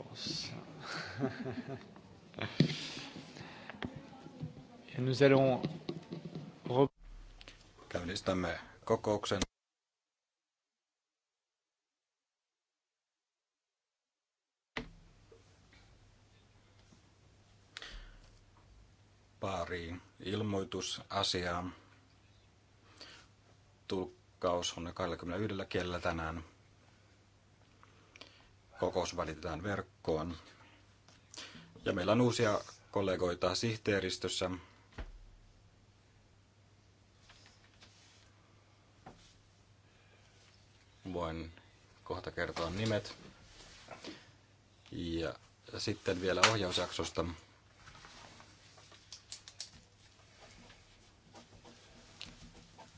réponse. Ja nous allons... Käynnistämme kokouksen. Pari ilmoitusasiaa. Tulkkaus on 21 kielellä tänään kokous välitetään verkkoon. Ja meillä on uusia kollegoita sihteeristössä. Voin kohta kertoa nimet. Ja sitten vielä ohjausjaksosta.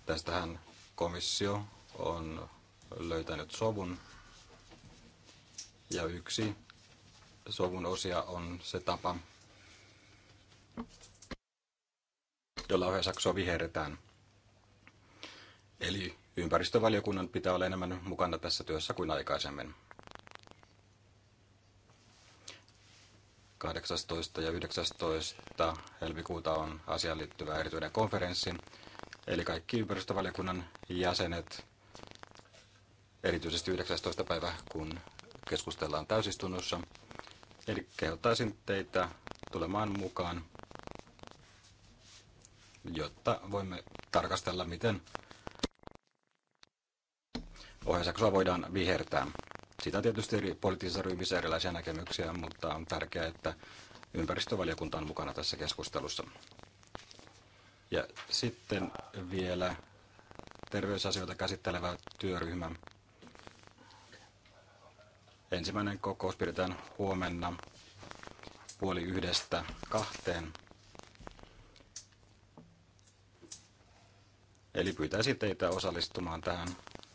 Tästähän komissio on löytänyt sovun ja yksi sovun osia on se tapa, jolla ohjasaksoa viheretään. Eli ympäristövaliokunnan pitää olla enemmän mukana tässä työssä kuin aikaisemmin. 18. ja 19. helmikuuta on asiaan liittyvä erityinen konferenssi. Eli kaikki ympäristövaliokunnan jäsenet, erityisesti 19. päivä, kun keskustellaan täysistunnossa. Eli kehottaisin teitä tulemaan mukaan, jotta voimme tarkastella, miten ohjausjaksoa voidaan vihertää. Siitä on tietysti eri poliittisissa ryhmissä erilaisia näkemyksiä, mutta on tärkeää, että ympäristövaliokunta on mukana tässä keskustelussa. Ja sitten vielä terveysasioita käsittelevä työryhmä Ensimmäinen kokous pidetään huomenna puoli yhdestä kahteen. Eli pyytäisin teitä osallistumaan tähän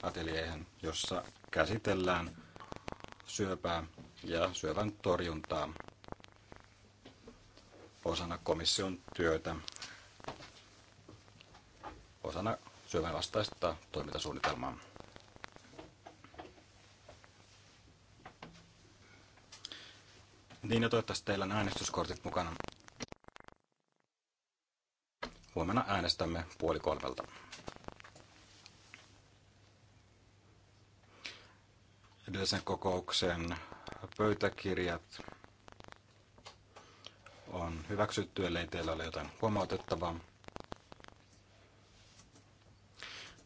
atelieihin, jossa käsitellään syöpää ja syövän torjuntaa osana komission työtä, osana syövän vastaista toimintasuunnitelmaa. Niin, ja toivottavasti teillä on äänestyskortit mukana. Huomenna äänestämme puoli kolmelta. Edellisen kokouksen pöytäkirjat on hyväksytty, ellei teillä ole jotain huomautettavaa.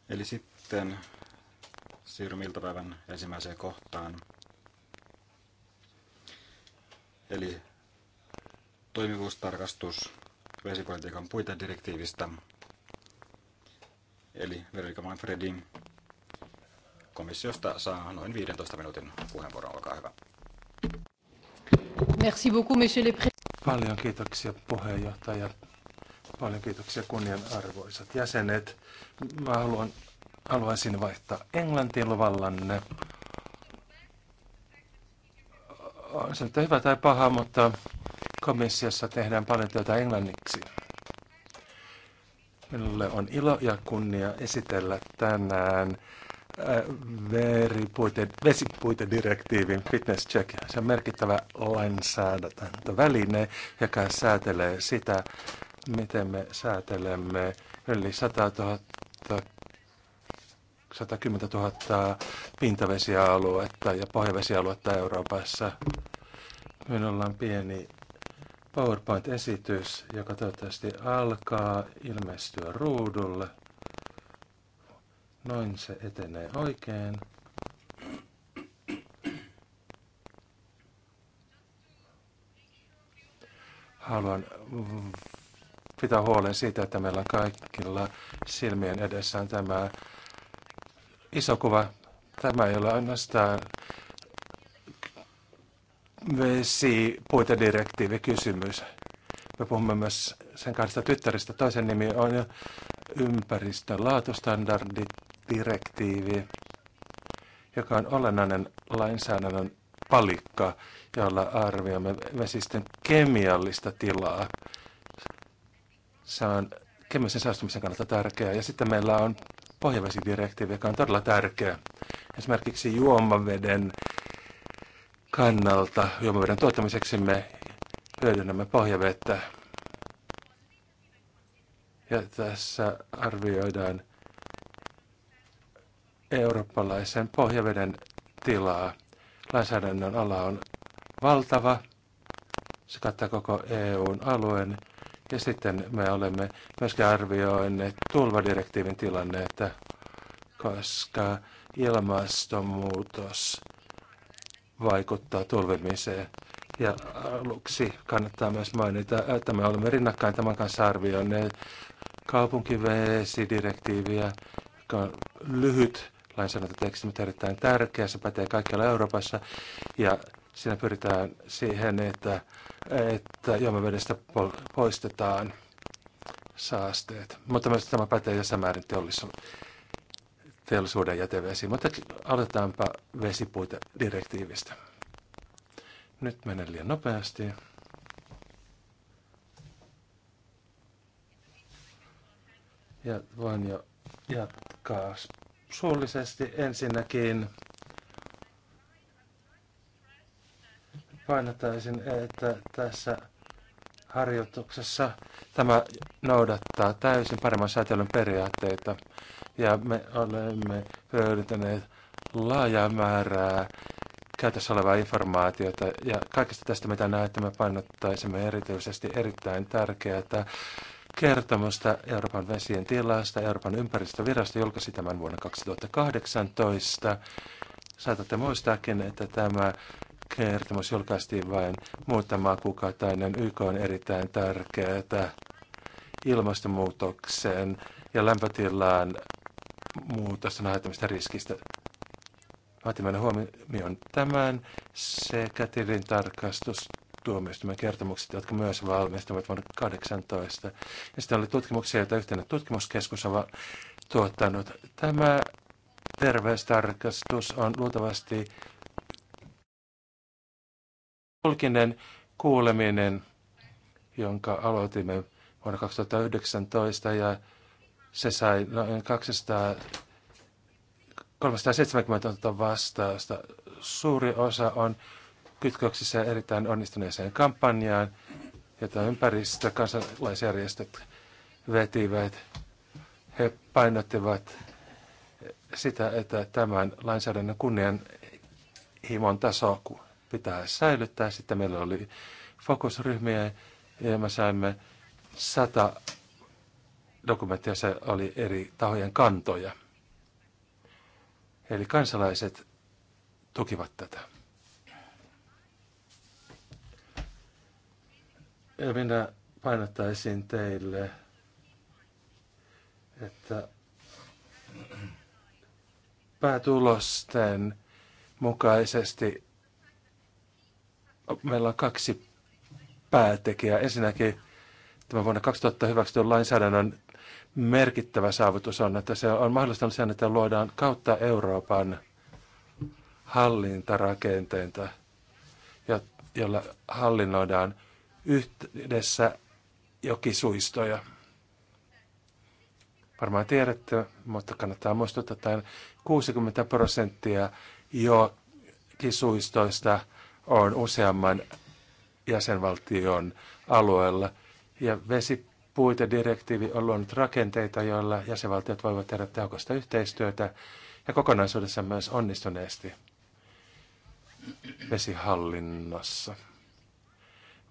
Eli sitten siirrymme iltapäivän ensimmäiseen kohtaan. Eli toimivuustarkastus vesipolitiikan puitedirektiivistä. Eli Veronika Manfredi komissiosta saa noin 15 minuutin puheenvuoron. Olkaa hyvä. Merci beaucoup, monsieur le président. Paljon kiitoksia puheenjohtaja. Paljon kiitoksia kunnianarvoisat jäsenet. Mä haluan, haluaisin vaihtaa englantin luvallanne. on se hyvä tai paha, mutta komissiossa tehdään paljon työtä englanniksi. Minulle on ilo ja kunnia esitellä tänään äh, vesipuitedirektiivin fitness check. Se on merkittävä lainsäädäntöväline, joka säätelee sitä, miten me säätelemme yli 100 000 110 000 pintavesialuetta ja pohjavesialuetta Euroopassa. Minulla on pieni PowerPoint-esitys, joka toivottavasti alkaa ilmestyä ruudulle. Noin se etenee oikein. Haluan pitää huolen siitä, että meillä kaikilla silmien edessä on tämä iso kuva. Tämä ei ole ainoastaan kysymys. Me puhumme myös sen kahdesta tyttäristä. Toisen nimi on ympäristön laatustandardidirektiivi, joka on olennainen lainsäädännön palikka, jolla arvioimme vesistön kemiallista tilaa. Se on kemisen saastumisen kannalta tärkeää. Ja sitten meillä on pohjavesidirektiivi, joka on todella tärkeä. Esimerkiksi juomaveden kannalta, juomaveden tuottamiseksi me hyödynnämme pohjavettä. Ja tässä arvioidaan eurooppalaisen pohjaveden tilaa. Lainsäädännön ala on valtava. Se kattaa koko EUn alueen ja sitten me olemme myöskin arvioineet tulvadirektiivin tilannetta, koska ilmastonmuutos vaikuttaa tulvimiseen. Ja aluksi kannattaa myös mainita, että me olemme rinnakkain tämän kanssa arvioineet kaupunkivesidirektiiviä, joka on lyhyt lainsäädäntöteksti, mutta erittäin tärkeä. Se pätee kaikkialla Euroopassa ja siinä pyritään siihen, että että juomavedestä poistetaan saasteet. Mutta myös tämä pätee jossain määrin teollisuuden jätevesiin. Mutta aloitetaanpa vesipuitedirektiivistä. Nyt menen liian nopeasti. Ja voin jo jatkaa suullisesti ensinnäkin. painottaisin, että tässä harjoituksessa tämä noudattaa täysin paremman säätelyn periaatteita ja me olemme hyödyntäneet laajaa määrää käytössä olevaa informaatiota ja kaikesta tästä mitä näette me painottaisimme erityisesti erittäin tärkeää kertomusta Euroopan vesien tilasta. Euroopan ympäristövirasto julkaisi tämän vuonna 2018. Saatatte muistaakin, että tämä kertomus julkaistiin vain muutama kuukautta ennen YK on erittäin tärkeää ilmastonmuutoksen ja lämpötilan muutosten aiheuttamista riskistä. Vaatimme huomioon tämän sekä tilin tarkastus tuomioistuimen kertomukset, jotka myös valmistuvat vuonna 2018. Ja sitten oli tutkimuksia, joita yhteinen tutkimuskeskus on tuottanut. Tämä terveystarkastus on luultavasti julkinen kuuleminen, jonka aloitimme vuonna 2019 ja se sai noin 200, 370 vastausta. Suuri osa on kytköksissä erittäin onnistuneeseen kampanjaan, jota ympäristö kansalaisjärjestöt vetivät. He painottivat sitä, että tämän lainsäädännön kunnianhimon taso pitää säilyttää. Sitten meillä oli fokusryhmiä ja me saimme sata dokumenttia, se oli eri tahojen kantoja. Eli kansalaiset tukivat tätä. Ja minä painottaisin teille, että päätulosten mukaisesti meillä on kaksi päätekijää. Ensinnäkin tämä vuonna 2000 hyväksytyn lainsäädännön merkittävä saavutus on, että se on mahdollistanut sen, että luodaan kautta Euroopan hallintarakenteita, joilla hallinnoidaan yhdessä jokisuistoja. Varmaan tiedätte, mutta kannattaa muistuttaa, että 60 prosenttia jokisuistoista – on useamman jäsenvaltion alueella. Ja vesipuitedirektiivi on luonut rakenteita, joilla jäsenvaltiot voivat tehdä tehokasta yhteistyötä ja kokonaisuudessa myös onnistuneesti vesihallinnossa.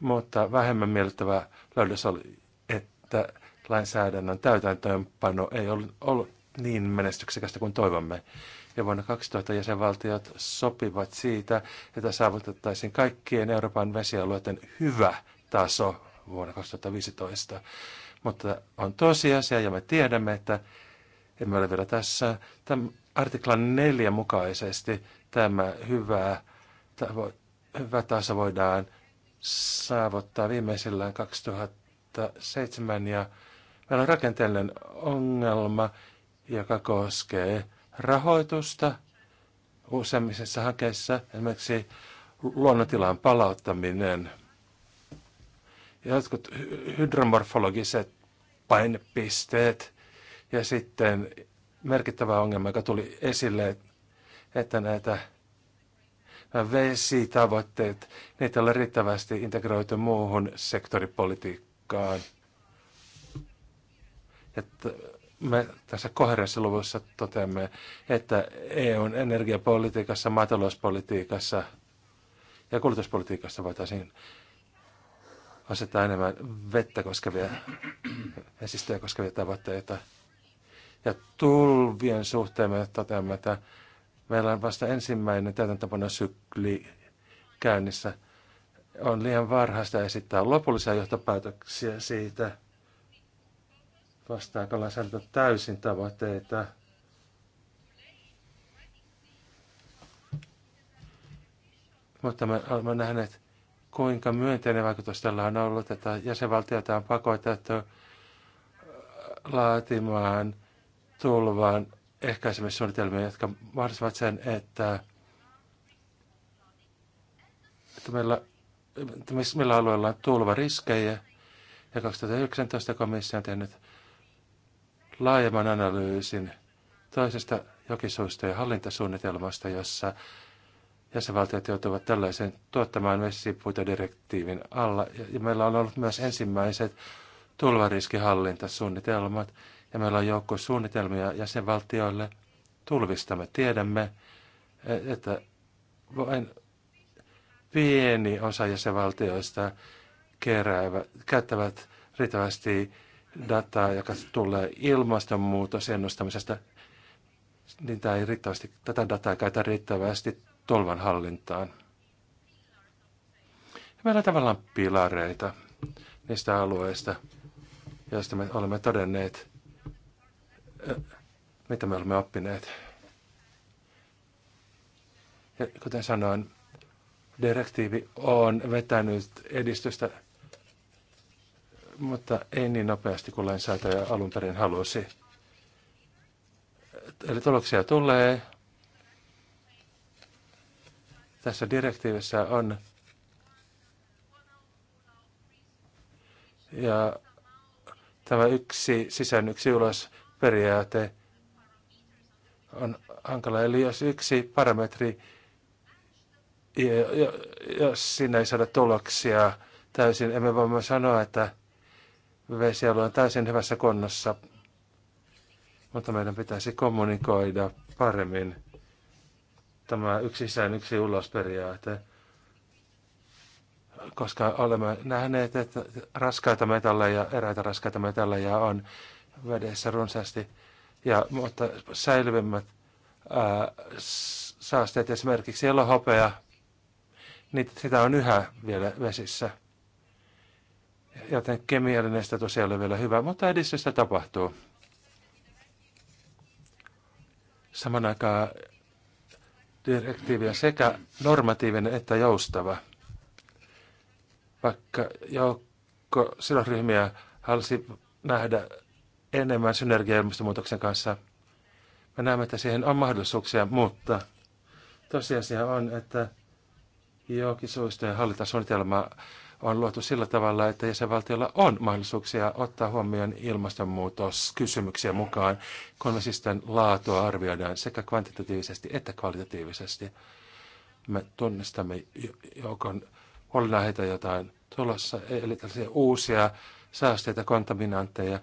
Mutta vähemmän miellyttävä löydös oli, että lainsäädännön täytäntöönpano ei ollut, ollut niin menestyksekästä kuin toivomme ja vuonna 2000 jäsenvaltiot sopivat siitä, että saavutettaisiin kaikkien Euroopan vesialueiden hyvä taso vuonna 2015. Mutta on tosiasia ja me tiedämme, että emme ole vielä tässä. Tämän artiklan 4 mukaisesti tämä hyvä, tavo, hyvä taso voidaan saavuttaa viimeisillään 2007 ja meillä on rakenteellinen ongelma, joka koskee rahoitusta useimmissa hakeissa, esimerkiksi luonnontilan palauttaminen, jotkut hydromorfologiset painepisteet ja sitten merkittävä ongelma, joka tuli esille, että näitä vesitavoitteet, niitä ei ole riittävästi integroitu muuhun sektoripolitiikkaan. Että me tässä koherenssiluvussa toteamme, että EUn energiapolitiikassa, maatalouspolitiikassa ja kulutuspolitiikassa voitaisiin asettaa enemmän vettä koskevia, vesistöjä koskevia tavoitteita. Ja tulvien suhteen me toteamme, että meillä on vasta ensimmäinen sykli käynnissä. On liian varhaista esittää lopullisia johtopäätöksiä siitä – Vastaako lainsäädäntö täysin tavoitteita? Mutta me olemme nähneet, kuinka myönteinen vaikutus tällä on ollut, että jäsenvaltioita on pakotettu äh, laatimaan tulvaan ehkäisemissuunnitelmia, jotka mahdollistavat sen, että, että, meillä, että millä alueella on tulvariskejä. Ja 2019 komissio on tehnyt laajemman analyysin toisesta jokisuista ja hallintasuunnitelmasta, jossa jäsenvaltiot joutuvat tällaisen tuottamaan vesipuitodirektiivin alla. Ja meillä on ollut myös ensimmäiset tulvariskihallintasuunnitelmat, ja meillä on joukko suunnitelmia jäsenvaltioille tulvista. Me tiedämme, e- että vain pieni osa jäsenvaltioista keräävät, käyttävät riittävästi dataa, joka tulee ilmastonmuutosennustamisesta, niin tämä ei riittävästi, tätä dataa käytä riittävästi tolvan hallintaan. meillä on tavallaan pilareita niistä alueista, joista me olemme todenneet, mitä me olemme oppineet. Ja kuten sanoin, direktiivi on vetänyt edistystä mutta ei niin nopeasti kuin lainsäätäjä alun perin halusi. Eli tuloksia tulee. Tässä direktiivissä on ja tämä yksi sisään yksi ulos periaate on hankala. Eli jos yksi parametri, jos sinne ei saada tuloksia täysin, emme voi sanoa, että vesialue on täysin hyvässä kunnossa, mutta meidän pitäisi kommunikoida paremmin tämä yksi sisään, yksi ulos periaate, koska olemme nähneet, että raskaita metalleja, eräitä raskaita metalleja on vedessä runsaasti, ja, mutta säilyvimmät ää, saasteet, esimerkiksi elohopea, niitä, sitä on yhä vielä vesissä joten kemiallinen status ei ole vielä hyvä, mutta edessä tapahtuu. Saman aikaan direktiivi on sekä normatiivinen että joustava. Vaikka joukko sidosryhmiä halusi nähdä enemmän synergiaa ilmastonmuutoksen kanssa, me näemme, että siihen on mahdollisuuksia, mutta tosiasia on, että jokin suistojen hallintasuunnitelmaa on luotu sillä tavalla, että jäsenvaltiolla on mahdollisuuksia ottaa huomioon ilmastonmuutoskysymyksiä mukaan, kun me siis laatua arvioidaan sekä kvantitatiivisesti että kvalitatiivisesti. Me tunnistamme joukon huolenaiheita jotain tulossa, eli tällaisia uusia saasteita, kontaminantteja,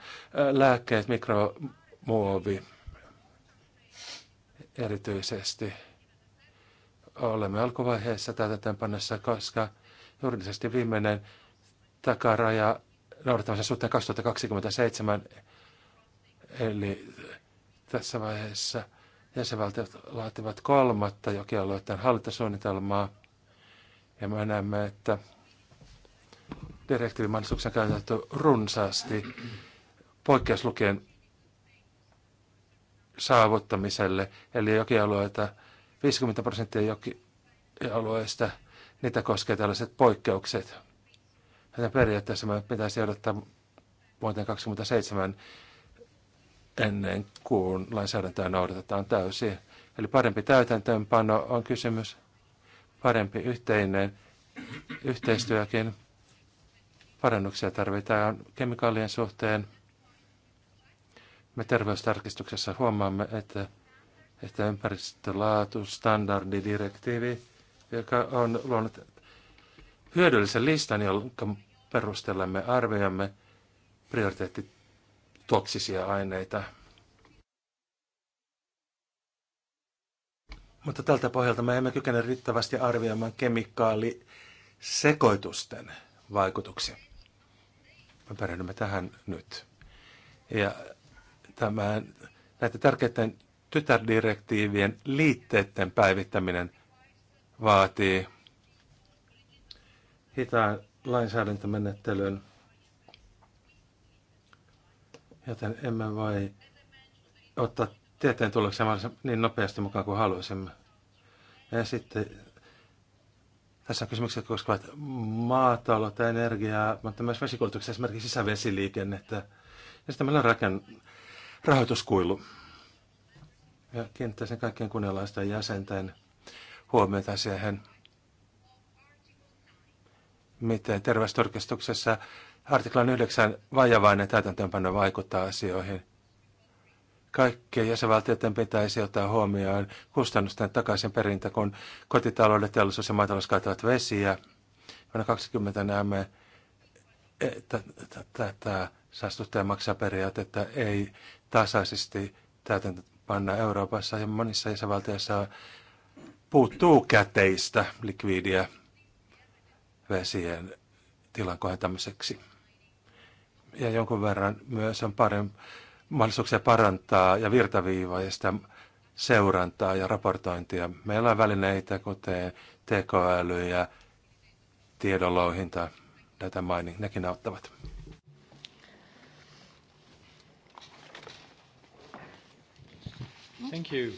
lääkkeet, mikromuovi erityisesti. Olemme alkuvaiheessa täytäntöönpannassa, koska – juridisesti viimeinen takaraja noudattamisen suhteen 2027, eli tässä vaiheessa jäsenvaltiot laativat kolmatta jokialueiden hallintasuunnitelmaa, ja me näemme, että direktiivin on käytetty runsaasti poikkeuslukien saavuttamiselle, eli jokialueita 50 prosenttia jokialueista – niitä koskee tällaiset poikkeukset. Joten periaatteessa me pitäisi odottaa vuoteen 27 ennen kuin lainsäädäntöä noudatetaan täysin. Eli parempi täytäntöönpano on kysymys, parempi yhteinen yhteistyökin. Parannuksia tarvitaan kemikaalien suhteen. Me terveystarkistuksessa huomaamme, että, että ympäristölaatu, standardidirektiivi direktiivi joka on luonut hyödyllisen listan, jonka perusteella me arvioimme prioriteettitoksisia aineita. Mutta tältä pohjalta me emme kykene riittävästi arvioimaan kemikaalisekoitusten vaikutuksia. Me perehdymme tähän nyt. Ja tämän, näiden tärkeiden tytärdirektiivien liitteiden päivittäminen vaatii hitaan lainsäädäntömenettelyn, joten emme voi ottaa tieteen tuloksia niin nopeasti mukaan kuin haluaisimme. Ja sitten tässä on kysymyksiä, jotka koskevat maataloutta, energiaa, mutta myös vesikulutuksia, esimerkiksi sisävesiliikennettä. Ja sitten meillä on raken, rahoituskuilu. Ja kiinnittäisin kaikkien kunnianlaisten jäsenten huomiota siihen, miten terveystarkistuksessa artiklan 9 vajavainen täytäntöönpano vaikuttaa asioihin. Kaikkien jäsenvaltioiden pitäisi ottaa huomioon kustannusten takaisin perintä, kun kotitaloudet, teollisuus ja maatalous kaitavat vesiä. Vuonna 20 näemme tätä saastuttaja maksaa periaatetta ei tasaisesti täytäntöönpanna Euroopassa ja monissa jäsenvaltioissa puuttuu käteistä likviidiä vesien tilan kohentamiseksi. Ja jonkun verran myös on parempi mahdollisuuksia parantaa ja virtaviivaa ja sitä seurantaa ja raportointia. Meillä on välineitä, kuten tekoäly ja tiedonlouhinta, data mining, nekin auttavat. Thank you.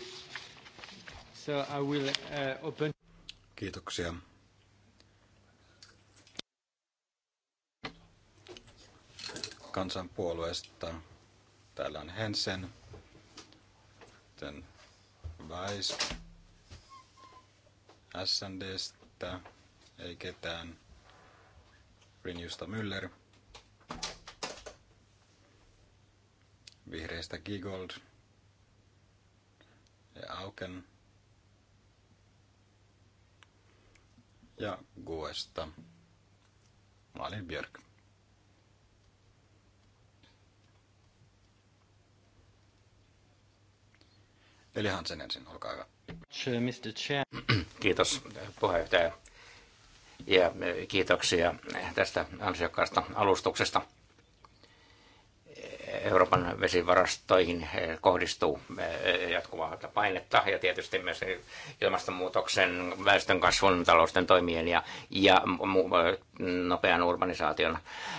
So I will, uh, open... Kiitoksia. Kansanpuolueesta täällä on Hensen, sitten Weiss, SNDstä ei ketään, Renewsta Müller, vihreistä Gigold ja Auken. ja Guesta olin Björk. Eli Hansen ensin, olkaa hyvä. Mr. Chair. Kiitos puheenjohtaja ja eh, kiitoksia tästä ansiokkaasta alustuksesta. Euroopan vesivarastoihin eh, kohdistuu eh, jatkuvaa painetta ja tietysti myös ilmastonmuutoksen, väestönkasvun, talousten toimien ja, ja eh, nopean urbanisaation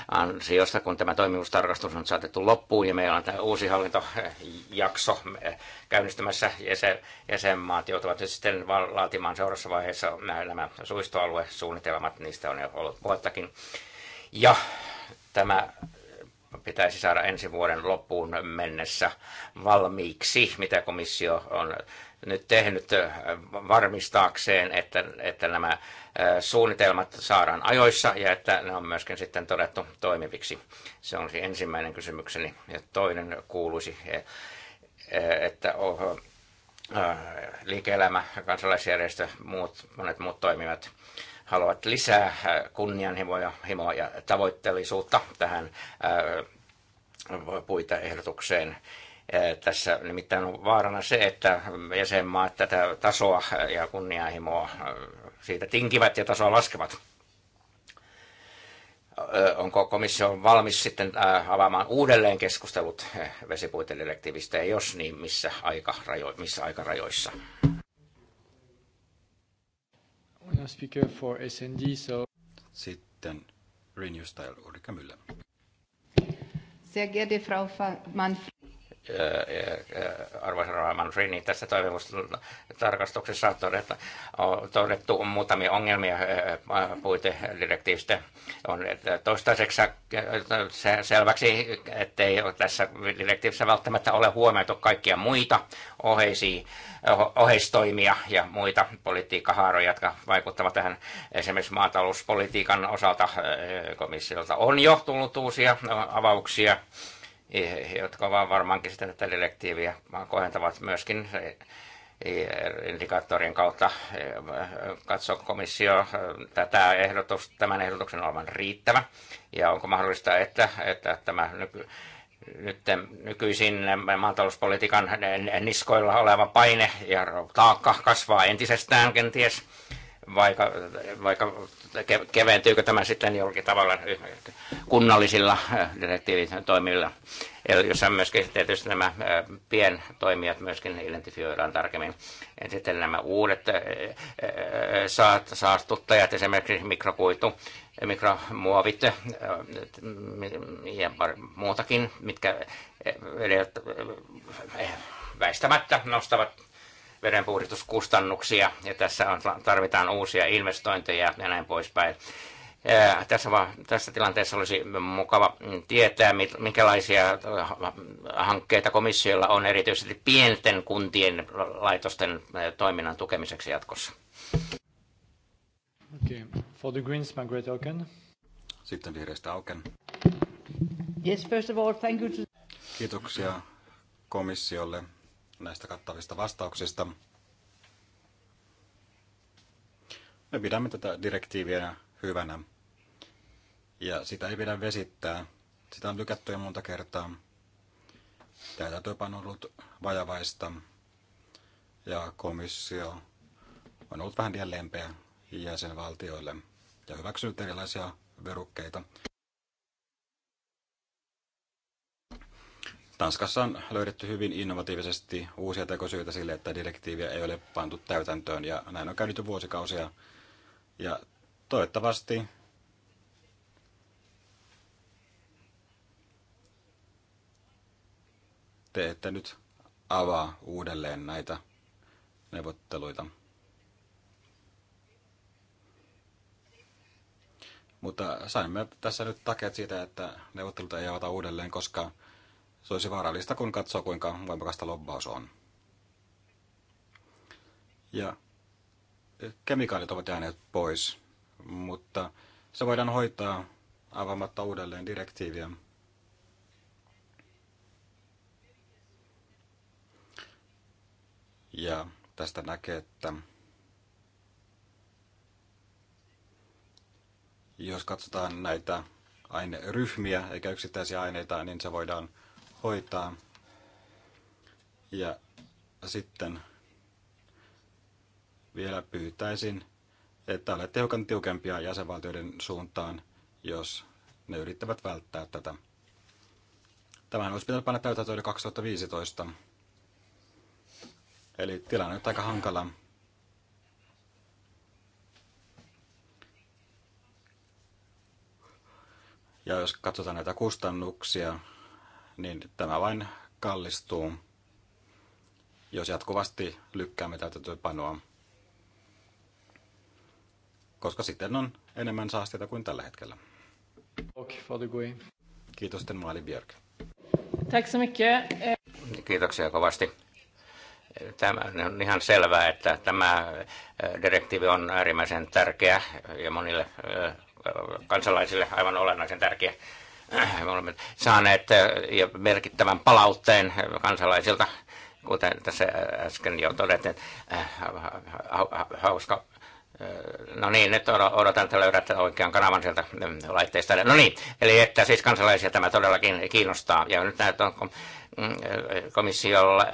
ansiosta, kun tämä toimivuustarkastus on saatettu loppuun ja meillä on tämä uusi hallintojakso käynnistymässä jäsen, jäsenmaat joutuvat nyt sitten laatimaan seuraavassa vaiheessa nämä suistoaluesuunnitelmat, niistä on jo ollut puhettakin. Ja tämä pitäisi saada ensi vuoden loppuun mennessä valmiiksi, mitä komissio on nyt tehnyt äh, varmistaakseen, että, että nämä äh, suunnitelmat saadaan ajoissa ja että ne on myöskin sitten todettu toimiviksi. Se on ensimmäinen kysymykseni. Ja toinen kuuluisi, äh, että liike-elämä, kansalaisjärjestö, muut, monet muut toimivat haluavat lisää äh, kunnianhimoa himoa ja tavoitteellisuutta tähän äh, puiteehdotukseen. Äh, tässä nimittäin on vaarana se, että jäsenmaat tätä tasoa ja kunnianhimoa siitä tinkivät ja tasoa laskevat. Onko komissio valmis sitten avaamaan uudelleen keskustelut vesipuitedirektiivistä ja jos niin, missä, aikarajo, missä aikarajoissa? speaker for SND, so... Sitten Renew Style Ulrika Müller. Sehr geehrte Frau Manfred. Äh, äh, äh, arvoisa Rova Manfrini, tässä toimivuustarkastuksessa on todettu, on todettu muutamia ongelmia puitedirektiivistä. On toistaiseksi selväksi, ettei tässä direktiivissä välttämättä ole huomioitu kaikkia muita oheisia, oheistoimia ja muita politiikkahaaroja, jotka vaikuttavat tähän esimerkiksi maatalouspolitiikan osalta komissiolta. On jo tullut uusia avauksia jotka ovat varmaankin sitä tätä direktiiviä kohentavat myöskin indikaattorien kautta. Katso komissio tätä ehdotus, tämän ehdotuksen olevan riittävä ja onko mahdollista, että, että tämä nyky, nyt nykyisin maatalouspolitiikan niskoilla oleva paine ja taakka kasvaa entisestään kenties vaikka, vaikka keventyykö tämä sitten jollakin tavalla kunnallisilla äh, direktiivin toimilla. Jossa myöskin tietysti nämä äh, pientoimijat myöskin identifioidaan tarkemmin. Ja sitten nämä uudet äh, saastuttajat, esimerkiksi mikrokuitu, mikromuovit ja muutakin, mitkä väistämättä nostavat verenpuhdistuskustannuksia ja tässä on, tarvitaan uusia investointeja ja näin poispäin. Tässä, va, tässä tilanteessa olisi mukava tietää, minkälaisia äh, hankkeita komissiolla on erityisesti pienten kuntien laitosten toiminnan tukemiseksi jatkossa. Okay. For the Greens, Margaret Auken. Sitten vihreistä Auken. Yes, first of all, thank you to... Kiitoksia komissiolle näistä kattavista vastauksista. Me pidämme tätä direktiiviä hyvänä ja sitä ei pidä vesittää. Sitä on lykätty jo monta kertaa. Täytäntöpä on ollut vajavaista ja komissio on ollut vähän liian lempeä jäsenvaltioille ja hyväksynyt erilaisia verukkeita. Tanskassa on löydetty hyvin innovatiivisesti uusia tekosyitä sille, että direktiiviä ei ole pantu täytäntöön ja näin on käynyt jo vuosikausia. Ja toivottavasti te ette nyt avaa uudelleen näitä neuvotteluita. Mutta saimme tässä nyt takia siitä, että neuvottelut ei avata uudelleen, koska se olisi vaarallista, kun katsoo, kuinka voimakasta lobbaus on. Ja kemikaalit ovat jääneet pois, mutta se voidaan hoitaa avaamatta uudelleen direktiiviä. Ja tästä näkee, että jos katsotaan näitä aineryhmiä eikä yksittäisiä aineita, niin se voidaan hoitaa. Ja sitten vielä pyytäisin, että olette hiukan tiukempia jäsenvaltioiden suuntaan, jos ne yrittävät välttää tätä. Tämähän olisi pitänyt panna täytäntöön 2015. Eli tilanne on aika hankala. Ja jos katsotaan näitä kustannuksia, niin tämä vain kallistuu, jos jatkuvasti lykkäämme täytäntöönpanoa, koska sitten on enemmän saasteita kuin tällä hetkellä. Kiitos, sitten Maali Björk. Kiitoksia kovasti. Tämä on ihan selvää, että tämä eh, direktiivi on äärimmäisen tärkeä ja monille eh, kansalaisille aivan olennaisen tärkeä Äh, me olemme saaneet äh, merkittävän palautteen kansalaisilta, kuten tässä äh, äsken jo todettiin. Hauska No niin, nyt odotan, että löydät oikean kanavan sieltä mm, laitteista. No niin, eli että siis kansalaisia tämä todellakin kiinnostaa. Ja nyt näet, onko Mm, eh, komissiolla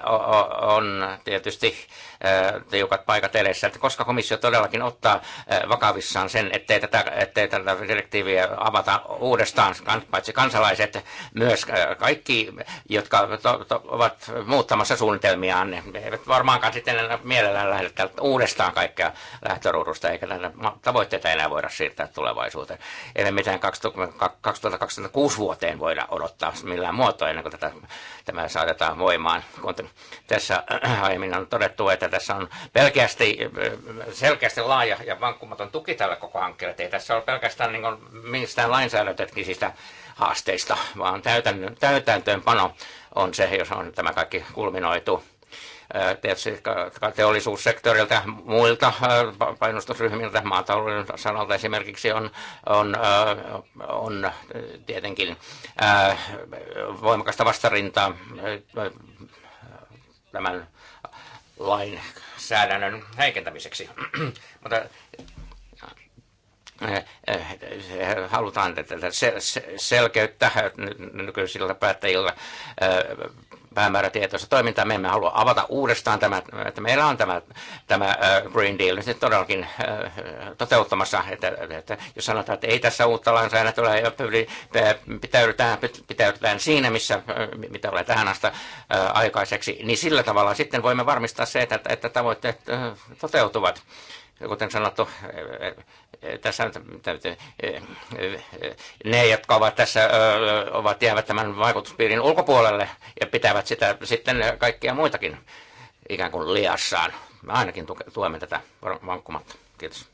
on tietysti eh, tiukat paikat edessä, että koska komissio todellakin ottaa eh, vakavissaan sen, ettei tätä, ettei tätä direktiiviä avata uudestaan, paitsi kansalaiset, myös kaikki, jotka to, to, ovat muuttamassa suunnitelmiaan, ne niin eivät varmaankaan sitten mielellään lähde uudestaan kaikkea lähtöruudusta, eikä näitä tavoitteita enää voida siirtää tulevaisuuteen. Ei mitään 2026 vuoteen voida odottaa millään muotoa ennen kuin tätä tämä saatetaan voimaan. Tässä äh, aiemmin on todettu, että tässä on pelkästi, äh, selkeästi laaja ja vankkumaton tuki tällä koko hankkeella. Ei tässä ole pelkästään niin kuin, mistään lainsäädäntökisistä haasteista, vaan täytäntöönpano on se, jos on tämä kaikki kulminoitu tietysti teollisuussektorilta, muilta painostusryhmiltä, maatalouden sanalta esimerkiksi on, on, on tietenkin voimakasta vastarintaa tämän lain säädännön heikentämiseksi. Mutta halutaan tätä selkeyttä nykyisillä päättäjillä päämäärätietoista toimintaa. Me emme halua avata uudestaan tämä, että meillä on tämä, tämä äh, Green Deal nyt todellakin äh, toteuttamassa. Että, että jos sanotaan, että ei tässä uutta lainsäädäntöä ja pitäydytään, pitäydytään siinä, missä, äh, mitä tulee tähän asti aikaiseksi, niin sillä tavalla sitten voimme varmistaa se, että, että tavoitteet toteutuvat kuten sanottu, eh, eh, tässä eh, ne, jotka ovat tässä, ovat jäävät tämän vaikutuspiirin ulkopuolelle ja pitävät sitä sitten kaikkia muitakin ikään kuin liassaan. Me ainakin tuemme tätä vankkumatta. Kiitos.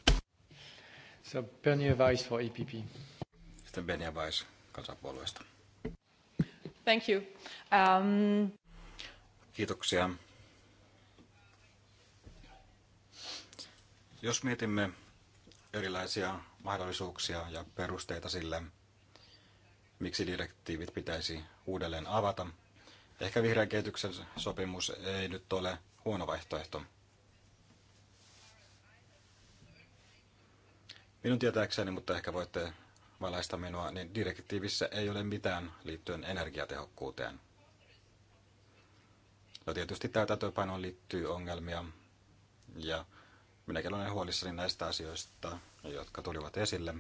So, Bernier Weiss for EPP. Sitten Bernier Weiss kansanpuolueesta. Thank you. Um... Kiitoksia. Jos mietimme erilaisia mahdollisuuksia ja perusteita sille, miksi direktiivit pitäisi uudelleen avata, ehkä vihreän kehityksen sopimus ei nyt ole huono vaihtoehto. Minun tietääkseni, mutta ehkä voitte valaista minua, niin direktiivissä ei ole mitään liittyen energiatehokkuuteen. No tietysti täytäntöönpanoon liittyy ongelmia ja Minäkin olen huolissani näistä asioista, jotka tulivat esille.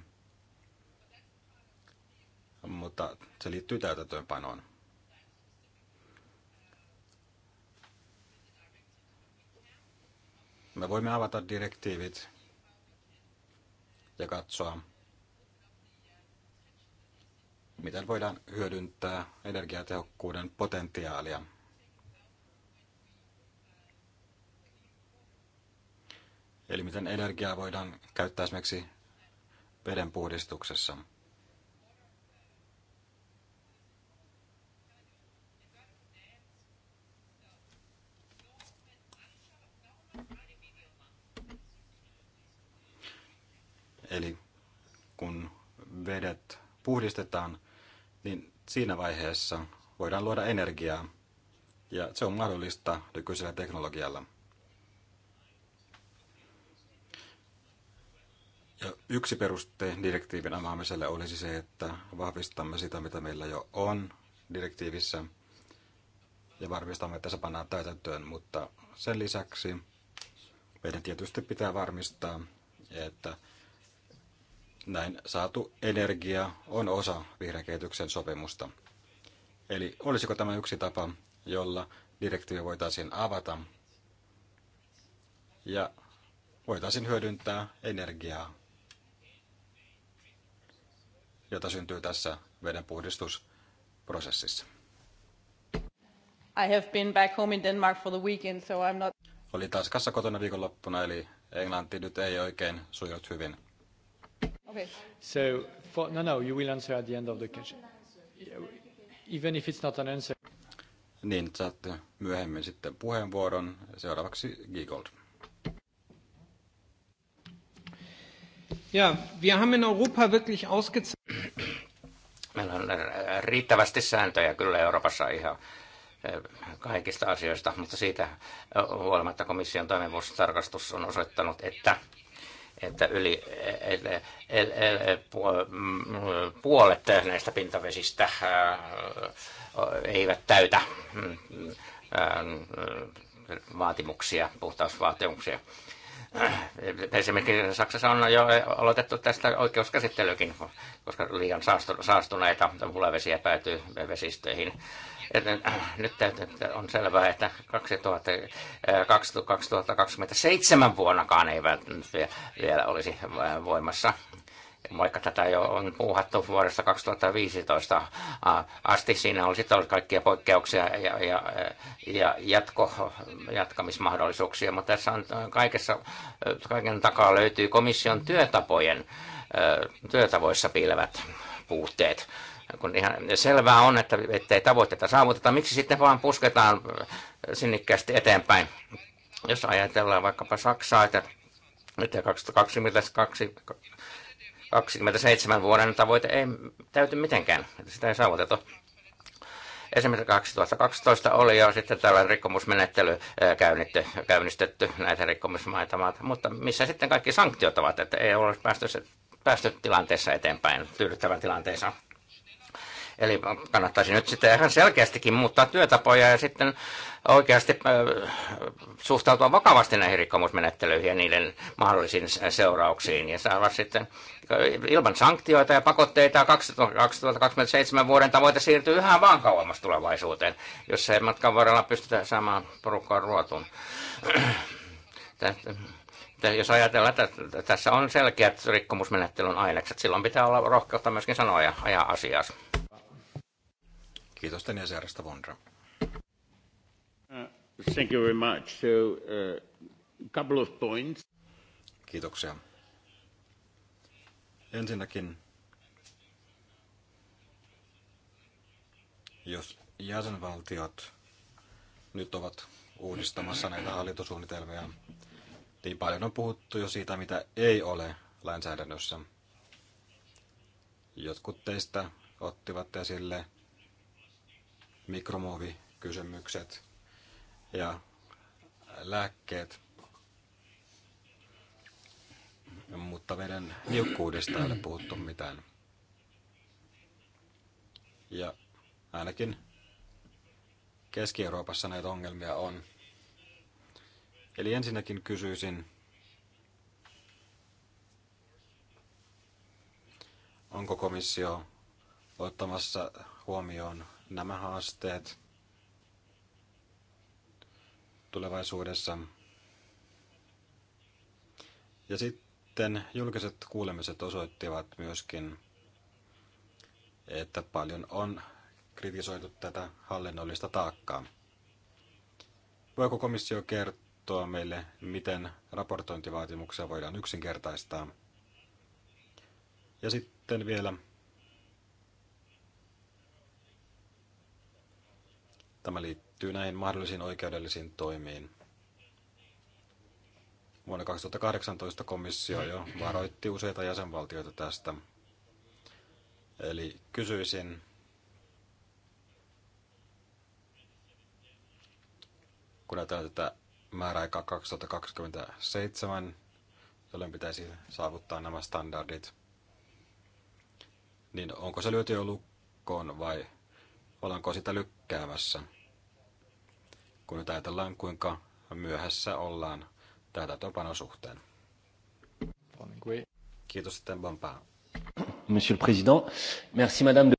Mutta se liittyy täytäntöönpanoon. Me voimme avata direktiivit ja katsoa, miten voidaan hyödyntää energiatehokkuuden potentiaalia eli miten energiaa voidaan käyttää esimerkiksi vedenpuhdistuksessa. Eli kun vedet puhdistetaan, niin siinä vaiheessa voidaan luoda energiaa, ja se on mahdollista nykyisellä teknologialla. Ja yksi peruste direktiivin avaamiselle olisi se, että vahvistamme sitä, mitä meillä jo on direktiivissä ja varmistamme, että se pannaan täytäntöön, mutta sen lisäksi meidän tietysti pitää varmistaa, että näin saatu energia on osa vihreän kehityksen sopimusta. Eli olisiko tämä yksi tapa, jolla direktiivi voitaisiin avata ja voitaisiin hyödyntää energiaa jota syntyy tässä vedenpuhdistusprosessissa. I have been back home in Denmark for the weekend, so I'm not... Oli taas kassa kotona viikonloppuna, eli englanti nyt ei oikein sujunut hyvin. Okay. So, for, no, no, you will answer at the end of the question. Even if it's not an answer. Niin, saatte myöhemmin sitten puheenvuoron. Seuraavaksi Giegold. Ja, wir haben in Europa wirklich ausgezeichnet. Meillä on äh, riittävästi sääntöjä kyllä Euroopassa ihan äh, kaikista asioista, mutta siitä huolimatta komission toimivuustarkastus on osoittanut, että että yli el, el, el, puolet näistä pintavesistä äh, eivät täytä mm, mm, vaatimuksia, puhtausvaatimuksia. Äh, esimerkiksi Saksassa on jo eh, aloitettu tästä oikeuskäsittelykin, koska liian saastuneita hulevesiä päätyy vesistöihin. Eh, nyt on selvää, että 2027 eh, vuonnakaan ei vielä olisi voimassa vaikka tätä jo on puuhattu vuodesta 2015 asti, siinä oli sitten ollut kaikkia poikkeuksia ja, ja, ja jatko, jatkamismahdollisuuksia, mutta tässä on kaikessa, kaiken takaa löytyy komission työtapojen, työtavoissa piilevät puutteet. Kun ihan selvää on, että ei tavoitteita saavuteta, miksi sitten vaan pusketaan sinnikkäästi eteenpäin. Jos ajatellaan vaikkapa Saksaa, että 2022 27 vuoden tavoite ei täyty mitenkään, että sitä ei saavuteta. Esimerkiksi 2012 oli jo sitten tällainen rikkomusmenettely käynnistetty näitä rikkomusmaita, mutta missä sitten kaikki sanktiot ovat, että ei ole päästy, päästy tilanteessa eteenpäin tyydyttävän tilanteessa. Eli kannattaisi nyt sitten ihan selkeästikin muuttaa työtapoja ja sitten oikeasti äh, suhtautua vakavasti näihin rikkomusmenettelyihin ja niiden mahdollisiin seurauksiin. Ja saada sitten äh, ilman sanktioita ja pakotteita 2027 vuoden tavoite siirtyy yhä vaan kauemmas tulevaisuuteen, jos ei matkan varrella pystytä saamaan porukkaa ruotuun. jos ajatellaan, että tässä on selkeät rikkomusmenettelyn ainekset, silloin pitää olla rohkeutta myöskin sanoa ja ajaa asiaa. Kiitos tänne seurasta Vondra. Uh, thank you very much. So, uh, couple of points. Kiitoksia. Ensinnäkin, jos jäsenvaltiot nyt ovat uudistamassa näitä hallitusuunnitelmia, niin paljon on puhuttu jo siitä, mitä ei ole lainsäädännössä. Jotkut teistä ottivat esille mikromuovikysymykset ja lääkkeet. Mutta meidän niukkuudesta ei ole puhuttu mitään. Ja ainakin Keski-Euroopassa näitä ongelmia on. Eli ensinnäkin kysyisin, onko komissio ottamassa huomioon nämä haasteet tulevaisuudessa. Ja sitten julkiset kuulemiset osoittivat myöskin, että paljon on kritisoitu tätä hallinnollista taakkaa. Voiko komissio kertoa meille, miten raportointivaatimuksia voidaan yksinkertaistaa? Ja sitten vielä Tämä liittyy näihin mahdollisiin oikeudellisiin toimiin. Vuonna 2018 komissio jo varoitti useita jäsenvaltioita tästä. Eli kysyisin, kun ajatellaan tätä määräaikaa 2027, jolloin pitäisi saavuttaa nämä standardit, niin onko se lyöty jo lukkoon vai ollaanko sitä lykkää? järkkäävässä, kun nyt ajatellaan kuinka myöhässä ollaan täytäntöönpanon suhteen. Kiitos sitten Bompaa. Monsieur le Président, merci Madame de...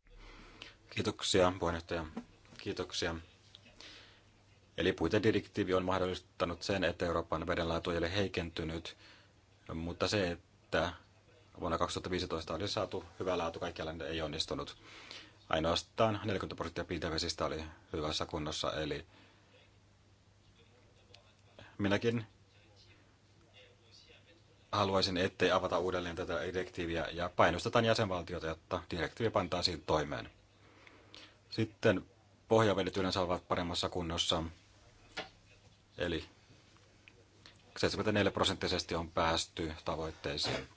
Kiitoksia puheenjohtaja. Kiitoksia. Eli puitedirektiivi on mahdollistanut sen, että Euroopan vedenlaatu ei ole heikentynyt, mutta se, että vuonna 2015 oli saatu hyvä laatu kaikkialla, ei onnistunut ainoastaan 40 prosenttia pintavesistä oli hyvässä kunnossa, eli minäkin haluaisin, ettei avata uudelleen tätä direktiiviä ja painostetaan jäsenvaltiota, jotta direktiivi siihen toimeen. Sitten pohjavedet yleensä ovat paremmassa kunnossa, eli 74 prosenttisesti on päästy tavoitteisiin.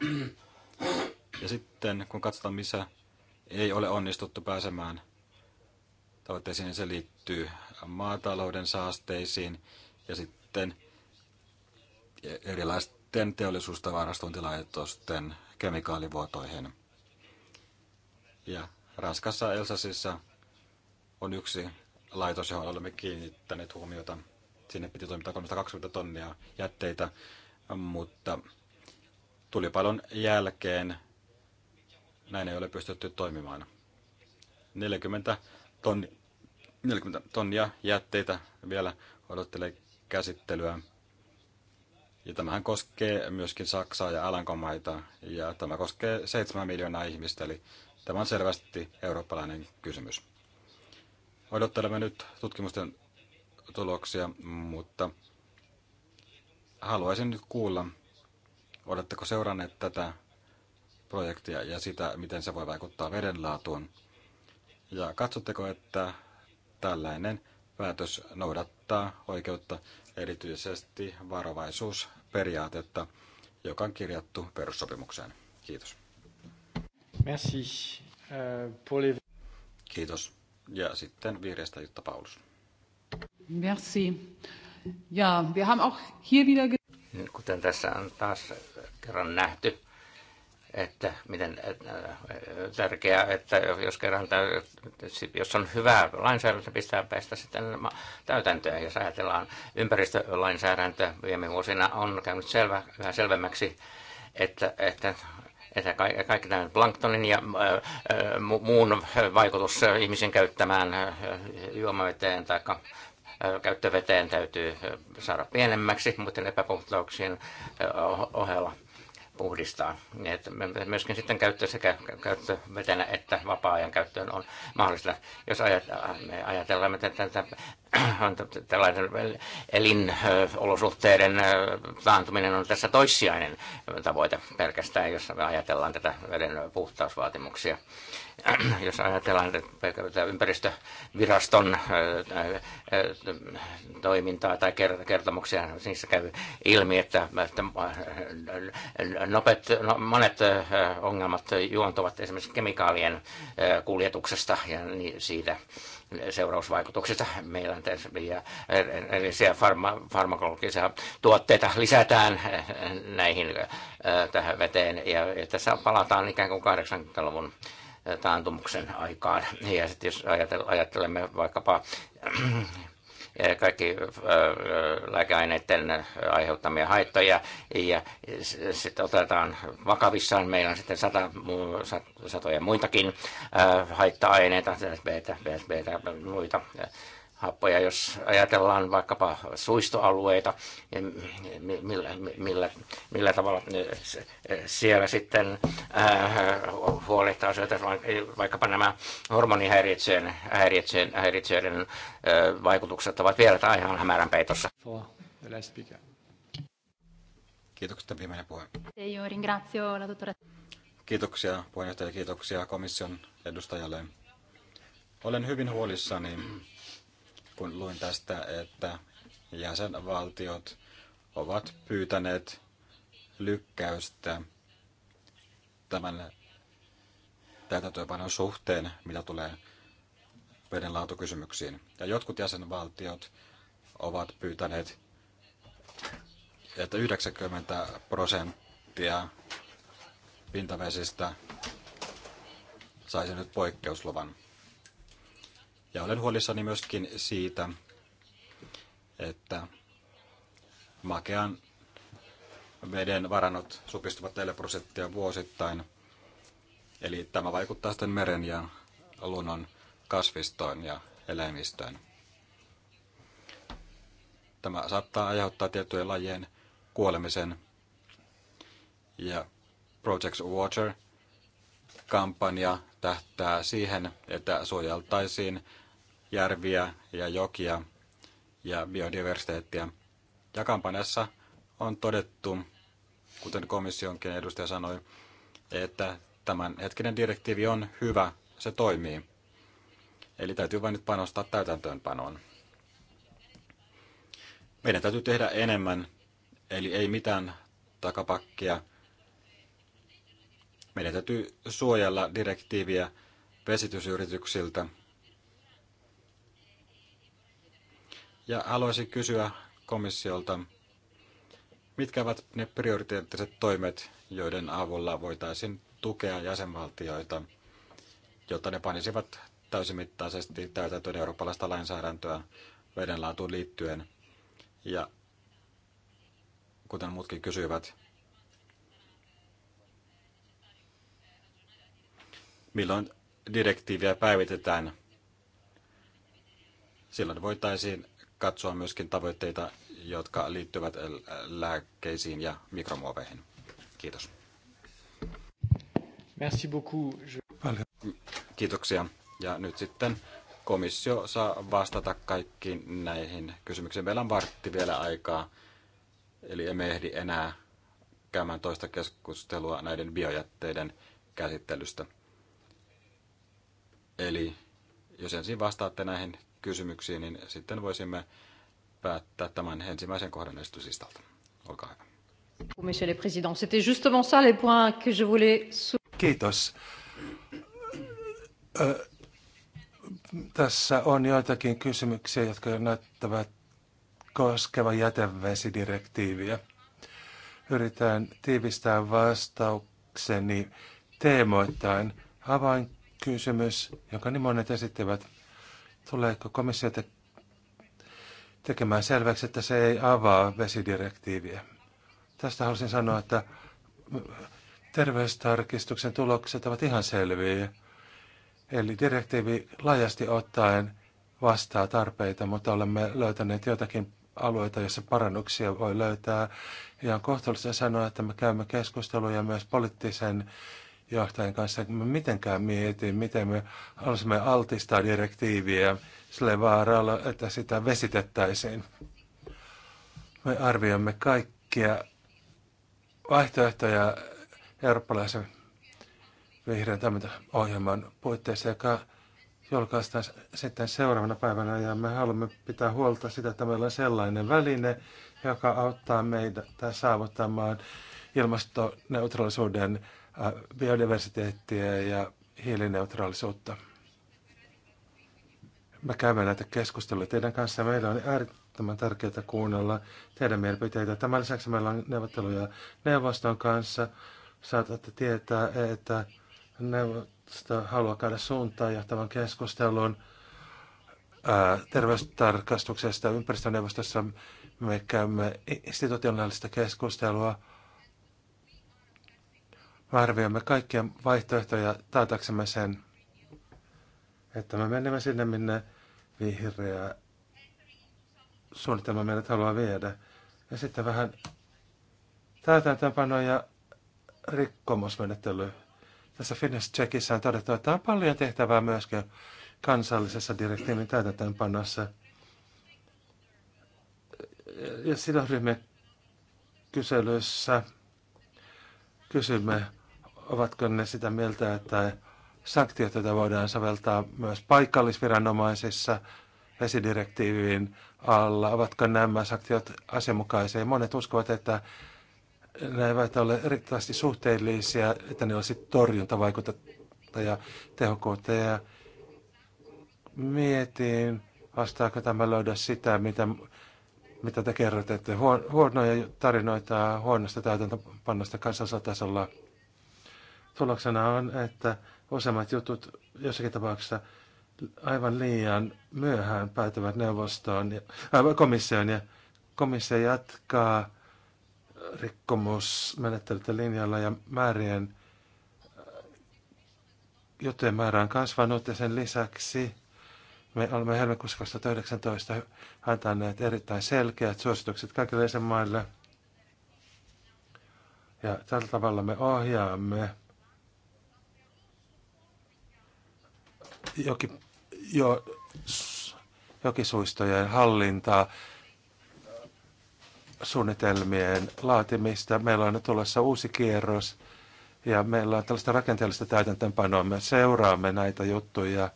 Ja sitten kun katsotaan, missä ei ole onnistuttu pääsemään tavoitteisiin. Se liittyy maatalouden saasteisiin ja sitten erilaisten teollisuustavarastointilaitosten kemikaalivuotoihin. Ja Ranskassa Elsasissa on yksi laitos, johon olemme kiinnittäneet huomiota. Sinne piti toimittaa 320 tonnia jätteitä, mutta tulipalon jälkeen näin ei ole pystytty toimimaan. 40 tonnia, 40 tonnia jätteitä vielä odottelee käsittelyä. Ja tämähän koskee myöskin Saksaa ja Alankomaita, ja tämä koskee 7 miljoonaa ihmistä, eli tämä on selvästi eurooppalainen kysymys. Odottelemme nyt tutkimusten tuloksia, mutta haluaisin nyt kuulla, oletteko seuranneet tätä projektia ja sitä, miten se voi vaikuttaa vedenlaatuun. Ja katsotteko, että tällainen päätös noudattaa oikeutta erityisesti varovaisuusperiaatetta, joka on kirjattu perussopimukseen. Kiitos. Merci. Uh, Kiitos. Ja sitten vihreästä Jutta Paulus. Merci. Ja, wir haben auch hier wieder... Kuten tässä on taas kerran nähty, että miten äh, tärkeää, että jos kerran, jos on hyvää lainsäädäntö, pitää päästä sitten täytäntöön. Jos ajatellaan ympäristölainsäädäntö viime vuosina on käynyt selvä, yhä selvemmäksi, että, että että kaikki tämän planktonin ja äh, äh, muun vaikutus ihmisen käyttämään juomaveteen tai käyttöveteen täytyy saada pienemmäksi muiden epäpuhtauksien ohella puhdistaa. Niin, että myöskin sitten käyttö sekä käyttövetenä että vapaa-ajan käyttöön on mahdollista. Jos ajatellaan, että tätä on tällainen elinolosuhteiden taantuminen on tässä toissijainen tavoite pelkästään, jos ajatellaan tätä veden puhtausvaatimuksia. jos ajatellaan että ympäristöviraston toimintaa tai kertomuksia, niissä käy ilmi, että nopet, no, monet ongelmat juontuvat esimerkiksi kemikaalien kuljetuksesta ja siitä seurausvaikutuksista. Meillä ja erillisiä farma, farmakologisia tuotteita lisätään näihin tähän veteen. Ja, ja tässä palataan ikään kuin 80-luvun taantumuksen aikaan. Ja sitten jos ajattelemme vaikkapa äh, kaikki äh, lääkeaineiden aiheuttamia haittoja ja sitten otetaan vakavissaan. Meillä on sitten sata, satoja muitakin äh, haitta-aineita, siis beta, beta, muita happoja, jos ajatellaan vaikkapa suistoalueita, niin millä, millä, millä tavalla siellä sitten äh, huolehtaa syötä, vaikkapa nämä hormonihäiriöiden äh, vaikutukset ovat vielä tai ihan hämärän peitossa. Kiitoksia viimeinen puhe. Kiitoksia puheenjohtaja, kiitoksia komission edustajalle. Olen hyvin huolissani kun luin tästä, että jäsenvaltiot ovat pyytäneet lykkäystä tämän täytäntöönpanon suhteen, mitä tulee vedenlaatukysymyksiin. Ja jotkut jäsenvaltiot ovat pyytäneet, että 90 prosenttia pintavesistä saisi nyt poikkeusluvan. Ja olen huolissani myöskin siitä, että makean veden varannot supistuvat 4 prosenttia vuosittain. Eli tämä vaikuttaa sitten meren ja luonnon kasvistoon ja eläimistöön. Tämä saattaa aiheuttaa tiettyjen lajien kuolemisen. Ja Project Water – kampanja tähtää siihen, että suojeltaisiin järviä ja jokia ja biodiversiteettiä. Ja kampanjassa on todettu, kuten komissionkin edustaja sanoi, että tämänhetkinen direktiivi on hyvä, se toimii. Eli täytyy vain nyt panostaa täytäntöönpanoon. Meidän täytyy tehdä enemmän, eli ei mitään takapakkia – meidän täytyy suojella direktiiviä vesitysyrityksiltä. Ja haluaisin kysyä komissiolta, mitkä ovat ne prioriteettiset toimet, joiden avulla voitaisiin tukea jäsenvaltioita, jotta ne panisivat täysimittaisesti täytäntöön eurooppalaista lainsäädäntöä vedenlaatuun liittyen. Ja kuten muutkin kysyivät, milloin direktiiviä päivitetään. Silloin voitaisiin katsoa myöskin tavoitteita, jotka liittyvät lääkkeisiin ja mikromuoveihin. Kiitos. Merci beaucoup. Paljon. Kiitoksia. Ja nyt sitten komissio saa vastata kaikkiin näihin kysymyksiin. Meillä on vartti vielä aikaa, eli emme ehdi enää käymään toista keskustelua näiden biojätteiden käsittelystä. Eli jos ensin vastaatte näihin kysymyksiin, niin sitten voisimme päättää tämän ensimmäisen kohdan esitysistalta. Olkaa hyvä. Monsieur le Président, c'était justement ça les points que je voulais... Kiitos. Ö, tässä on joitakin kysymyksiä, jotka näyttävät koskevan jätevesidirektiiviä. Yritän tiivistää vastaukseni teemoittain. Havain kysymys, jonka niin monet esittivät. Tuleeko komissio te- tekemään selväksi, että se ei avaa vesidirektiiviä? Tästä halusin sanoa, että terveystarkistuksen tulokset ovat ihan selviä. Eli direktiivi laajasti ottaen vastaa tarpeita, mutta olemme löytäneet jotakin alueita, joissa parannuksia voi löytää. Ja on kohtuullista sanoa, että me käymme keskusteluja myös poliittisen johtajan kanssa, että me mitenkään mietin, miten me halusimme altistaa direktiiviä sille vaaralla, että sitä vesitettäisiin. Me arvioimme kaikkia vaihtoehtoja eurooppalaisen vihreän toimintaohjelman puitteissa, joka julkaistaan sitten seuraavana päivänä. Ja me haluamme pitää huolta sitä, että meillä on sellainen väline, joka auttaa meitä saavuttamaan ilmastoneutraalisuuden Äh, biodiversiteettiä ja hiilineutraalisuutta. Me käymme näitä keskusteluja teidän kanssa. Meillä on äärettömän tärkeää kuunnella teidän mielipiteitä. Tämän lisäksi meillä on neuvotteluja neuvoston kanssa. Saatatte tietää, että neuvosto haluaa käydä suuntaan johtavan keskustelun äh, terveystarkastuksesta ympäristöneuvostossa. Me käymme institutionaalista keskustelua me arvioimme kaikkia vaihtoehtoja taataksemme sen, että me menemme sinne, minne vihreä suunnitelma meidät haluaa viedä. Ja sitten vähän täytäntöönpano ja rikkomusmenettely. Tässä Finnish Checkissä on todettu, että on paljon tehtävää myöskin kansallisessa direktiivin täytäntöönpanossa. Ja sidosryhmien kyselyssä kysymme Ovatko ne sitä mieltä, että sanktioita voidaan soveltaa myös paikallisviranomaisissa vesidirektiivin alla? Ovatko nämä sanktiot asianmukaisia? Monet uskovat, että ne eivät ole riittävästi suhteellisia, että ne olisi torjuntavaikutetta ja tehokkuutta. Ja mietin, vastaako tämä löydä sitä, mitä, mitä te kerrotte, että huonoja tarinoita huonosta täytäntöpannosta kansallisella tasolla – Tuloksena on, että useimmat jutut jossakin tapauksessa aivan liian myöhään päätyvät neuvostoon ja äh, komissioon ja komissio jatkaa rikkomusmenettelyt linjalla ja määrien äh, juttujen määrä on kasvanut ja sen lisäksi me olemme helmikuussa 2019 antaneet erittäin selkeät suositukset kaikille jäsenmaille. Ja tällä tavalla me ohjaamme joki, jo, jokisuistojen hallintaa, suunnitelmien laatimista. Meillä on nyt tulossa uusi kierros ja meillä on tällaista rakenteellista täytäntöönpanoa. Me seuraamme näitä juttuja.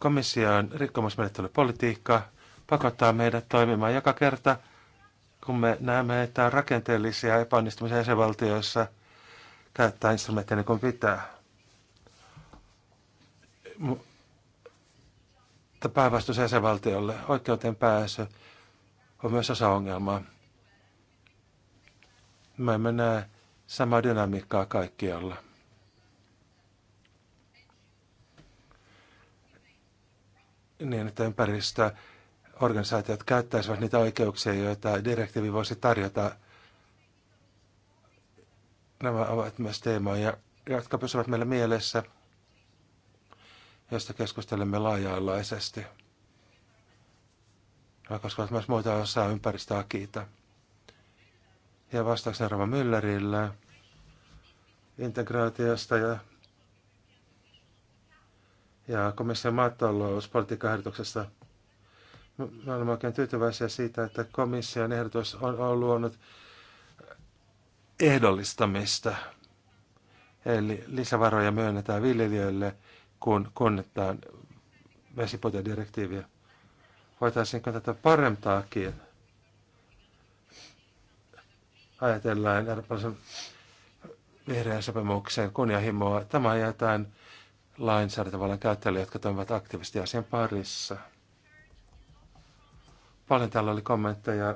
Komission rikkomusmenettelypolitiikka pakottaa meidät toimimaan joka kerta, kun me näemme, että on rakenteellisia epäonnistumisia jäsenvaltioissa käyttää instrumentteja niin kuin pitää mutta päävastuus jäsenvaltiolle oikeuteen pääsy on myös osa ongelmaa. Mä emme näe samaa dynamiikkaa kaikkialla. Niin, että ympäristöorganisaatiot käyttäisivät niitä oikeuksia, joita direktiivi voisi tarjota. Nämä ovat myös teemoja, jotka pysyvät meillä mielessä – josta keskustelemme laaja-alaisesti. Nämä koskevat myös muita osaa kiitä, Ja vastauksena Rova Müllerille integraatiosta ja, ja komission maatalouspolitiikan ehdotuksesta. Me olemme oikein tyytyväisiä siitä, että komission ehdotus on, on luonut ehdollistamista. Eli lisävaroja myönnetään viljelijöille – kun konnetaan vesipotedirektiiviä. Voitaisiinko tätä parempaakin ajatellaan eurooppalaisen vihreän sopimuksen kunnianhimoa. Tämä on lainsäädäntövallan käyttäjille, jotka toimivat aktiivisesti asian parissa. Paljon täällä oli kommentteja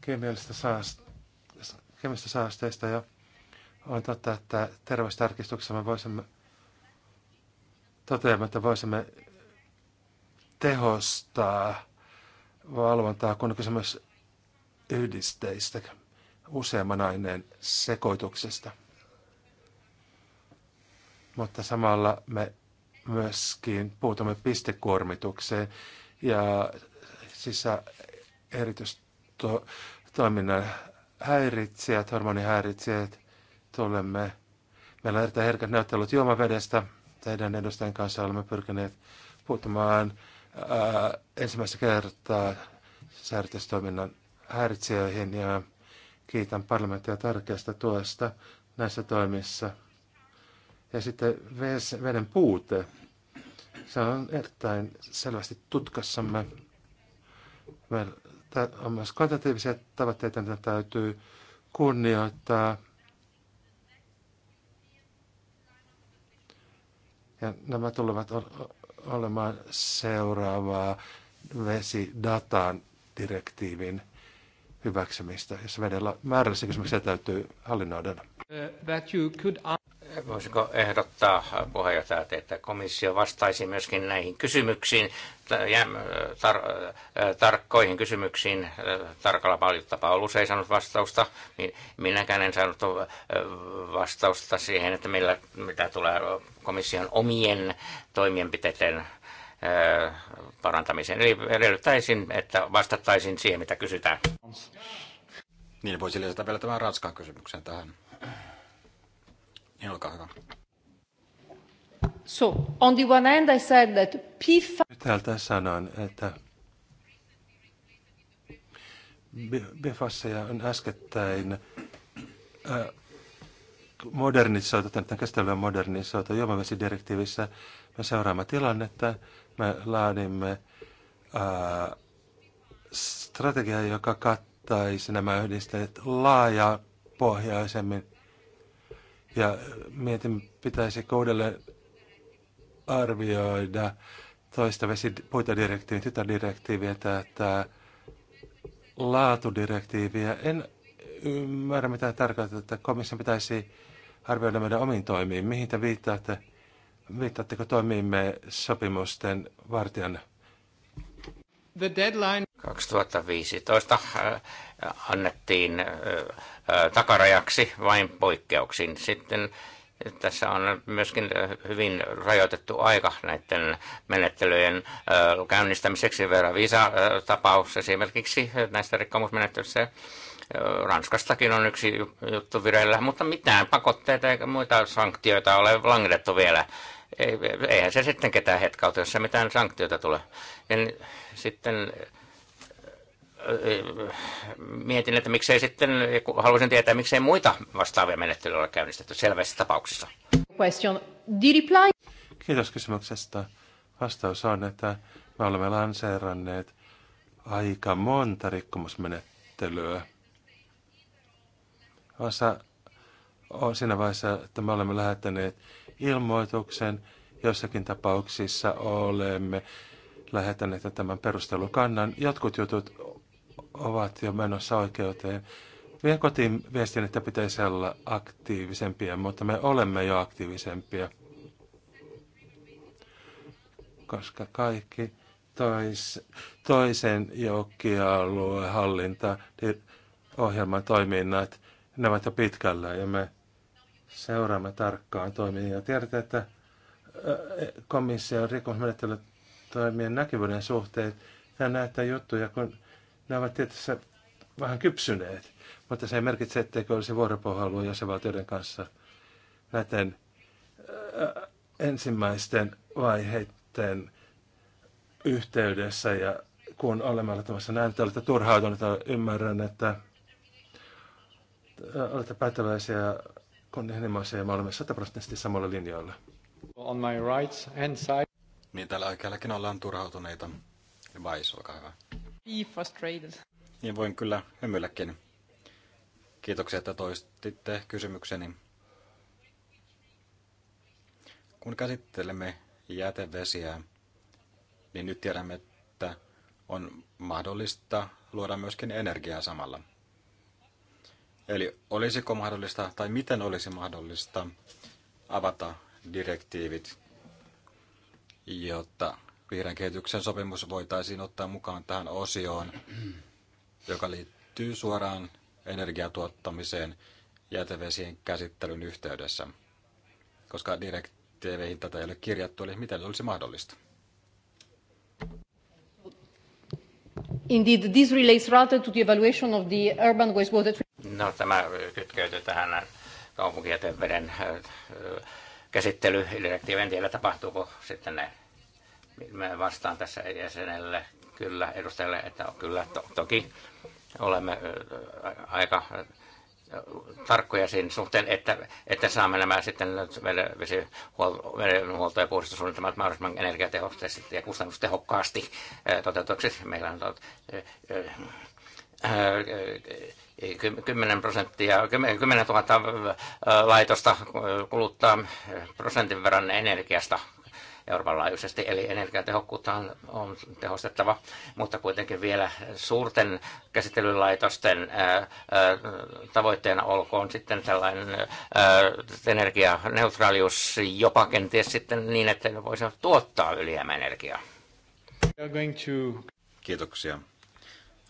kemiallisista saast- kemistä saasteista ja on totta, että terveystarkistuksessa me voisimme toteamme, että voisimme tehostaa valvontaa, kun on kysymys yhdisteistä useamman aineen sekoituksesta. Mutta samalla me myöskin puutumme pistekuormitukseen ja sisä erityistoiminnan häiritsijät, hormonihäiritsijät, tulemme, meillä on erittäin herkät neuvottelut juomavedestä. Teidän edustajien kanssa olemme pyrkineet puuttumaan äh, ensimmäistä kertaa säädöstoiminnan häiritsijöihin ja kiitän parlamenttia tärkeästä tuosta näissä toimissa. Ja sitten veden puute. Se on erittäin selvästi tutkassamme. Meillä on myös kvantitatiivisia tavoitteita, mitä täytyy kunnioittaa. Ja nämä tulevat olemaan seuraavaa vesidatan direktiivin hyväksymistä, jossa vedellä määrällisiä kysymyksiä täytyy hallinnoida. Uh, Voisiko ehdottaa puheenjohtaja, että komissio vastaisi myöskin näihin kysymyksiin, tar- tarkkoihin kysymyksiin, tarkalla paljon Luse ei saanut vastausta, minäkään en saanut vastausta siihen, että millä, mitä tulee komission omien toimenpiteiden parantamiseen. Eli edellyttäisin, että vastattaisin siihen, mitä kysytään. Niin voisi lisätä vielä tämän Ranskan kysymyksen tähän. Niin, olkaa hyvä. So, on the one hand I said that P5... Täältä sanon, että Befasseja on äskettäin äh, modernisoitu, tämän käsittelyä modernisoitu juomavesidirektiivissä. Me seuraamme tilannetta, me laadimme äh, strategiaa, joka kattaisi nämä laaja pohjaisemmin. Ja mietin, pitäisi uudelleen arvioida toista vesipuitadirektiiviä, tytädirektiiviä, tätä laatudirektiiviä. En ymmärrä, mitä tarkoittaa, että komission pitäisi arvioida meidän omiin toimiin. Mihin te viittaatte? Viittaatteko toimiimme sopimusten vartijana? The deadline... 2015 äh, annettiin äh, äh, takarajaksi vain poikkeuksin. Sitten tässä on myöskin hyvin rajoitettu aika näiden menettelyjen käynnistämiseksi Vera visa-tapaus esimerkiksi näistä rikkomusmenettelyistä. Ranskastakin on yksi juttu vireillä, mutta mitään pakotteita eikä muita sanktioita ole langetettu vielä ei, eihän se sitten ketään hetkauta, jos se mitään sanktiota tulee. En, sitten äh, mietin, että miksei sitten, haluaisin tietää, miksei muita vastaavia menettelyjä ole käynnistetty selvässä tapauksissa. Question. Kiitos kysymyksestä. Vastaus on, että me olemme lanseeranneet aika monta rikkomusmenettelyä. Osa on siinä vaiheessa, että me olemme lähettäneet ilmoituksen. jossakin tapauksissa olemme lähettäneet tämän perustelukannan. Jotkut jutut ovat jo menossa oikeuteen. Vien kotiin viestin, että pitäisi olla aktiivisempia, mutta me olemme jo aktiivisempia. Koska kaikki tois, toisen joukkialueen hallinta, niin ohjelman toiminnat, ne ovat jo pitkällä ja me seuraamme tarkkaan toimia. ja tiedetään, että e, komission rikosmenettelyt toimien näkyvyyden suhteen ja näitä juttuja, kun ne ovat tietysti vähän kypsyneet. Mutta se ei merkitse, etteikö olisi vuoropuhelua jäsenvaltioiden kanssa näiden ensimmäisten vaiheiden yhteydessä ja kun olemme aloittamassa näin, että olette turhautuneita, ymmärrän, että olette päättäväisiä kunnianhimoisia ja me olemme sataprosenttisesti samalla linjoilla. On my right hand side. Niin tällä oikeallakin ollaan turhautuneita. Vais, olkaa hyvä. Be frustrated. Niin voin kyllä hymyilläkin. Kiitoksia, että toistitte kysymykseni. Kun käsittelemme jätevesiä, niin nyt tiedämme, että on mahdollista luoda myöskin energiaa samalla. Eli olisiko mahdollista tai miten olisi mahdollista avata direktiivit, jotta vihreän kehityksen sopimus voitaisiin ottaa mukaan tähän osioon, joka liittyy suoraan energiatuottamiseen jätevesien käsittelyn yhteydessä, koska direktiiveihin tätä ei ole kirjattu, eli miten se olisi mahdollista? Indeed, this relates rather to the evaluation of the urban wastewater No tämä kytkeytyy tähän kaupunkijäteveden käsittelydirektiivi. En tiedä, tapahtuuko sitten ne. Mä vastaan tässä jäsenelle kyllä edustajalle, että kyllä to, toki olemme aika tarkkoja siinä suhteen, että, että saamme nämä sitten vedenhuolto- ja puhdistussuunnitelmat mahdollisimman energiatehokkaasti ja kustannustehokkaasti toteutuksessa. Meillä on 10 prosenttia, 10 000 äh, laitosta kuluttaa prosentin verran energiasta Euroopan laajuisesti, eli energiatehokkuutta on, on tehostettava, mutta kuitenkin vielä suurten käsittelylaitosten ää, äh, ää, äh, tavoitteena olkoon sitten tällainen ää, energianeutraalius jopa kenties sitten niin, että ne voisivat tuottaa ylijäämäenergiaa. Kiitoksia.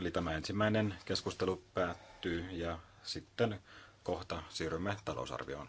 Eli tämä ensimmäinen keskustelu päättyy ja sitten kohta siirrymme talousarvioon.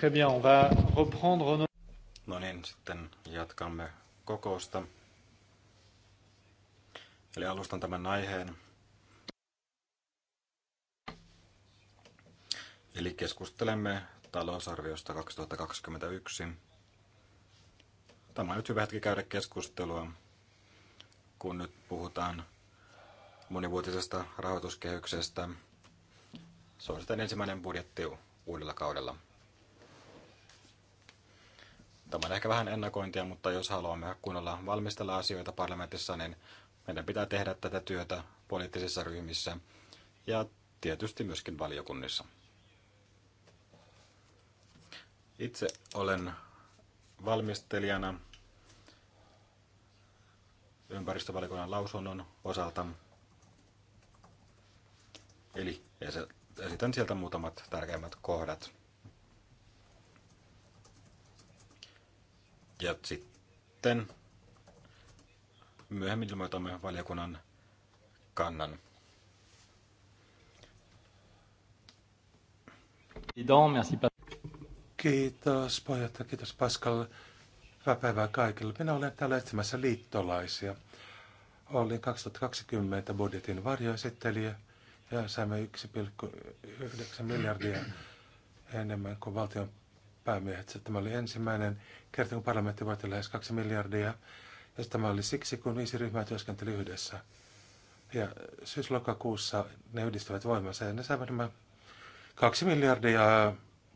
Très bien, on va reprendre nos... No niin, sitten jatkamme kokousta. Eli alustan tämän aiheen. Eli keskustelemme talousarviosta 2021. Tämä on nyt hyvä hetki käydä keskustelua, kun nyt puhutaan monivuotisesta rahoituskehyksestä. Se on sitten ensimmäinen budjetti uudella kaudella. Tämä on ehkä vähän ennakointia, mutta jos haluamme kunnolla valmistella asioita parlamentissa, niin meidän pitää tehdä tätä työtä poliittisissa ryhmissä ja tietysti myöskin valiokunnissa. Itse olen valmistelijana ympäristövalikunnan lausunnon osalta. Eli esitän sieltä muutamat tärkeimmät kohdat. Ja sitten myöhemmin ilmoitamme valiokunnan kannan. Kiitos puheenjohtaja, kiitos Pascal. Hyvää päivää kaikille. Minä olen täällä etsimässä liittolaisia. Olin 2020 budjetin varjoesittelijä ja saimme 1,9 miljardia enemmän kuin valtion päämiehet. Tämä oli ensimmäinen kerta, kun parlamentti voitti lähes kaksi miljardia. Ja tämä oli siksi, kun viisi ryhmää työskenteli yhdessä. Ja syyslokakuussa ne yhdistävät voimansa ja ne saivat nämä kaksi miljardia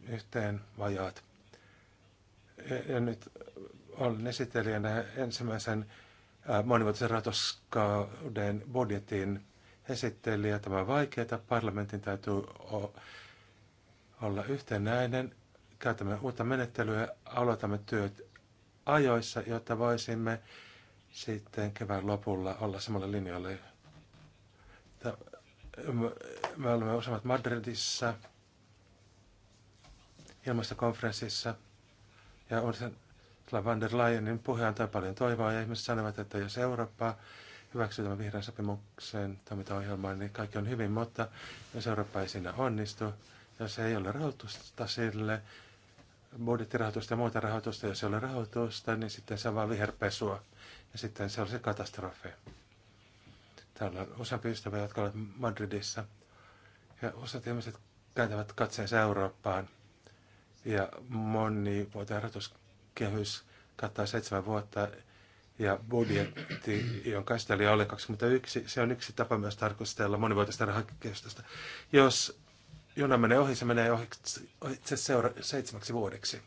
yhteen vajaat. Ja nyt olen esittelijänä ensimmäisen monivuotisen ratoskauden budjetin esittelijä. Tämä on vaikeaa. Parlamentin täytyy olla yhtenäinen käytämme uutta menettelyä, aloitamme työt ajoissa, jotta voisimme sitten kevään lopulla olla samalla linjalla. Me olemme useammat Madridissa ilmastokonferenssissa ja Ursula van der Leyenin puhe antoi paljon toivoa ja ihmiset sanovat, että jos Eurooppa hyväksyy tämän vihreän sopimuksen toimintaohjelmaan, niin kaikki on hyvin, mutta jos Eurooppa ei siinä onnistu, jos ei ole rahoitusta sille, budjettirahoitusta ja muuta rahoitusta. Jos ei ole rahoitusta, niin sitten se on vain viherpesua ja sitten se on se katastrofi. Täällä on useampi ystäviä, jotka ovat Madridissa ja osa ihmiset kääntävät katseensa Eurooppaan ja moni vuoteen rahoituskehys kattaa seitsemän vuotta ja budjetti, jonka käsittelijä oli 21, se on yksi tapa myös tarkastella monivuotista rahakestosta. Jos juna menee ohi, se menee ohi itse seura- seitsemäksi vuodeksi.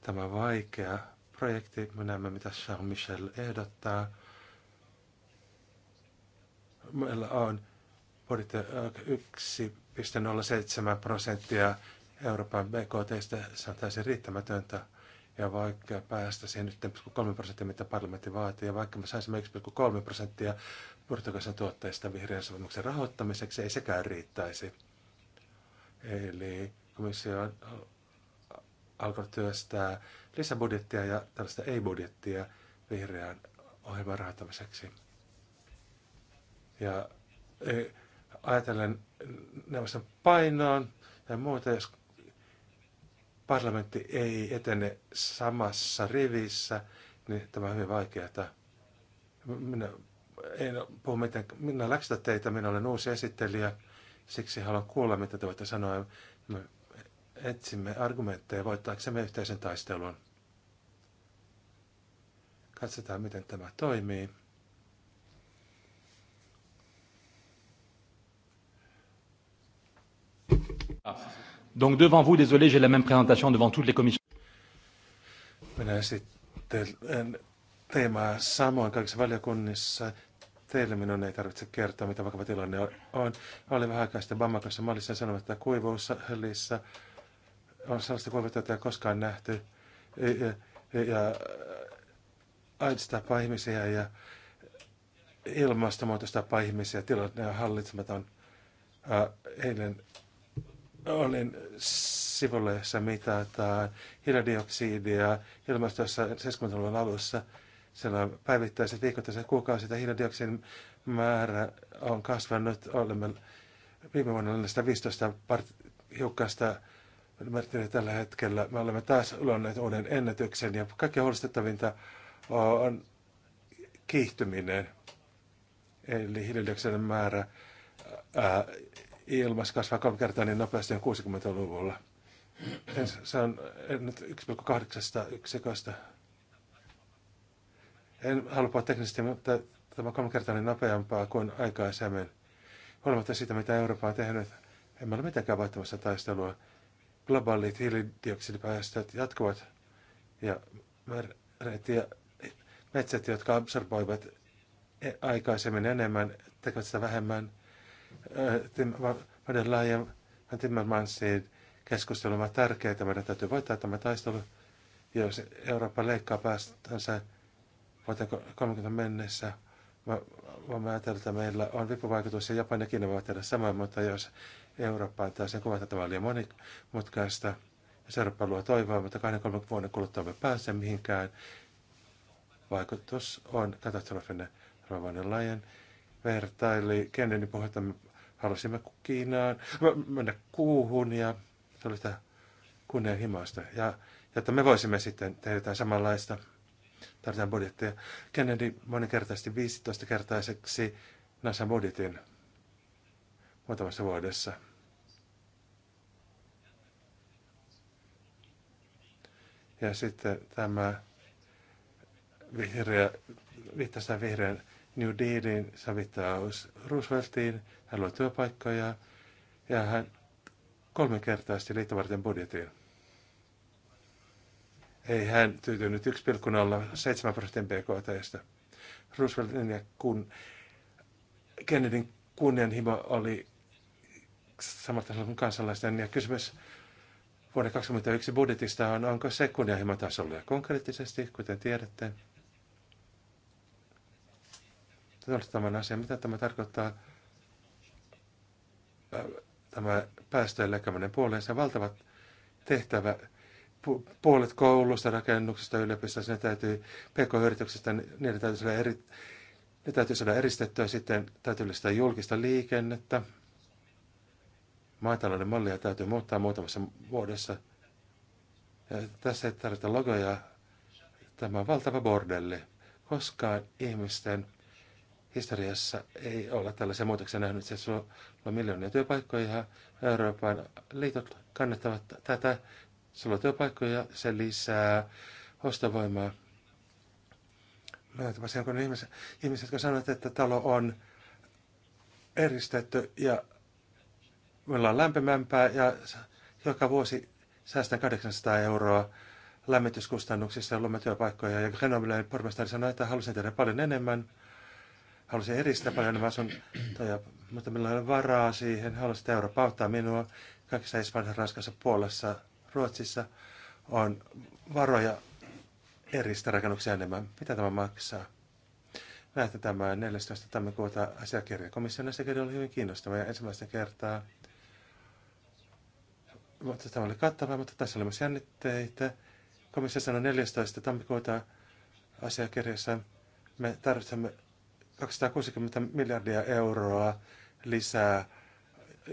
Tämä vaikea projekti, me näemme mitä Charles Michel ehdottaa. Meillä on budjetti 1,07 äh, prosenttia Euroopan BKTstä, se on täysin riittämätöntä ja vaikka päästä siihen 1,3 prosenttia, mitä parlamentti vaatii, ja vaikka me saisimme 1,3 prosenttia portugaisen tuotteista vihreän sopimuksen rahoittamiseksi, ei sekään riittäisi. Eli komissio on alkanut työstää lisäbudjettia ja tällaista ei-budjettia vihreän ohjelman rahoittamiseksi. Ja e, ajatellen neuvoston painoon ja muuta, jos parlamentti ei etene samassa rivissä, niin tämä on hyvin vaikeaa. Minä en puhu mitään, minä läksytä teitä, minä olen uusi esittelijä Siksi haluan kuulla, mitä te voitte sanoa. Me etsimme argumentteja voittaaksemme yhteisen taistelun. Katsotaan, miten tämä toimii. Donc devant vous, désolé, j'ai la même présentation devant toutes les commissions. Minä teemaa samoin kaikissa valiokunnissa Teille minun ei tarvitse kertoa, mitä vakava tilanne on. Oli vähän aikaa sitten Bamakossa. Mä sanomatta sanonut, että kuivuushelissä on sellaista kuivuutta, jota ei koskaan nähty. Ja, ja, ja äh, AIDS tapaa ihmisiä ja ilmastonmuutos tapaa ihmisiä. Tilanne on hallitsematon. Äh, eilen olin sivulla, jossa mitataan hiilidioksidia ilmastossa 70-luvun alussa – siellä päivittäiset, viikoittaiset, kuukausit ja hiilidioksidin määrä on kasvanut. Olemme viime vuonna 15 part- hiukkasta Mertille tällä hetkellä. Me olemme taas luonneet uuden ennätyksen ja kaikkein huolestuttavinta on kiihtyminen. Eli hiilidioksidin määrä ää, ilmassa kasvaa kolme kertaa niin nopeasti kuin 60-luvulla. Se on nyt 1,8 yksiköstä en halua puhua teknisesti, mutta tämä on kolme kertaa niin nopeampaa kuin aikaisemmin. Huolimatta siitä, mitä Eurooppa on tehnyt, emme ole mitenkään vaihtamassa taistelua. Globaalit hiilidioksidipäästöt jatkuvat ja meret ja metsät, jotka absorboivat e- aikaisemmin enemmän, tekevät sitä vähemmän. Meidän laajemman Timmermansin keskustelu on tärkeää. Meidän täytyy voittaa tämä taistelu. Jos Eurooppa leikkaa päästänsä vuoteen 30 mennessä voimme ajatella, että meillä on vipuvaikutus ja Japan ja Kiina voivat tehdä samaa, mutta jos Eurooppa antaa sen kuvata tavallaan liian monimutkaista, jos Eurooppa luo toivoa, mutta 20-30 vuoden kuluttua me pääse mihinkään, vaikutus on katastrofinen. Rovanen Lajen vertaili Kennedyn pohjalta, me halusimme Kiinaan, mennä kuuhun ja se oli sitä kunnianhimoista. Ja ja että me voisimme sitten tehdä jotain samanlaista tarvitaan budjettia. Kennedy moninkertaisesti 15-kertaiseksi NASA budjetin muutamassa vuodessa. Ja sitten tämä vihreä, viittaista vihreän New Dealin savittaus Rooseveltiin. Hän loi työpaikkoja ja hän kolminkertaisesti liittovarten budjetin. Ei hän tyytynyt 1,07 prosentin bkt Rooseveltin ja kun Kennedyn kunnianhimo oli samalta kuin kansalaisten ja kysymys vuoden 2021 budjetista on, onko se kunnianhimotasolla ja konkreettisesti, kuten tiedätte. Tämän asian, mitä tämä tarkoittaa tämä päästöjen leikkaaminen puoleensa valtavat tehtävä puolet koulusta, rakennuksista, yliopistosta, ne täytyy, pk yrityksestä niiden täytyy saada, eri, ne täytyy saada eristettyä, sitten täytyy sitä julkista liikennettä. Maatalouden mallia täytyy muuttaa muutamassa vuodessa. Ja tässä ei tarvita logoja. Tämä on valtava bordelli. Koskaan ihmisten historiassa ei olla tällaisia muutoksia nähnyt. Se on miljoonia työpaikkoja Euroopan liitot kannattavat tätä sulla työpaikkoja, se lisää ostovoimaa. Mä tapasin jonkun ihmisen, ihmisen, jotka sanoivat, että talo on eristetty ja me on lämpimämpää ja joka vuosi säästän 800 euroa lämmityskustannuksissa ja luomme työpaikkoja. Ja Grenoblein pormestari sanoi, että halusin tehdä paljon enemmän. Halusin eristää paljon enemmän toja, mutta meillä ei ole varaa siihen. Halusin, että Eurooppa auttaa minua kaikissa Espanjassa, Ranskassa, Puolassa, Ruotsissa on varoja eristä rakennuksia enemmän. Mitä tämä maksaa? Näette tämä 14. tammikuuta asiakirja. Komission asiakirja oli hyvin kiinnostava ja ensimmäistä kertaa. Mutta tämä oli kattava, mutta tässä oli myös jännitteitä. Komissio sanoi 14. tammikuuta asiakirjassa, me tarvitsemme 260 miljardia euroa lisää,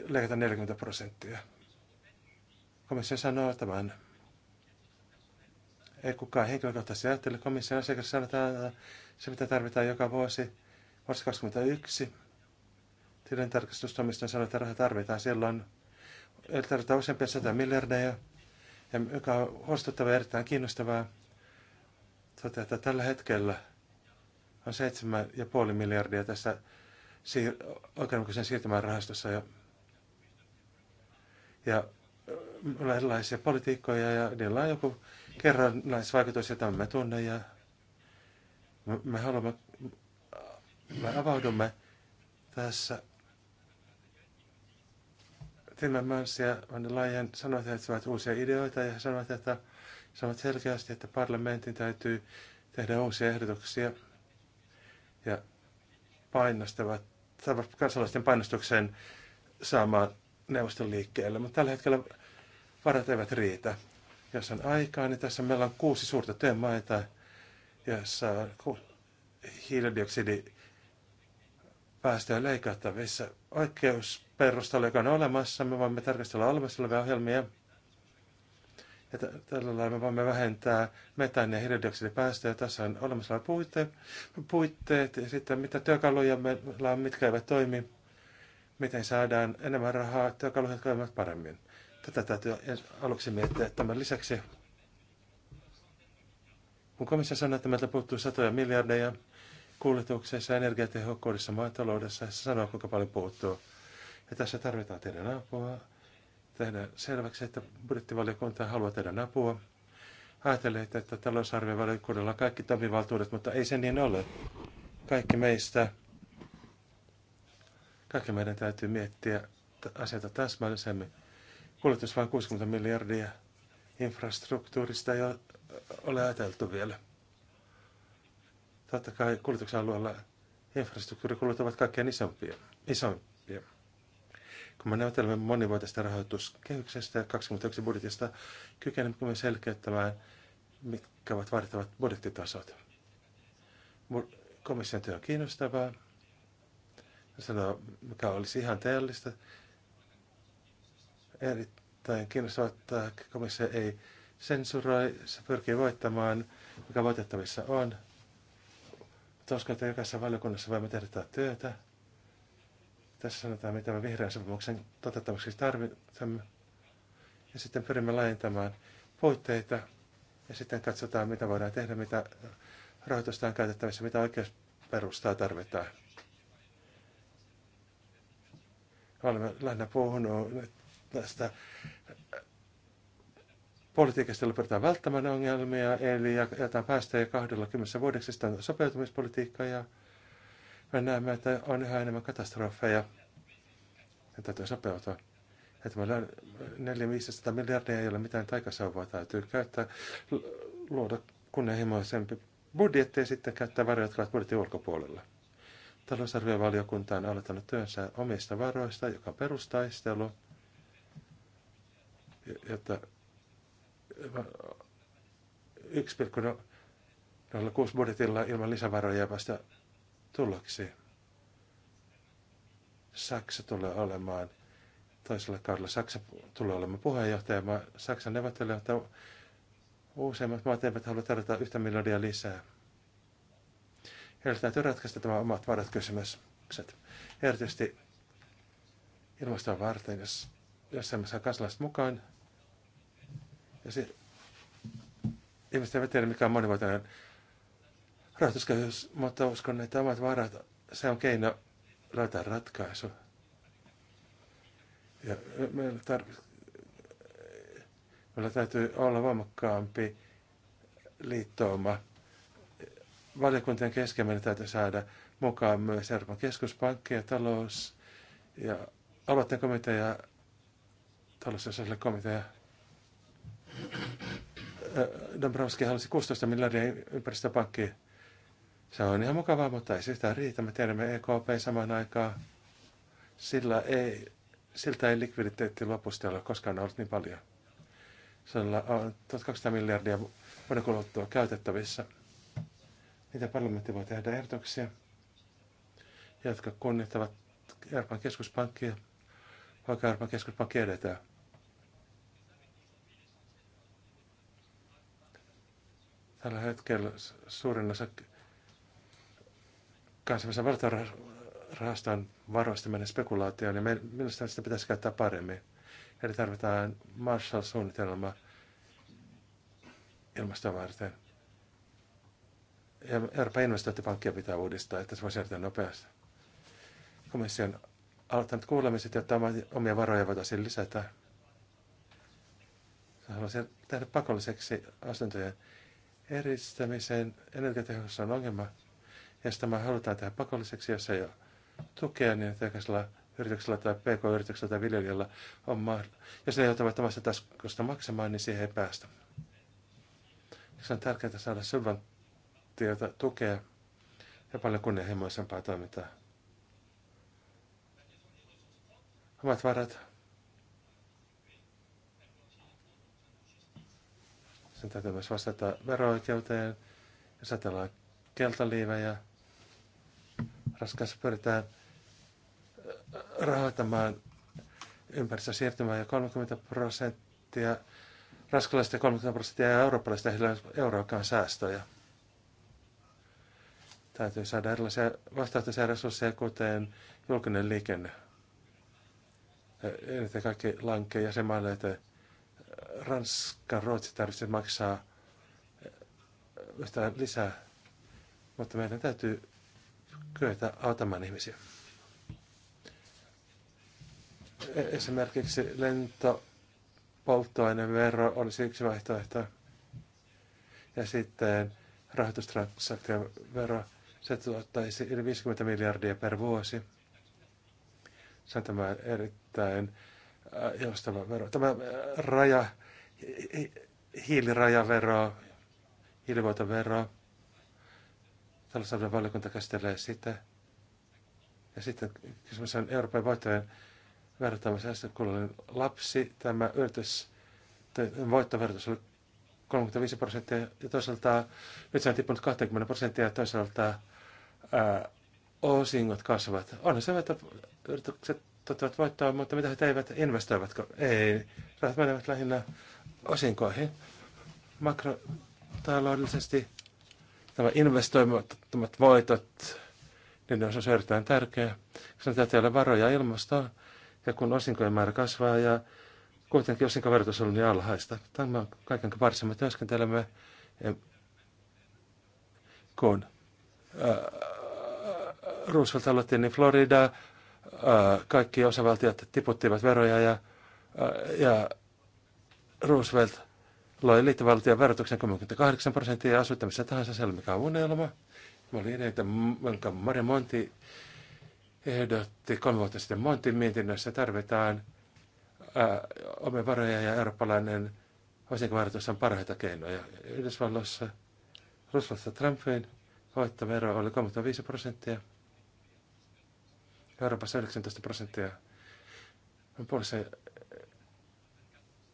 leikata 40 prosenttia. Komissio sanoo tämän. Ei kukaan henkilökohtaisesti ajattele. Komission asiakas sanotaan, että se mitä tarvitaan joka vuosi, vuosi 2021. Tilintarkastustoimiston sanoo, että rahaa tarvitaan silloin. Eli tarvitaan useampia sata miljardeja, ja joka on huolestuttavaa ja erittäin kiinnostavaa. Toteaa, että tällä hetkellä on 7,5 miljardia tässä siir- oikeudenmukaisen siirtymän rahastossa. Ja, ja erilaisia politiikkoja ja niillä on joku kerrannaisvaikutus, jota me tunne ja me, haluamme, me avaudumme tässä Timmermans ja Van Leyen sanoivat, että ovat uusia ideoita ja sanoivat, että sanovat selkeästi, että parlamentin täytyy tehdä uusia ehdotuksia ja painostavat, kansalaisten painostukseen saamaan neuvoston liikkeelle. Mutta tällä hetkellä varat eivät riitä. Jos on aikaa, niin tässä meillä on kuusi suurta työmaita, jossa on hiilidioksidipäästöjä leikattavissa. Oikeusperustalla, joka on olemassa, me voimme tarkastella olemassa olevia ohjelmia. Ja tällä lailla me voimme vähentää metaan- ja hiilidioksidipäästöjä. Tässä on olemassa olevat puitte, puitteet ja sitten mitä työkaluja meillä on, mitkä eivät toimi, miten saadaan enemmän rahaa työkaluja, jotka toimivat paremmin. Tätä täytyy aluksi miettiä. Tämän lisäksi, kun komissio sanoi, että meiltä puuttuu satoja miljardeja kuljetuksessa, energiatehokkuudessa, maataloudessa, se sanoo, kuinka paljon puuttuu. Ja tässä tarvitaan teidän apua. Tehdään selväksi, että budjettivaliokunta haluaa teidän apua. Ajattelette, että talousarviovaliokunnalla on kaikki toimivaltuudet, mutta ei se niin ole. Kaikki meistä, kaikki meidän täytyy miettiä asioita täsmällisemmin Kulutus vain 60 miljardia. Infrastruktuurista ei ole ajateltu vielä. Totta kai kuljetuksen alueella infrastruktuurikulut ovat kaikkein isompia. isompia. Kun me neuvottelemme monivuotista rahoituskehyksestä ja 21 budjetista, kykenemme selkeyttämään, mitkä ovat vaadittavat budjettitasot. Komission työ on kiinnostavaa. Sanoo, mikä olisi ihan teellistä erittäin kiinnostavaa, että komissio ei sensuroi, se pyrkii voittamaan, mikä voitettavissa on. Toska, että jokaisessa valiokunnassa voimme tehdä tätä työtä. Tässä sanotaan, mitä me vihreän sopimuksen toteuttamiseksi tarvitsemme. Ja sitten pyrimme laajentamaan puitteita ja sitten katsotaan, mitä voidaan tehdä, mitä rahoitusta on käytettävissä, mitä oikeusperustaa tarvitaan. Olemme lähinnä puhunut tästä äh, politiikasta, jolla pyritään välttämään ongelmia, eli jätetään päästöjä 20 vuodeksi, sitä on sopeutumispolitiikka ja me näemme, että on yhä enemmän katastrofeja ja täytyy sopeutua. Että meillä on 400-500 miljardia ei ole mitään taikasauvaa, täytyy käyttää, luoda kunnianhimoisempi budjetti ja sitten käyttää varoja, jotka ovat budjetin ulkopuolella. Talousarviovaliokunta on aloittanut työnsä omista varoista, joka on perustaistelu että jotta kuusi budjetilla ilman lisävaroja vasta tuloksi. Saksa tulee olemaan toisella kaudella. Saksa tulee olemaan puheenjohtaja. Saksan neuvottelijat, että useimmat maat eivät halua tarjota yhtä miljardia lisää. Heillä täytyy ratkaista tämä omat varat kysymykset. Erityisesti ilmastoa varten, jos, jos emme saa kansalaiset mukaan, ja se, ihmiset eivät tiedä, mikä on monivuotinen rahoitusköyhyys, mutta uskon, että omat varat, se on keino löytää ratkaisu. Ja meillä, tar- meillä täytyy olla voimakkaampi liittouma. Valiokuntien kesken meidän täytyy saada mukaan myös Euroopan keskuspankki ja talous ja aloitteen komitea ja talous- ja sosiaalikomitea Dombrovski halusi 16 miljardia ympäristöpankkiin. Se on ihan mukavaa, mutta ei se yhtään riitä. Me tiedämme EKP samaan aikaan. Sillä ei, siltä ei likviditeetti lopusta ole koskaan ollut niin paljon. Sillä on 1200 miljardia vuoden kuluttua käytettävissä. Mitä parlamentti voi tehdä ehdotuksia, jotka kunnittavat Euroopan keskuspankkia, vaikka Euroopan keskuspankki edetään. Tällä hetkellä suurin osa kansainvälisen valtarahaston varoista menee spekulaatioon, niin minusta sitä pitäisi käyttää paremmin. Eli tarvitaan Marshall-suunnitelma ilmastoa varten. Ja Euroopan investointipankkia pitää uudistaa, että se voisi järjestää nopeasti. Komission aloittanut kuulemiset, jotta omia varoja voitaisiin lisätä. Haluaisin tehdä pakolliseksi asuntojen eristämisen energiatehokkuus on ongelma. Ja sitä me halutaan tehdä pakolliseksi, jos ei ole tukea, niin jokaisella yrityksellä tai pk-yrityksellä tai viljelijällä on mahdollista. Jos ne joutuvat omasta taskusta maksamaan, niin siihen ei päästä. Se on tärkeää saada subventiota, tukea ja paljon kunnianhimoisempaa toimintaa. Omat varat Sitten täytyy myös vastata veroikeuteen äh, ja satellaan keltaliivejä. Raskaassa pyritään rahoittamaan ympäristösiirtymää ja 30 prosenttia raskalaisista 30 prosenttia ja eurooppalaisista euroakaan säästöjä. Täytyy saada erilaisia vastaehtoisia resursseja, kuten julkinen liikenne. Ja kaikki lankee jäsenmaille, että Ranska, Ruotsi tarvitsee maksaa yhtään eh, lisää, mutta meidän täytyy kyetä auttamaan ihmisiä. E, esimerkiksi lentopolttoainevero olisi yksi vaihtoehto. Ja sitten rahoitustransaktiovero, se tuottaisi yli 50 miljardia per vuosi. Se on tämä erittäin eh, joustava vero. Tämä eh, raja hiilirajavero, hiilivuotovero. Talousarvion valiokunta käsittelee sitä. Ja sitten kysymys on Euroopan voittojen vertaamisesta, kun oli lapsi, tämä yritys, voittoverotus oli 35 prosenttia ja toisaalta nyt se on tippunut 20 prosenttia ja toisaalta ää, osingot kasvavat. Onhan se, että yritykset tottavat voittoa, mutta mitä he teivät, investoivatko? Ei, rahat menevät lähinnä osinkoihin. Makrotaloudellisesti tämä investoimattomat voitot, niin on se siis erittäin tärkeää. koska on täällä varoja ilmastoa, ja kun osinkojen määrä kasvaa ja kuitenkin osinkoverotus on niin alhaista. Tämä on kaiken parissa. Me työskentelemme eh, kun eh, Roosevelt aloitti, niin Florida, ää, eh, kaikki osavaltiot tiputtivat veroja ja, ää, ja Roosevelt loi liittovaltion verotuksen 38 prosenttia ja asuttamisessa tahansa, se oli mikään unelma. Mä olin edellä, jonka Mare Monti ehdotti kolme vuotta sitten Montin mietinnössä, tarvitaan äh, omen varoja ja eurooppalainen osinkovaroitus on parhaita keinoja. Yhdysvalloissa Roosevelt Trumpin voittovero oli 35 prosenttia, Euroopassa 19 prosenttia. Puolessa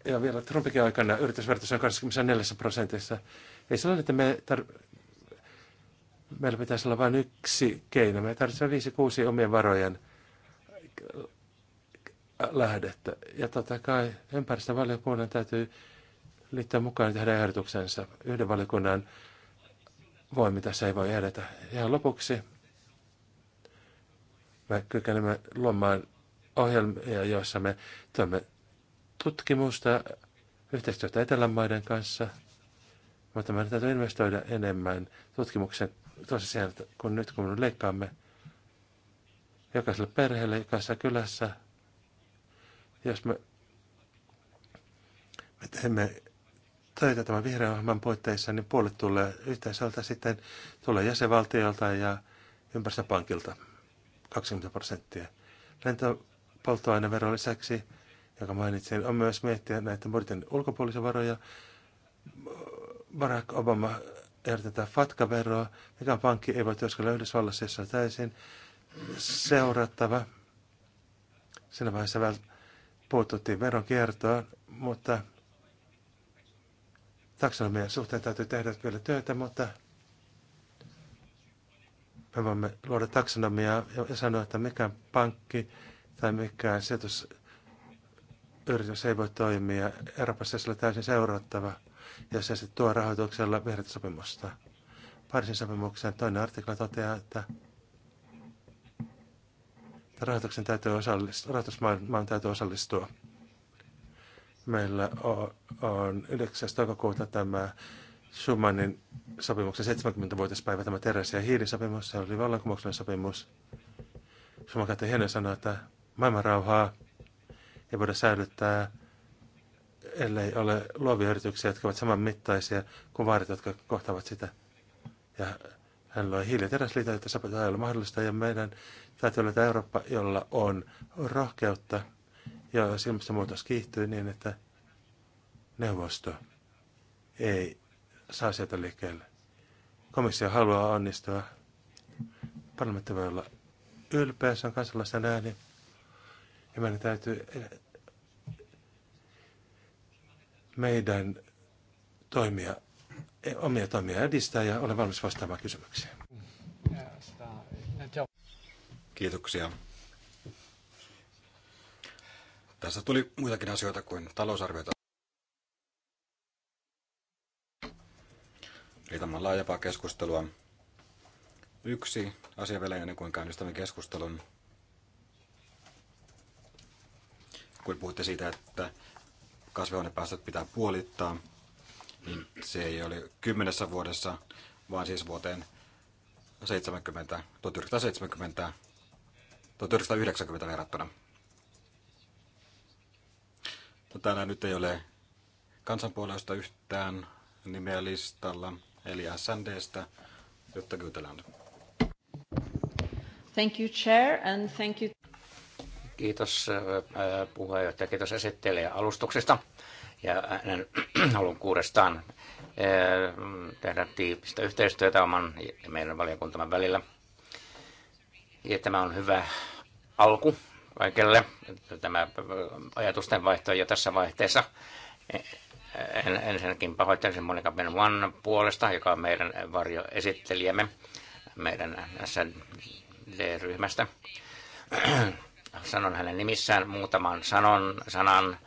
ja vielä Trumpikin aikana yritysverotus on 24 prosentissa. Ei se että me tar- meillä pitäisi olla vain yksi keino. Me tarvitsemme viisi kuusi omien varojen lähdettä. Ja totta kai ympäristövaliokunnan täytyy liittää mukaan tehdä ehdotuksensa. Yhden valiokunnan mitä se ei voi edetä. Ja lopuksi me kykenemme luomaan ohjelmia, joissa me toimme tutkimusta, yhteistyötä Etelänmaiden kanssa, mutta meidän täytyy investoida enemmän tutkimuksen tosiaan, kun nyt kun me leikkaamme jokaiselle perheelle, jokaisessa kylässä, jos me, me teemme töitä tämän vihreän ohjelman puitteissa, niin puolet tulee yhteisöltä, sitten tulee jäsenvaltiolta ja ympäristöpankilta 20 prosenttia. Lentopolttoaineveron lisäksi joka mainitsin, on myös miettiä näitä muiden ulkopuolisia varoja. Barack Obama ehdotetaan veroa, mikä pankki ei voi työskennellä Yhdysvallassa, jossa täysin seurattava. Siinä vaiheessa vält- puututtiin veronkiertoon, mutta taksonomian suhteen täytyy tehdä vielä työtä, mutta me voimme luoda taksonomiaa ja sanoa, että mikä pankki tai mikä sijoitus yritys ei voi toimia. Euroopassa se on täysin seurattava, ja se sitten tuo rahoituksella vihreätä sopimusta. Pariisin sopimuksen toinen artikla toteaa, että rahoituksen täytyy osallistua, rahoitusmaan täytyy osallistua. Meillä on, 9. toukokuuta tämä Schumannin sopimuksen 70-vuotispäivä, tämä Teres ja hiilisopimus, se oli vallankumouksellinen sopimus. Schumann käytti hienoja sanoa, että maailman rauhaa, ei voida säilyttää, ellei ole luovia yrityksiä, jotka ovat mittaisia kuin vaarit, jotka kohtaavat sitä. Ja hän loi hiiliteräsliitä, jotta se ei ole mahdollista, ja meidän täytyy olla Eurooppa, jolla on rohkeutta, ja jos ilmastonmuutos kiihtyy niin, että neuvosto ei saa sieltä liikkeelle. Komissio haluaa onnistua. Parlamentti voi olla ylpeä, se on kansalaisten ääni. Ja meidän täytyy meidän toimia, omia toimia edistää ja olen valmis vastaamaan kysymyksiin. Kiitoksia. Tässä tuli muitakin asioita kuin talousarviota. Eli tämä on laajempaa keskustelua. Yksi asia vielä ennen kuin käynnistämme keskustelun. kun puhutte siitä, että kasvihuonepäästöt pitää puolittaa, niin se ei ole kymmenessä vuodessa, vaan siis vuoteen 70, 1970, 1990 verrattuna. No, täällä nyt ei ole kansanpuolesta yhtään nimeä listalla, eli SNDstä, jotta Gyteland. Thank you, Chair, and thank you. Kiitos puheenjohtaja, kiitos esittelijä alustuksesta ja hänen kuudestaan tehdä tiivistä yhteistyötä oman ja meidän valiokuntamme välillä. Ja tämä on hyvä alku kaikille, tämä ajatusten vaihto jo tässä vaihteessa. E, en, ensinnäkin pahoittelisin Monika Benwan puolesta, joka on meidän varjoesittelijämme meidän SD-ryhmästä sanon hänen nimissään muutaman sanon, sanan,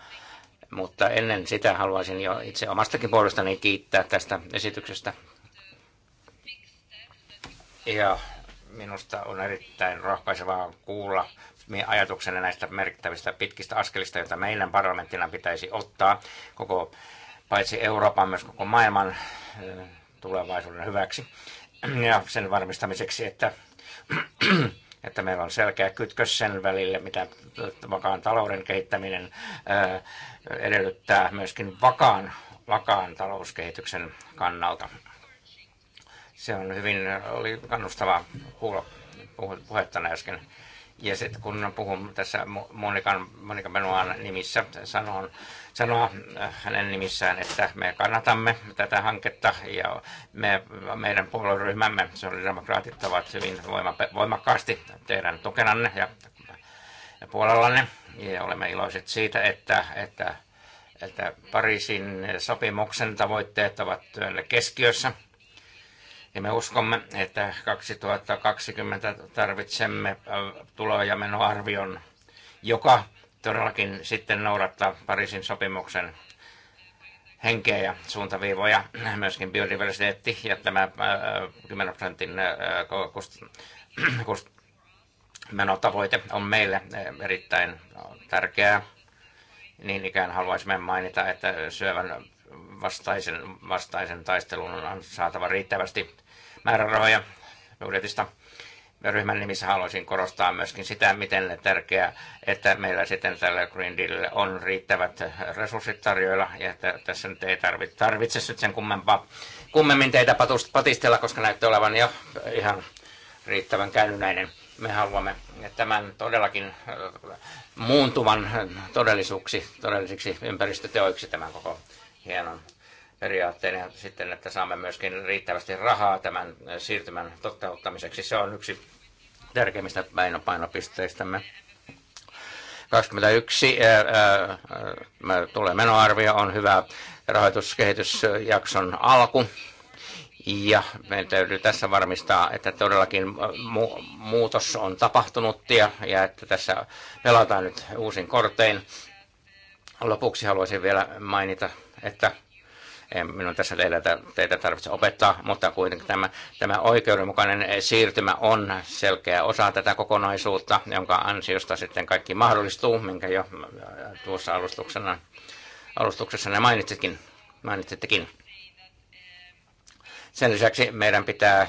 mutta ennen sitä haluaisin jo itse omastakin puolestani kiittää tästä esityksestä. Ja minusta on erittäin rohkaisevaa kuulla ajatuksenne näistä merkittävistä pitkistä askelista, joita meidän parlamenttina pitäisi ottaa koko paitsi Euroopan, myös koko maailman eh, tulevaisuuden hyväksi ja sen varmistamiseksi, että että meillä on selkeä kytkös sen välille, mitä vakaan talouden kehittäminen edellyttää myöskin vakaan, vakaan talouskehityksen kannalta. Se on hyvin, oli kannustava kuulla puhetta äsken. Ja sitten kun puhun tässä Monikan, Monika Benoan nimissä, sanon sanoa äh, hänen nimissään, että me kannatamme tätä hanketta ja me, meidän puolueryhmämme, sosiaalidemokraatit, ovat hyvin voimakkaasti teidän tukenanne ja puolellanne. Ja olemme iloiset siitä, että, että, että Pariisin sopimuksen tavoitteet ovat työn keskiössä. Ja me uskomme, että 2020 tarvitsemme äh, tulo- ja menoarvion, joka todellakin sitten noudattaa Pariisin sopimuksen henkeä ja suuntaviivoja, myöskin biodiversiteetti ja tämä 10 äh, prosentin äh, menotavoite on meille äh, erittäin tärkeää. Niin ikään haluaisimme mainita, että syövän vastaisen, vastaisen taistelun on saatava riittävästi määrärahoja budjetista ryhmän nimissä haluaisin korostaa myöskin sitä, miten tärkeää, että meillä sitten tällä Green Dealille on riittävät resurssit tarjoilla, ja että tässä nyt ei tarvitse, tarvitse nyt sen kummempaa, kummemmin teitä patistella, koska näyttää olevan jo ihan riittävän käynnäinen. Me haluamme tämän todellakin äh, muuntuvan todellisuuksi, todellisiksi ympäristöteoiksi tämän koko hienon periaatteen ja sitten, että saamme myöskin riittävästi rahaa tämän siirtymän toteuttamiseksi. Se on yksi tärkeimmistä painopisteistämme. 2021 tulee menoarvio on hyvä rahoituskehitysjakson alku. Ja meidän täytyy tässä varmistaa, että todellakin mu- muutos on tapahtunut ja, ja että tässä pelataan nyt uusin kortein. Lopuksi haluaisin vielä mainita, että minun tässä teitä, teitä tarvitse opettaa, mutta kuitenkin tämä, tämä oikeudenmukainen siirtymä on selkeä osa tätä kokonaisuutta, jonka ansiosta sitten kaikki mahdollistuu, minkä jo tuossa alustuksena, alustuksessa ne mainitsitkin, mainitsittekin. Sen lisäksi meidän pitää äh,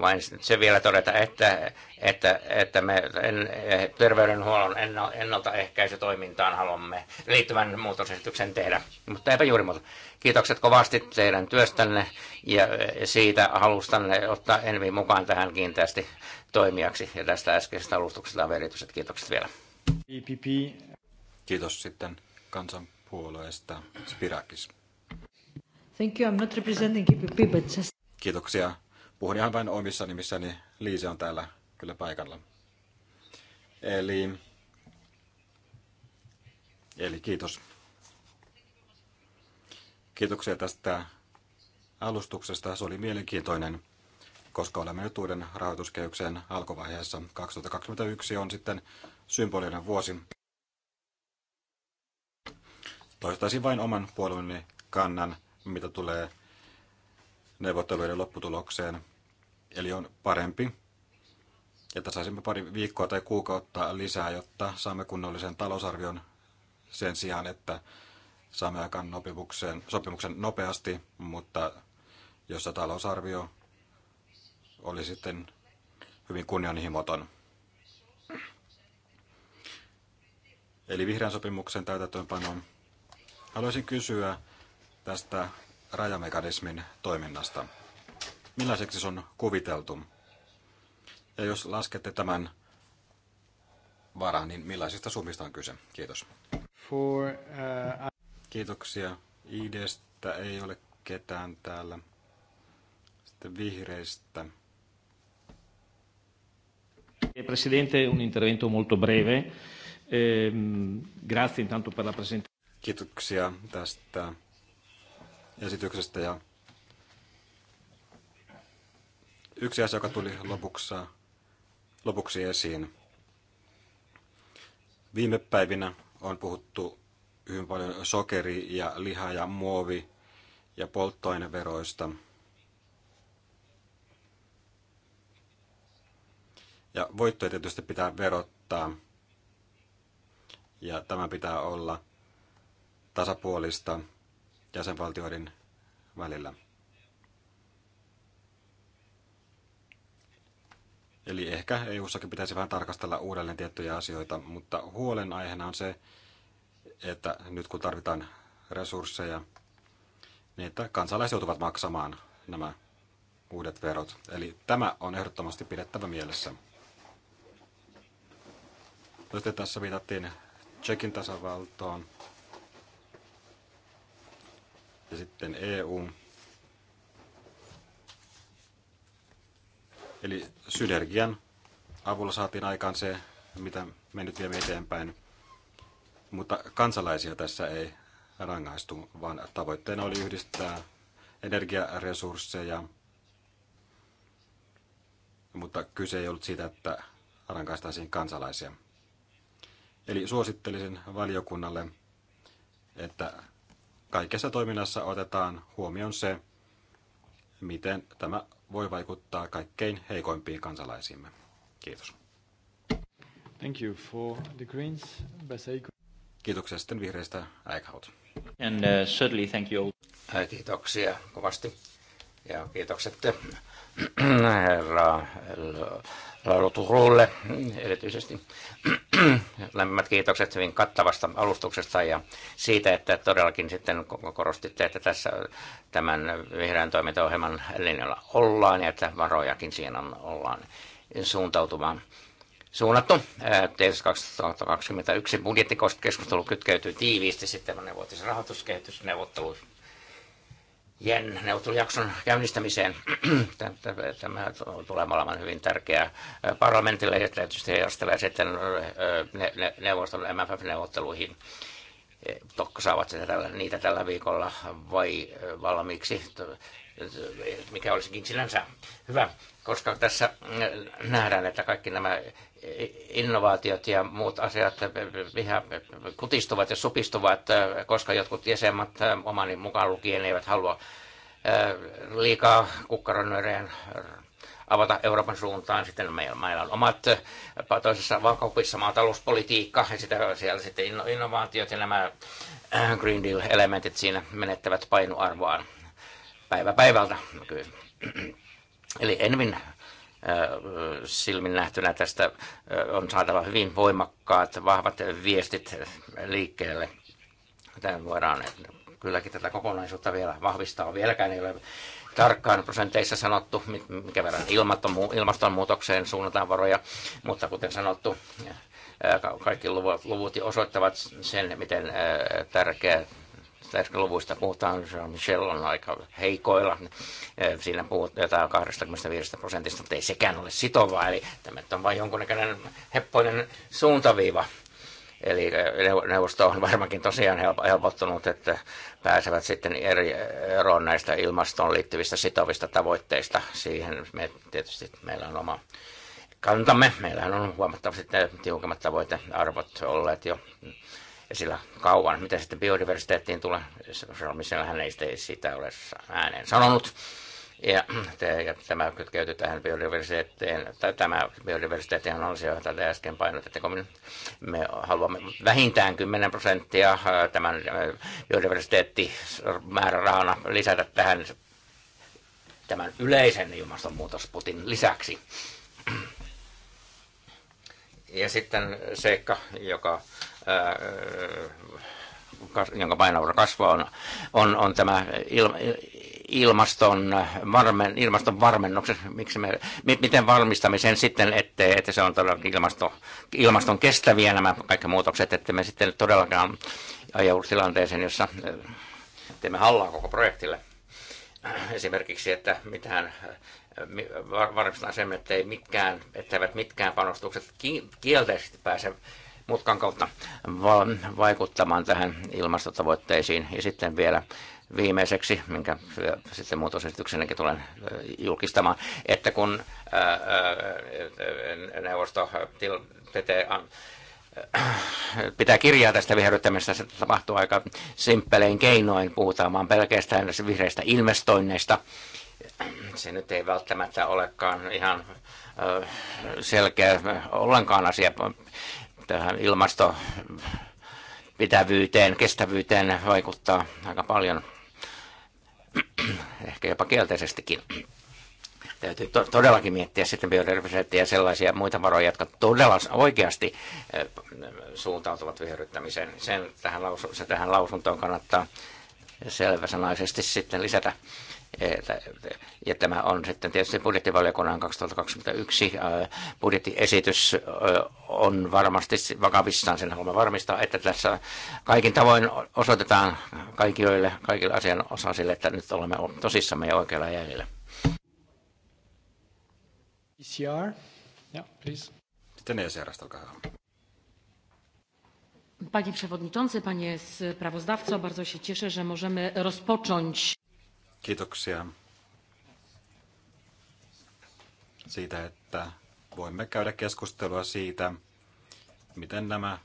vain se vielä todeta, että, että, että me en, eh, terveydenhuollon ennaltaehkäisytoimintaan haluamme liittyvän muutosesityksen tehdä. Mutta eipä juuri muuta. Kiitokset kovasti teidän työstänne ja eh, siitä halustanne ottaa Envi mukaan tähän kiinteästi toimijaksi. Ja tästä äskeisestä alustuksesta on erityiset kiitokset vielä. EPP. Kiitos sitten kansanpuolueesta Spirakis. Thank you. I'm not representing EPP, but just... Kiitoksia Puhun ihan vain omissa nimissäni, niin Liise on täällä kyllä paikalla. Eli, eli kiitos. Kiitoksia tästä alustuksesta. Se oli mielenkiintoinen, koska olemme nyt uuden rahoituskehyksen alkuvaiheessa. 2021 on sitten symbolinen vuosi. Toistaisin vain oman puolueeni kannan, mitä tulee neuvotteluiden lopputulokseen. Eli on parempi, että saisimme pari viikkoa tai kuukautta lisää, jotta saamme kunnollisen talousarvion sen sijaan, että saamme aikaan sopimuksen, sopimuksen nopeasti, mutta jossa talousarvio oli sitten hyvin kunnianhimoton. Eli vihreän sopimuksen täytäntöönpanoon. Haluaisin kysyä tästä rajamekanismin toiminnasta. Millaiseksi se on kuviteltu? Ja jos laskette tämän varaan, niin millaisista summista on kyse? Kiitos. For, uh, Kiitoksia. IDstä ei ole ketään täällä. Sitten vihreistä. Eh, Presidente, un intervento molto breve. Ehm, grazie intanto per la presentazione. Kiitoksia tästä esityksestä. Ja yksi asia, joka tuli lopuksi, lopuksi esiin. Viime päivinä on puhuttu hyvin paljon sokeri- ja liha- ja muovi- ja polttoaineveroista. Ja voittoja tietysti pitää verottaa. Ja tämä pitää olla tasapuolista jäsenvaltioiden välillä. Eli ehkä EU-sakin pitäisi vähän tarkastella uudelleen tiettyjä asioita, mutta huolenaiheena on se, että nyt kun tarvitaan resursseja, niin että kansalaiset joutuvat maksamaan nämä uudet verot. Eli tämä on ehdottomasti pidettävä mielessä. No sitten tässä viitattiin Tsekin tasavaltoon sitten EU. Eli synergian avulla saatiin aikaan se, mitä me nyt viemme eteenpäin. Mutta kansalaisia tässä ei rangaistu, vaan tavoitteena oli yhdistää energiaresursseja, mutta kyse ei ollut siitä, että rankaistaisiin kansalaisia. Eli suosittelisin valiokunnalle, että kaikessa toiminnassa otetaan huomioon se, miten tämä voi vaikuttaa kaikkein heikoimpiin kansalaisiimme. Kiitos. Thank you for the Greens, Kiitoksia sitten vihreistä Eichhout. And uh, certainly thank you all. Kiitoksia kovasti ja kiitokset äh, herra Lauluturulle erityisesti. Lämmät kiitokset hyvin kattavasta alustuksesta ja siitä, että todellakin sitten korostitte, että tässä tämän vihreän toimintaohjelman linjalla ollaan ja että varojakin siinä ollaan suuntautumaan suunnattu. TS 2021 budjettikeskustelu kytkeytyy tiiviisti sitten vuotisen rahoituskehitysneuvotteluihin jen neuvottelujakson käynnistämiseen. Tämä tulee olemaan hyvin tärkeää parlamentille ja tietysti heijastelee sitten neuvoston MFF-neuvotteluihin. E, tokko saavat tällä, niitä tällä viikolla vai valmiiksi, mikä olisikin sinänsä hyvä, koska tässä nähdään, että kaikki nämä innovaatiot ja muut asiat ihan kutistuvat ja supistuvat, koska jotkut jäsenmat omani mukaan lukien eivät halua äh, liikaa kukkaronöreen avata Euroopan suuntaan. Sitten meillä, meillä on omat äh, toisessa vaakakupissa maatalouspolitiikka ja sitä, siellä sitten innovaatiot ja nämä äh, Green Deal-elementit siinä menettävät painoarvoaan päivä päivältä. Eli Envin silmin nähtynä tästä on saatava hyvin voimakkaat, vahvat viestit liikkeelle. tämän voidaan kylläkin tätä kokonaisuutta vielä vahvistaa. Vieläkään ei ole tarkkaan prosenteissa sanottu, mikä verran ilmastonmuutokseen suunnataan varoja, mutta kuten sanottu, kaikki luvut osoittavat sen, miten tärkeä luvuista puhutaan, Michel on aika heikoilla, siinä puhutaan jotain 25 prosentista, mutta ei sekään ole sitovaa, eli tämä on vain jonkunnäköinen heppoinen suuntaviiva. Eli neuvosto on varmaankin tosiaan helpottunut, että pääsevät sitten eri eroon näistä ilmastoon liittyvistä sitovista tavoitteista. Siihen me tietysti meillä on oma kantamme. Meillähän on huomattavasti tiukemmat tavoitearvot olleet jo sillä kauan. Mitä sitten biodiversiteettiin tulee, hän ei sitä ole ääneen sanonut. Ja, te, ja tämä kytkeytyy tähän biodiversiteettiin. Tämä biodiversiteetti on ansio, jota te äsken painotitte, kun me haluamme vähintään 10 prosenttia äh, tämän äh, biodiversiteettimäärärahana lisätä tähän tämän yleisen ilmastonmuutosputin lisäksi. Ja sitten seikka, joka Äh, jonka painoarvo kasvaa, on, on, on tämä il, ilmaston, varmen, ilmaston varmennuksen, miksi me, miten sen sitten, että, että se on todellakin ilmasto, ilmaston kestäviä nämä kaikki muutokset, että me sitten todellakaan ajaudu tilanteeseen, jossa äh, teemme hallaa koko projektille. Esimerkiksi, että mitään äh, varmistetaan sen, että ei mitkään, etteivät mitkään panostukset kielteisesti pääse mutkan kautta vaikuttamaan tähän ilmastotavoitteisiin. Ja sitten vielä viimeiseksi, minkä sitten muutosesityksenäkin tulen äh, julkistamaan, että kun äh, äh, neuvosto pitää kirjaa tästä viherryttämisestä, se tapahtuu aika simppelein keinoin. Puhutaan vaan pelkästään vihreistä investoinneista. Se nyt ei välttämättä olekaan ihan selkeä ollenkaan asia tähän ilmastopitävyyteen, kestävyyteen vaikuttaa aika paljon, ehkä jopa kielteisestikin. Täytyy to- todellakin miettiä sitten biodiversiteettiä ja sellaisia muita varoja, jotka todella oikeasti eh, suuntautuvat viherryttämiseen. Sen tähän, lausu- se tähän lausuntoon kannattaa selväsanaisesti sitten lisätä. Ja tämä on sitten tietysti budjettivaliokunnan 2021 äh, budjettiesitys äh, on varmasti vakavissaan. Sen haluamme varmistaa, että tässä kaikin tavoin osoitetaan kaikille, kaikille asianosaisille, että nyt olemme tosissamme ja oikealla jäljellä. ECR? Yeah, please. Sitten ECRstä, olkaa hyvä. Panie Przewodniczący, Panie Sprawozdawco, bardzo się cieszę, że możemy rozpocząć Kiitoksia siitä, että voimme käydä keskustelua siitä, miten nämä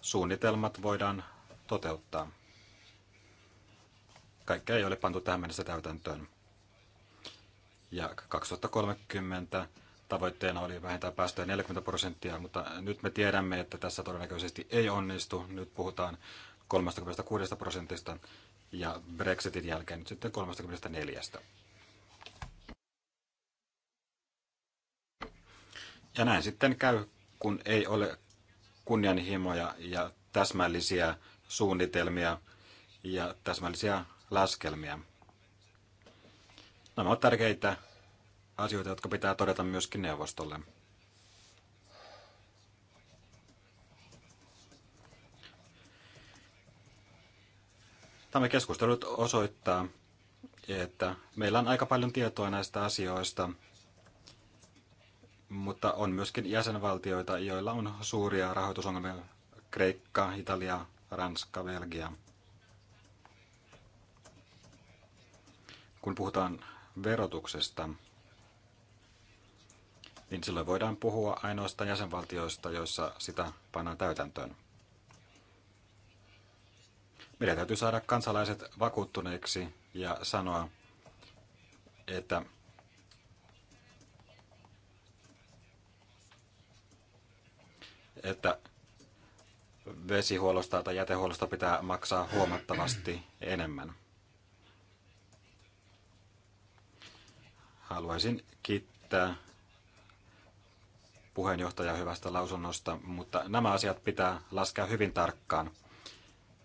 suunnitelmat voidaan toteuttaa. Kaikkea ei ole pantu tähän mennessä täytäntöön. Ja 2030 tavoitteena oli vähentää päästöjä 40 prosenttia, mutta nyt me tiedämme, että tässä todennäköisesti ei onnistu. Nyt puhutaan 36 prosentista ja Brexitin jälkeen nyt sitten 34. Ja näin sitten käy, kun ei ole kunnianhimoja ja täsmällisiä suunnitelmia ja täsmällisiä laskelmia. Nämä ovat tärkeitä asioita, jotka pitää todeta myöskin neuvostolle. Tämä keskustelu osoittaa, että meillä on aika paljon tietoa näistä asioista, mutta on myöskin jäsenvaltioita, joilla on suuria rahoitusongelmia. Kreikka, Italia, Ranska, Belgia. Kun puhutaan verotuksesta, niin silloin voidaan puhua ainoastaan jäsenvaltioista, joissa sitä pannaan täytäntöön. Meidän täytyy saada kansalaiset vakuuttuneiksi ja sanoa, että että vesihuollosta tai jätehuollosta pitää maksaa huomattavasti enemmän. Haluaisin kiittää puheenjohtajaa hyvästä lausunnosta, mutta nämä asiat pitää laskea hyvin tarkkaan.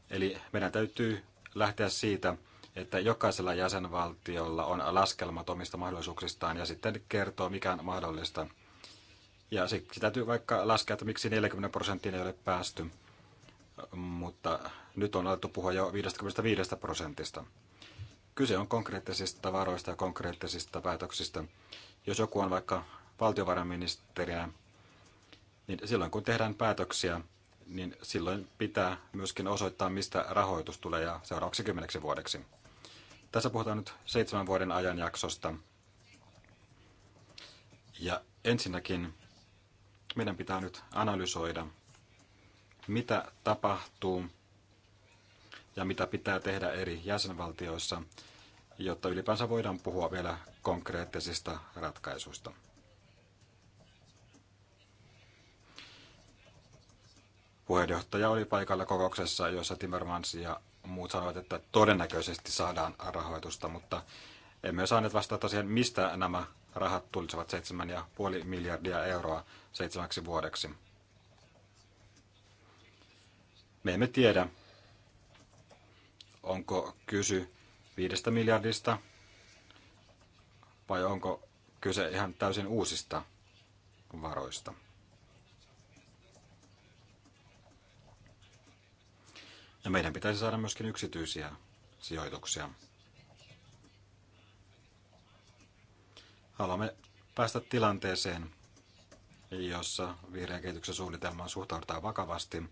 Eli meidän täytyy lähteä siitä, että jokaisella jäsenvaltiolla on laskelmat omista mahdollisuuksistaan ja sitten kertoo, mikä on mahdollista. Ja siksi täytyy vaikka laskea, että miksi 40 prosenttiin ei ole päästy, mutta nyt on alettu puhua jo 55 prosentista. Kyse on konkreettisista varoista ja konkreettisista päätöksistä. Jos joku on vaikka valtiovarainministeriä, niin silloin kun tehdään päätöksiä, niin silloin pitää myöskin osoittaa, mistä rahoitus tulee ja seuraavaksi kymmeneksi vuodeksi. Tässä puhutaan nyt seitsemän vuoden ajanjaksosta. Ja ensinnäkin meidän pitää nyt analysoida, mitä tapahtuu ja mitä pitää tehdä eri jäsenvaltioissa, jotta ylipäänsä voidaan puhua vielä konkreettisista ratkaisuista. puheenjohtaja oli paikalla kokouksessa, jossa Timmermans ja muut sanoivat, että todennäköisesti saadaan rahoitusta, mutta emme saaneet vastata siihen, mistä nämä rahat tulisivat 7,5 miljardia euroa seitsemäksi vuodeksi. Me emme tiedä, onko kysy 5 miljardista vai onko kyse ihan täysin uusista varoista. Ja meidän pitäisi saada myöskin yksityisiä sijoituksia. Haluamme päästä tilanteeseen, jossa vihreän kehityksen suunnitelmaan suhtaudutaan vakavasti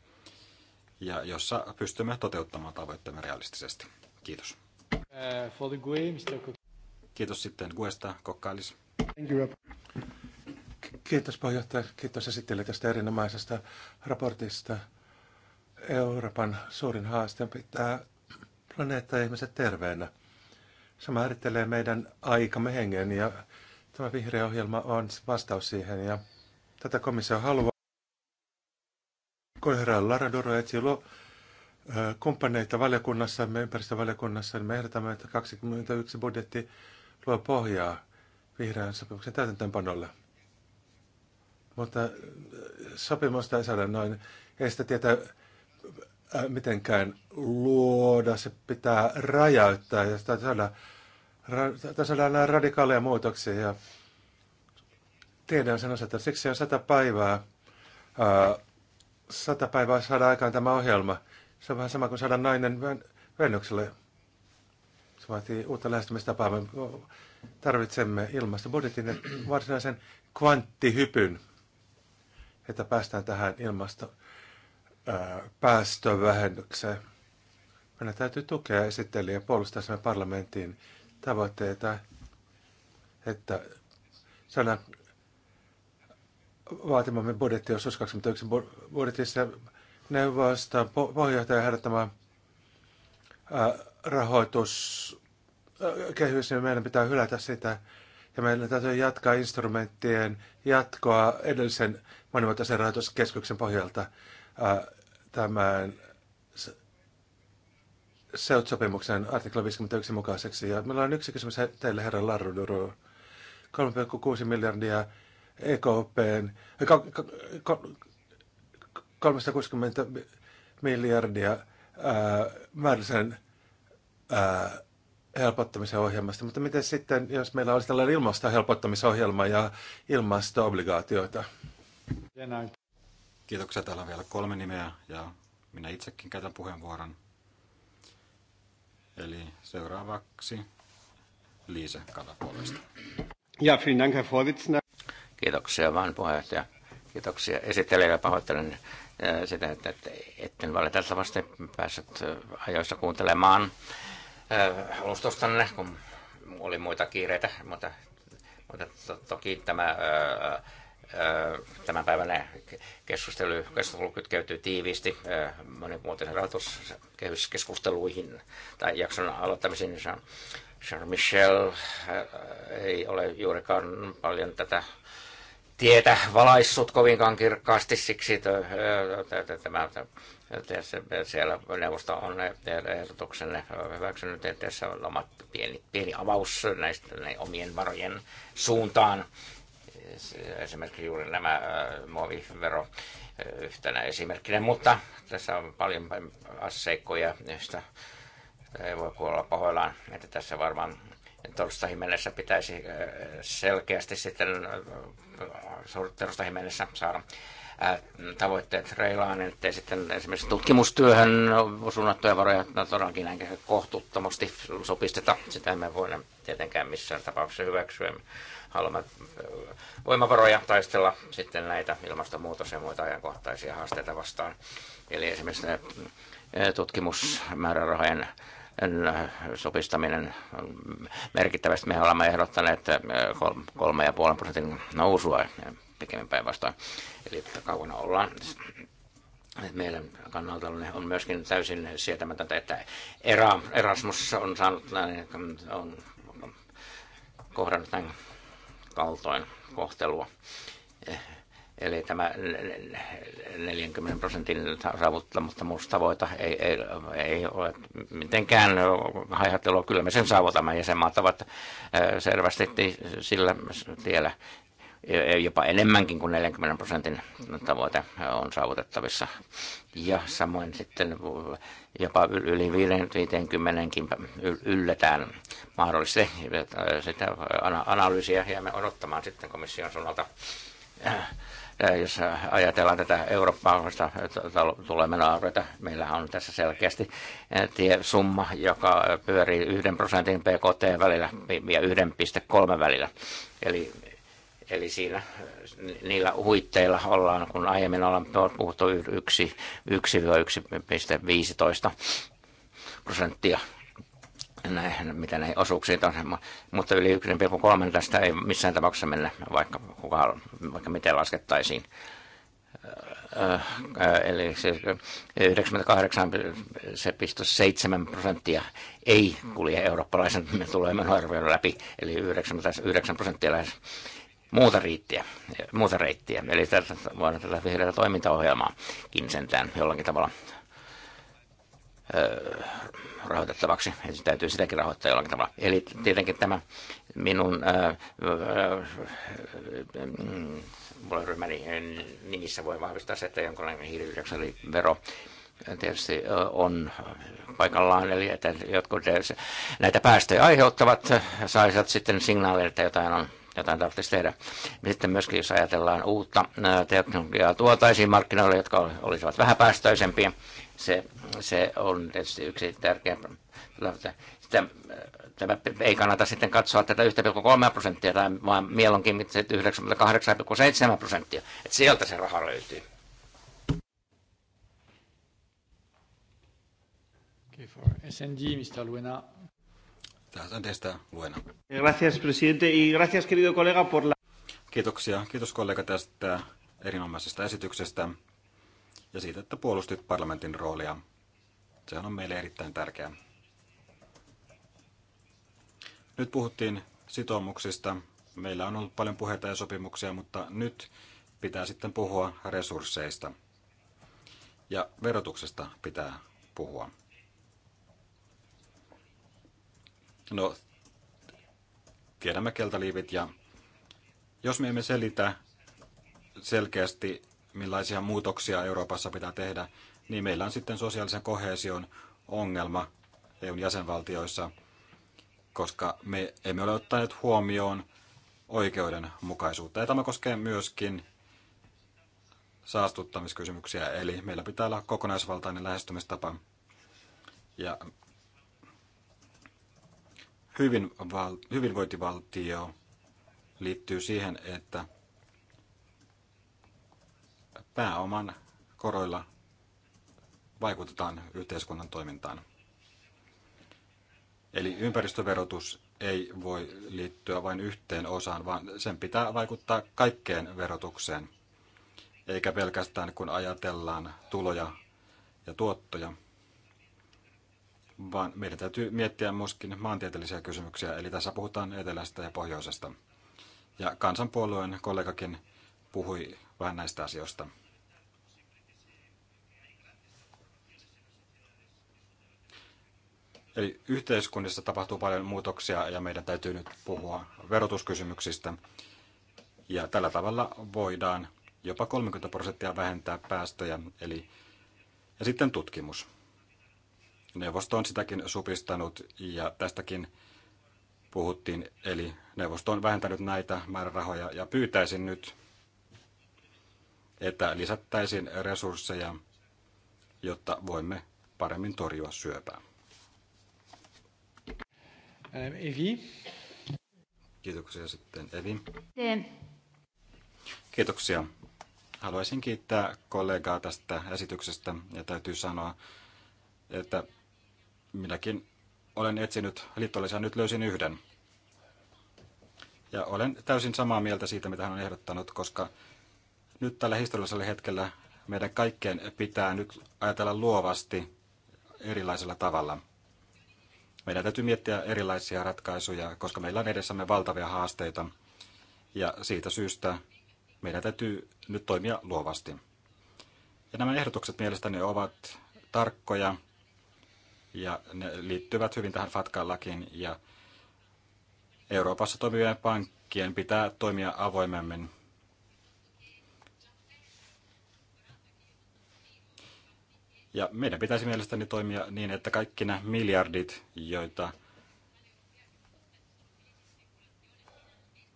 ja jossa pystymme toteuttamaan tavoitteemme realistisesti. Kiitos. Kiitos sitten Guesta Kokkailis. Kiitos puheenjohtaja, kiitos esittelijä tästä erinomaisesta raportista. Euroopan suurin haaste on pitää planeetta ihmiset terveenä. Se määrittelee meidän aikamme hengen ja tämä vihreä ohjelma on vastaus siihen ja tätä komissio haluaa. Kun herra Lara Doro etsi kumppaneita valiokunnassa, valiokunnassamme, ympäristövaliokunnassa, niin me ehdotamme, että 21 budjetti luo pohjaa vihreän sopimuksen täytäntöönpanolle. Mutta sopimusta ei saada noin. Ei sitä tietää mitenkään luoda, se pitää räjäyttää ja sitä saada, ra, saada radikaaleja muutoksia ja tiedän sen osalta. Siksi on sata päivää, ää, sata päivää saada aikaan tämä ohjelma. Se on vähän sama kuin saada nainen Venukselle. Se vaatii uutta lähestymistapaa. Me tarvitsemme ilmastobudjetin varsinaisen kvanttihypyn, että päästään tähän ilmasto päästövähennykseen. Meidän täytyy tukea esittelijä sen parlamentin tavoitteita, että sana vaatimamme on 21 budjetissa neuvosta puheenjohtaja rahoitus kehys, niin meidän pitää hylätä sitä. Ja meidän täytyy jatkaa instrumenttien jatkoa edellisen monimuotoisen rahoituskeskuksen pohjalta. Ää, tämän SEUT-sopimuksen artikla 51 mukaiseksi. Ja meillä on yksi kysymys teille, herra Larruduru. 3,6 miljardia EKPn, 360 miljardia ää, määrällisen ää, helpottamisen ohjelmasta. Mutta miten sitten, jos meillä olisi tällainen ilmasto helpottamisohjelma ja ilmasto-obligaatioita? Kiitoksia. Täällä on vielä kolme nimeä ja minä itsekin käytän puheenvuoron. Eli seuraavaksi Liise Kalapuolesta. Ja, vielen Dank, Herr Vorsitzender. Kiitoksia vaan puheenjohtaja. Kiitoksia esittelijä Pahoittelen äh, sitä, että etten valitettavasti päässyt äh, ajoissa kuuntelemaan äh, alustustanne, kun oli muita kiireitä, mutta, mutta to, toki tämä ää, tämän päivän keskustelu, keskustelu kytkeytyy tiiviisti monimuotoisen rahoituskehyskeskusteluihin tai jakson aloittamisiin. Charles Michel ei ole juurikaan paljon tätä tietä valaissut kovinkaan kirkkaasti, siksi tämä siellä neuvosto on ehdotuksenne hyväksynyt, että tässä on pieni, pieni avaus näistä omien varojen suuntaan esimerkiksi juuri nämä muovivero yhtenä esimerkkinä, mutta tässä on paljon asseikkoja, joista ei voi kuolla pahoillaan, että tässä varmaan torstaihin mennessä pitäisi selkeästi sitten torstaihin mennessä saada tavoitteet reilaan, niin ettei sitten esimerkiksi tutkimustyöhön suunnattuja varoja todellakin kohtuuttomasti sopisteta. Sitä emme voi tietenkään missään tapauksessa hyväksyä haluamme äh, voimavaroja taistella sitten näitä ilmastonmuutos- ja muita ajankohtaisia haasteita vastaan. Eli esimerkiksi äh, tutkimusmäärärahojen äh, sopistaminen merkittävästi. Me olemme ehdottaneet kolme ja prosentin nousua pikemmin päinvastoin. Eli kaukana ollaan. Meidän kannalta on myöskin täysin sietämätöntä, että Erasmus on saanut on kohdannut näin kohtelua, Eli tämä 40 prosentin saavuttamattomuustavoita ei, ei, ei ole mitenkään haihattelua. Kyllä me sen saavutamme. Jäsenmaat ovat selvästi sillä tiellä, jopa enemmänkin kuin 40 prosentin tavoite on saavutettavissa. Ja samoin sitten jopa yli 50 yllätään mahdollisesti sitä analyysiä me odottamaan sitten komission suunnalta äh, jos ajatellaan tätä eurooppalaista tulemenoarviota, meillä on tässä selkeästi äh, tie summa, joka pyörii 1 prosentin PKT välillä ja 1,3 välillä. Eli Eli siinä, niillä huitteilla ollaan, kun aiemmin ollaan puhuttu 1-1,15 prosenttia näin, mitä näihin osuuksiin on, mutta yli 1,3 tästä ei missään tapauksessa mennä, vaikka, kuka, vaikka miten laskettaisiin. Öö, öö, eli se 98,7 prosenttia ei kulje eurooppalaisen tulojen arvioiden läpi, eli 99 prosenttia lähes muuta, riittiä, muuta reittiä. Eli tätä, voidaan tätä vihreätä toimintaohjelmaakin sentään jollakin tavalla öö, rahoitettavaksi. Eli täytyy sitäkin rahoittaa jollakin tavalla. Eli tietenkin tämä minun öö, öö, puolueryhmäni mm, nimissä voi vahvistaa se, että jonkinlainen hiilidioksidivero tietysti on paikallaan, eli että jotkut näitä päästöjä aiheuttavat saisivat sitten signaalin, että jotain on jotain tarvitsisi tehdä. Sitten myöskin, jos ajatellaan uutta teknologiaa tuotaisiin markkinoille, jotka olisivat vähäpäästöisempiä, se, se on tietysti yksi tärkeä. Sitten, tämä ei kannata sitten katsoa tätä 1,3 prosenttia, vaan mielonkin 98,7 prosenttia. Että sieltä se raha löytyy. Okay, for SND, Mr. Luena tästä luena. Gracias, presidente, y gracias, querido colega, por la... Kiitoksia. Kiitos kollega tästä erinomaisesta esityksestä ja siitä, että puolustit parlamentin roolia. Se on meille erittäin tärkeää. Nyt puhuttiin sitoumuksista. Meillä on ollut paljon puheita ja sopimuksia, mutta nyt pitää sitten puhua resursseista. Ja verotuksesta pitää puhua. No, tiedämme keltaliivit ja jos me emme selitä selkeästi, millaisia muutoksia Euroopassa pitää tehdä, niin meillä on sitten sosiaalisen kohesion ongelma EUn jäsenvaltioissa, koska me emme ole ottaneet huomioon oikeudenmukaisuutta. Ja tämä koskee myöskin saastuttamiskysymyksiä, eli meillä pitää olla kokonaisvaltainen lähestymistapa. Ja hyvinval- hyvinvointivaltio liittyy siihen, että pääoman koroilla vaikutetaan yhteiskunnan toimintaan. Eli ympäristöverotus ei voi liittyä vain yhteen osaan, vaan sen pitää vaikuttaa kaikkeen verotukseen, eikä pelkästään kun ajatellaan tuloja ja tuottoja vaan meidän täytyy miettiä myöskin maantieteellisiä kysymyksiä, eli tässä puhutaan etelästä ja pohjoisesta. Ja kansanpuolueen kollegakin puhui vähän näistä asioista. Eli yhteiskunnissa tapahtuu paljon muutoksia ja meidän täytyy nyt puhua verotuskysymyksistä. Ja tällä tavalla voidaan jopa 30 prosenttia vähentää päästöjä. Eli, ja sitten tutkimus. Neuvosto on sitäkin supistanut ja tästäkin puhuttiin, eli neuvosto on vähentänyt näitä määrärahoja ja pyytäisin nyt, että lisättäisiin resursseja, jotta voimme paremmin torjua syöpää. Ähm, Evi. Kiitoksia sitten Evi. Kiitoksia. Haluaisin kiittää kollegaa tästä esityksestä ja täytyy sanoa, että Minäkin olen etsinyt liittolaisia, nyt löysin yhden. Ja olen täysin samaa mieltä siitä, mitä hän on ehdottanut, koska nyt tällä historiallisella hetkellä meidän kaikkeen pitää nyt ajatella luovasti erilaisella tavalla. Meidän täytyy miettiä erilaisia ratkaisuja, koska meillä on edessämme valtavia haasteita. Ja siitä syystä meidän täytyy nyt toimia luovasti. Ja nämä ehdotukset mielestäni ovat tarkkoja ja ne liittyvät hyvin tähän FATCA-lakiin ja Euroopassa toimivien pankkien pitää toimia avoimemmin. Ja meidän pitäisi mielestäni toimia niin, että kaikki nämä miljardit, joita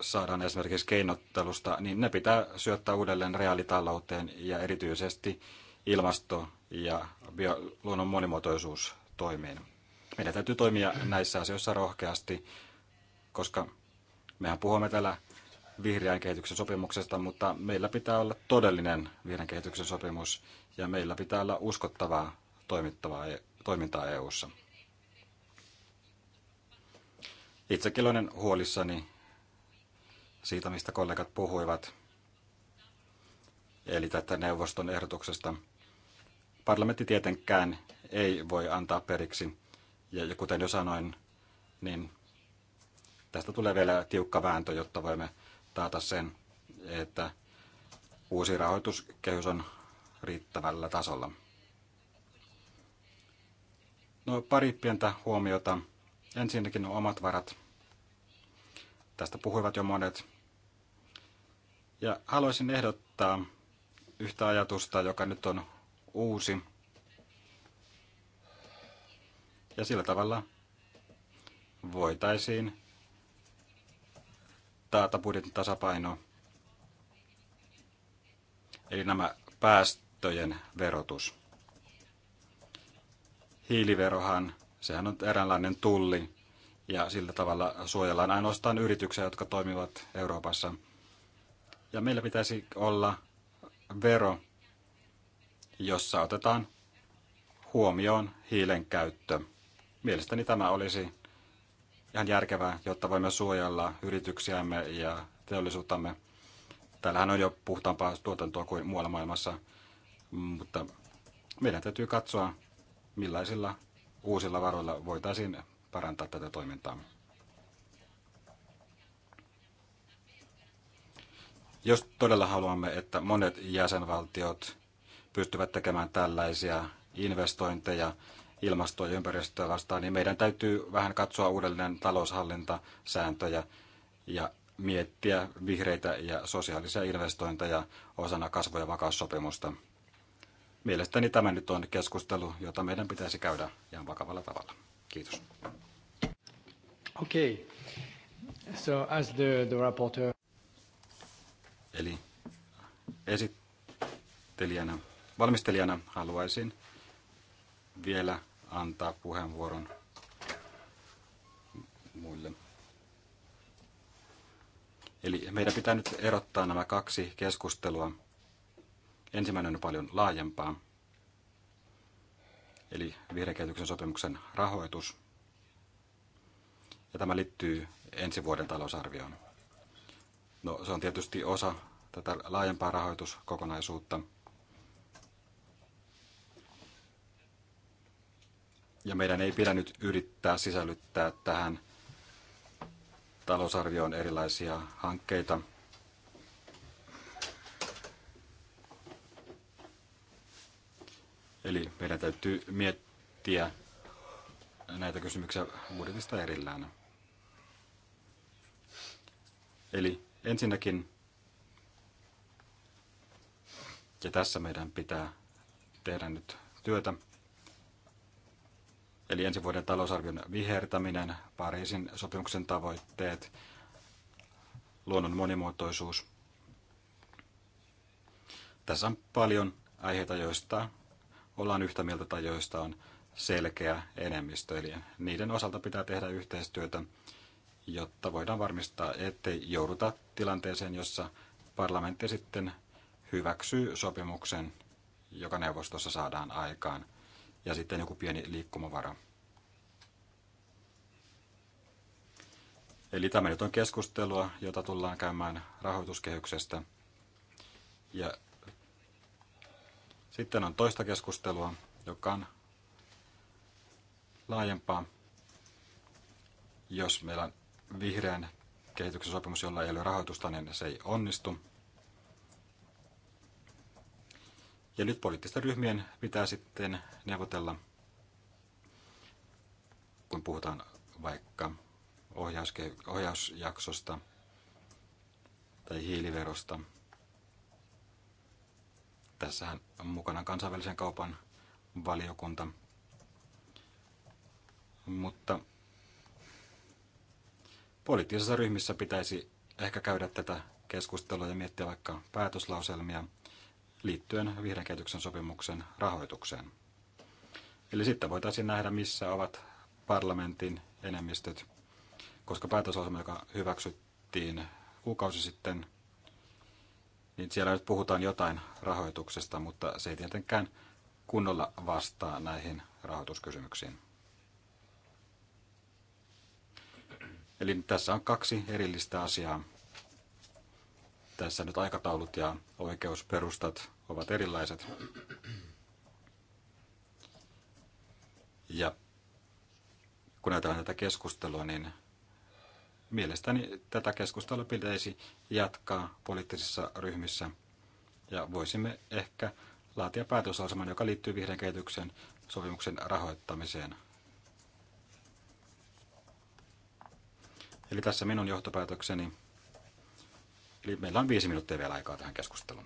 saadaan esimerkiksi keinottelusta, niin ne pitää syöttää uudelleen reaalitalouteen ja erityisesti ilmasto- ja bio- luonnon monimuotoisuus toimeen. Meidän täytyy toimia näissä asioissa rohkeasti, koska mehän puhumme täällä vihreän kehityksen sopimuksesta, mutta meillä pitää olla todellinen vihreän kehityksen sopimus ja meillä pitää olla uskottavaa toimittavaa, e- toimintaa EU:ssa. Itsekin olen huolissani siitä, mistä kollegat puhuivat, eli tätä neuvoston ehdotuksesta. Parlamentti tietenkään ei voi antaa periksi. Ja kuten jo sanoin, niin tästä tulee vielä tiukka vääntö, jotta voimme taata sen, että uusi rahoituskehys on riittävällä tasolla. No, pari pientä huomiota. Ensinnäkin on omat varat. Tästä puhuivat jo monet. Ja haluaisin ehdottaa yhtä ajatusta, joka nyt on uusi Ja sillä tavalla voitaisiin taata budjetin tasapaino. Eli nämä päästöjen verotus. Hiiliverohan, sehän on eräänlainen tulli, ja sillä tavalla suojellaan ainoastaan yrityksiä, jotka toimivat Euroopassa. Ja meillä pitäisi olla vero, jossa otetaan huomioon hiilen käyttö. Mielestäni tämä olisi ihan järkevää, jotta voimme suojella yrityksiämme ja teollisuuttamme. Täällähän on jo puhtaampaa tuotantoa kuin muualla maailmassa, mutta meidän täytyy katsoa, millaisilla uusilla varoilla voitaisiin parantaa tätä toimintaa. Jos todella haluamme, että monet jäsenvaltiot pystyvät tekemään tällaisia investointeja ilmastoa ja ympäristöä vastaan, niin meidän täytyy vähän katsoa uudelleen taloushallintasääntöjä ja miettiä vihreitä ja sosiaalisia investointeja osana kasvu- ja vakaussopimusta. Mielestäni tämä nyt on keskustelu, jota meidän pitäisi käydä ihan vakavalla tavalla. Kiitos. Okei. Okay. So as the, the rapporteur... Eli esittelijänä, valmistelijana haluaisin vielä antaa puheenvuoron muille. Eli meidän pitää nyt erottaa nämä kaksi keskustelua. Ensimmäinen on paljon laajempaa, eli vihreän sopimuksen rahoitus. Ja tämä liittyy ensi vuoden talousarvioon. No, se on tietysti osa tätä laajempaa rahoituskokonaisuutta – ja meidän ei pidä nyt yrittää sisällyttää tähän talousarvioon erilaisia hankkeita. Eli meidän täytyy miettiä näitä kysymyksiä budjetista erillään. Eli ensinnäkin, ja tässä meidän pitää tehdä nyt työtä, eli ensi vuoden talousarvion vihertäminen, Pariisin sopimuksen tavoitteet, luonnon monimuotoisuus. Tässä on paljon aiheita, joista ollaan yhtä mieltä tai joista on selkeä enemmistö. Eli niiden osalta pitää tehdä yhteistyötä, jotta voidaan varmistaa, ettei jouduta tilanteeseen, jossa parlamentti sitten hyväksyy sopimuksen, joka neuvostossa saadaan aikaan – ja sitten joku pieni liikkumavara. Eli tämä nyt on keskustelua, jota tullaan käymään rahoituskehyksestä. Ja sitten on toista keskustelua, joka on laajempaa. Jos meillä on vihreän kehityksen sopimus, jolla ei ole rahoitusta, niin se ei onnistu. Ja nyt poliittisten ryhmien pitää sitten neuvotella, kun puhutaan vaikka ohjausjaksosta tai hiiliverosta. Tässähän on mukana kansainvälisen kaupan valiokunta. Mutta poliittisissa ryhmissä pitäisi ehkä käydä tätä keskustelua ja miettiä vaikka päätöslauselmia – liittyen vihreän kehityksen sopimuksen rahoitukseen. Eli sitten voitaisiin nähdä, missä ovat parlamentin enemmistöt, koska päätösohjelma, joka hyväksyttiin kuukausi sitten, niin siellä nyt puhutaan jotain rahoituksesta, mutta se ei tietenkään kunnolla vastaa näihin rahoituskysymyksiin. Eli tässä on kaksi erillistä asiaa, tässä nyt aikataulut ja oikeusperustat ovat erilaiset. Ja kun ajatellaan tätä keskustelua, niin mielestäni tätä keskustelua pitäisi jatkaa poliittisissa ryhmissä. Ja voisimme ehkä laatia päätösaseman, joka liittyy vihreän kehityksen sopimuksen rahoittamiseen. Eli tässä minun johtopäätökseni. Eli meillä on viisi minuuttia vielä aikaa tähän keskusteluun.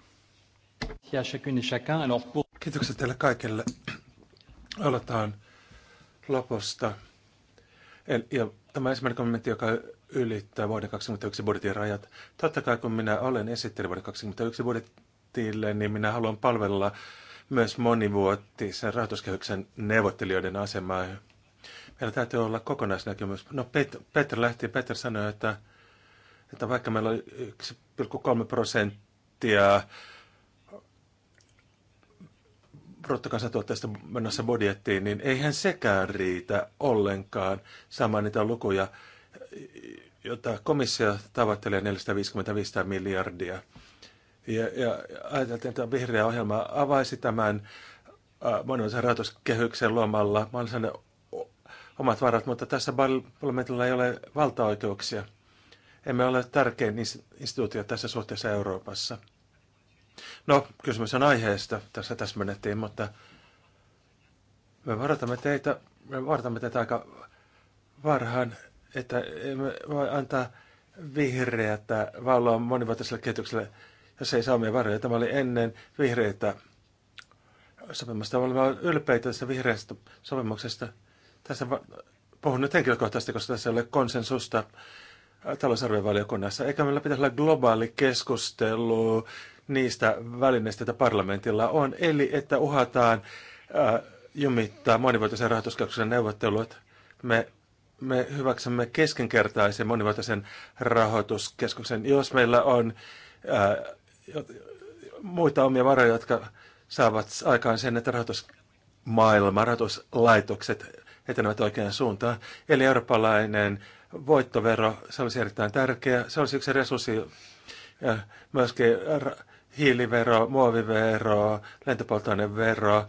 Kiitokset teille kaikille. Aloitetaan lopusta. Eli, ja tämä ensimmäinen kommentti, joka ylittää vuoden 2021 budjetin rajat. Totta kai kun minä olen esittänyt vuoden 2021 budjetille, niin minä haluan palvella myös monivuotisen rahoituskehyksen neuvottelijoiden asemaa. Meillä täytyy olla kokonaisnäkemys. No Pet- Peter lähti, Peter sanoi, että että vaikka meillä oli 1,3 prosenttia bruttokansantuotteesta menossa budjettiin, niin eihän sekään riitä ollenkaan saamaan niitä lukuja, joita komissio tavoittelee 455 miljardia. Ja, ja ajateltiin, että vihreä ohjelma avaisi tämän monenlaisen rahoituskehyksen luomalla monenlaisen omat varat, mutta tässä parlamentilla ei ole valtaoikeuksia. Emme ole tärkein instituutio tässä suhteessa Euroopassa. No, kysymys on aiheesta. Tässä täsmennettiin, mutta me varoitamme teitä, me varoitamme teitä aika varhaan, että emme voi antaa vihreätä valoa monivuotiselle kehitykselle, jos ei saa omia varoja. Tämä oli ennen vihreitä sopimusta. Olemme ylpeitä tästä vihreästä sopimuksesta. Tässä puhun nyt henkilökohtaisesti, koska tässä ei ole konsensusta talousarviovaliokunnassa. Eikä meillä pitäisi olla globaali keskustelu niistä välineistä, joita parlamentilla on. Eli että uhataan äh, jumittaa monivuotisen rahoituskeskuksen neuvottelut. Me, me hyväksymme keskinkertaisen monivuotisen rahoituskeskuksen, jos meillä on äh, muita omia varoja, jotka saavat aikaan sen, että rahoitusmaailma, rahoituslaitokset etenevät oikeaan suuntaan. Eli eurooppalainen voittovero, se olisi erittäin tärkeä. Se olisi yksi resurssi, myöskin hiilivero, muovivero, lentopolttoainevero.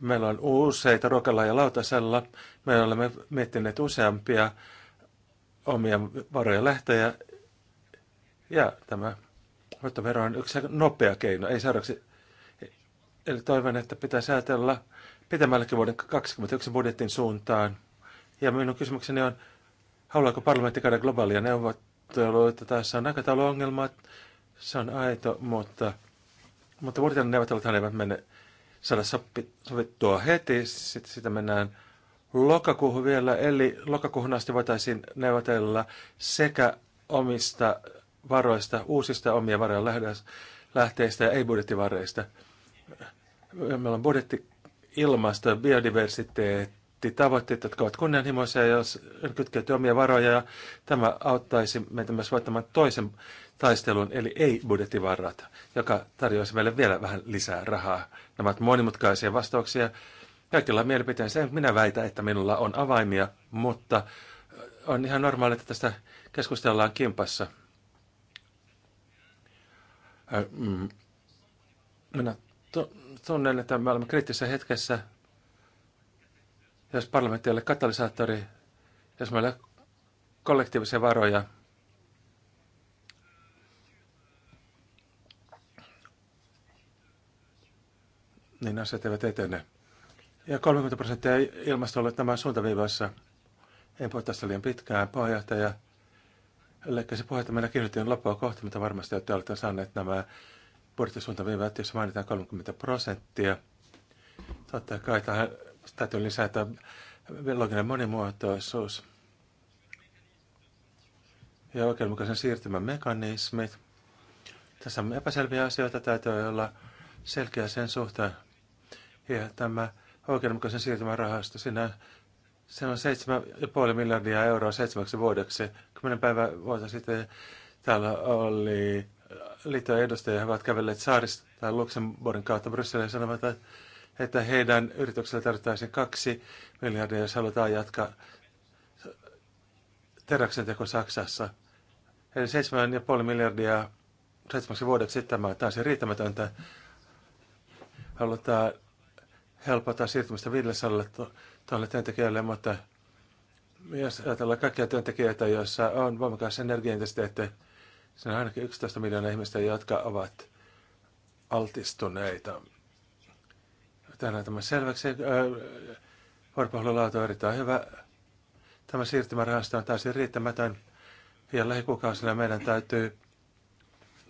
Meillä on useita ruokalla ja lautasella. Me olemme miettineet useampia omia varoja lähtejä. Ja tämä voittovero on yksi nopea keino, ei saadaksi. Eli toivon, että pitää säätellä Pitämälläkin vuoden 2021 budjetin suuntaan. Ja minun kysymykseni on, Haluaako parlamentti käydä globaalia että Tässä on aikatauluongelma. Se on aito, mutta, mutta Britannian neuvotteluthan eivät mene saada sovittua heti. Sitten sitä mennään lokakuuhun vielä, eli lokakuuhun asti voitaisiin neuvotella sekä omista varoista, uusista omia varoja lähteistä ja ei-budjettivareista. Meillä on budjetti ilmasto, biodiversiteetti, tavoitteet, jotka ovat kunnianhimoisia, jos kytkeytyy omia varoja, ja tämä auttaisi meitä myös voittamaan toisen taistelun, eli ei-budjettivarat, joka tarjoaisi meille vielä vähän lisää rahaa. Nämä ovat monimutkaisia vastauksia. Kaikilla on mielipiteensä. Minä väitän, että minulla on avaimia, mutta on ihan normaalia, että tästä keskustellaan kimpassa. Mm. Minä tunnen, että me olemme kriittisessä hetkessä – jos parlamentti ei ole katalysaattori, jos meillä ei ole kollektiivisia varoja, niin asiat eivät etene. Ja 30 prosenttia ilmastolle tämä suuntaviivassa. En puhu tästä liian pitkään. Puheenjohtaja leikkasi puhetta. Meillä kirjoitin loppua kohti, mutta varmasti että olette saaneet nämä budjettisuuntaviivat, joissa mainitaan 30 prosenttia. Totta kai tähän täytyy lisätä biologinen monimuotoisuus ja oikeudenmukaisen siirtymän mekanismit. Tässä on epäselviä asioita, täytyy olla selkeä sen suhteen. Ja tämä oikeudenmukaisen siirtymän rahasto, siinä se on 7,5 miljardia euroa seitsemäksi vuodeksi. Kymmenen päivää vuotta sitten täällä oli liittojen edustajia, he ovat kävelleet saarista tai Luxemburgin kautta Brysseliin ja sanovat, että että heidän yrityksellä tarvittaisiin kaksi miljardia, jos halutaan jatkaa teräksen teko Saksassa. Eli 7,5 miljardia seitsemäksi vuodeksi tämä on täysin riittämätöntä. Halutaan helpottaa siirtymistä 500 000 työntekijälle, mutta jos ajatellaan kaikkia työntekijöitä, joissa on voimakas energiaintensiteetti, siinä on ainakin 11 miljoonaa ihmistä, jotka ovat altistuneita Tehdään tämä selväksi. Vuoropuhelulaatu on erittäin hyvä. Tämä siirtymärahasto on täysin riittämätön. Ja lähikuukausina meidän täytyy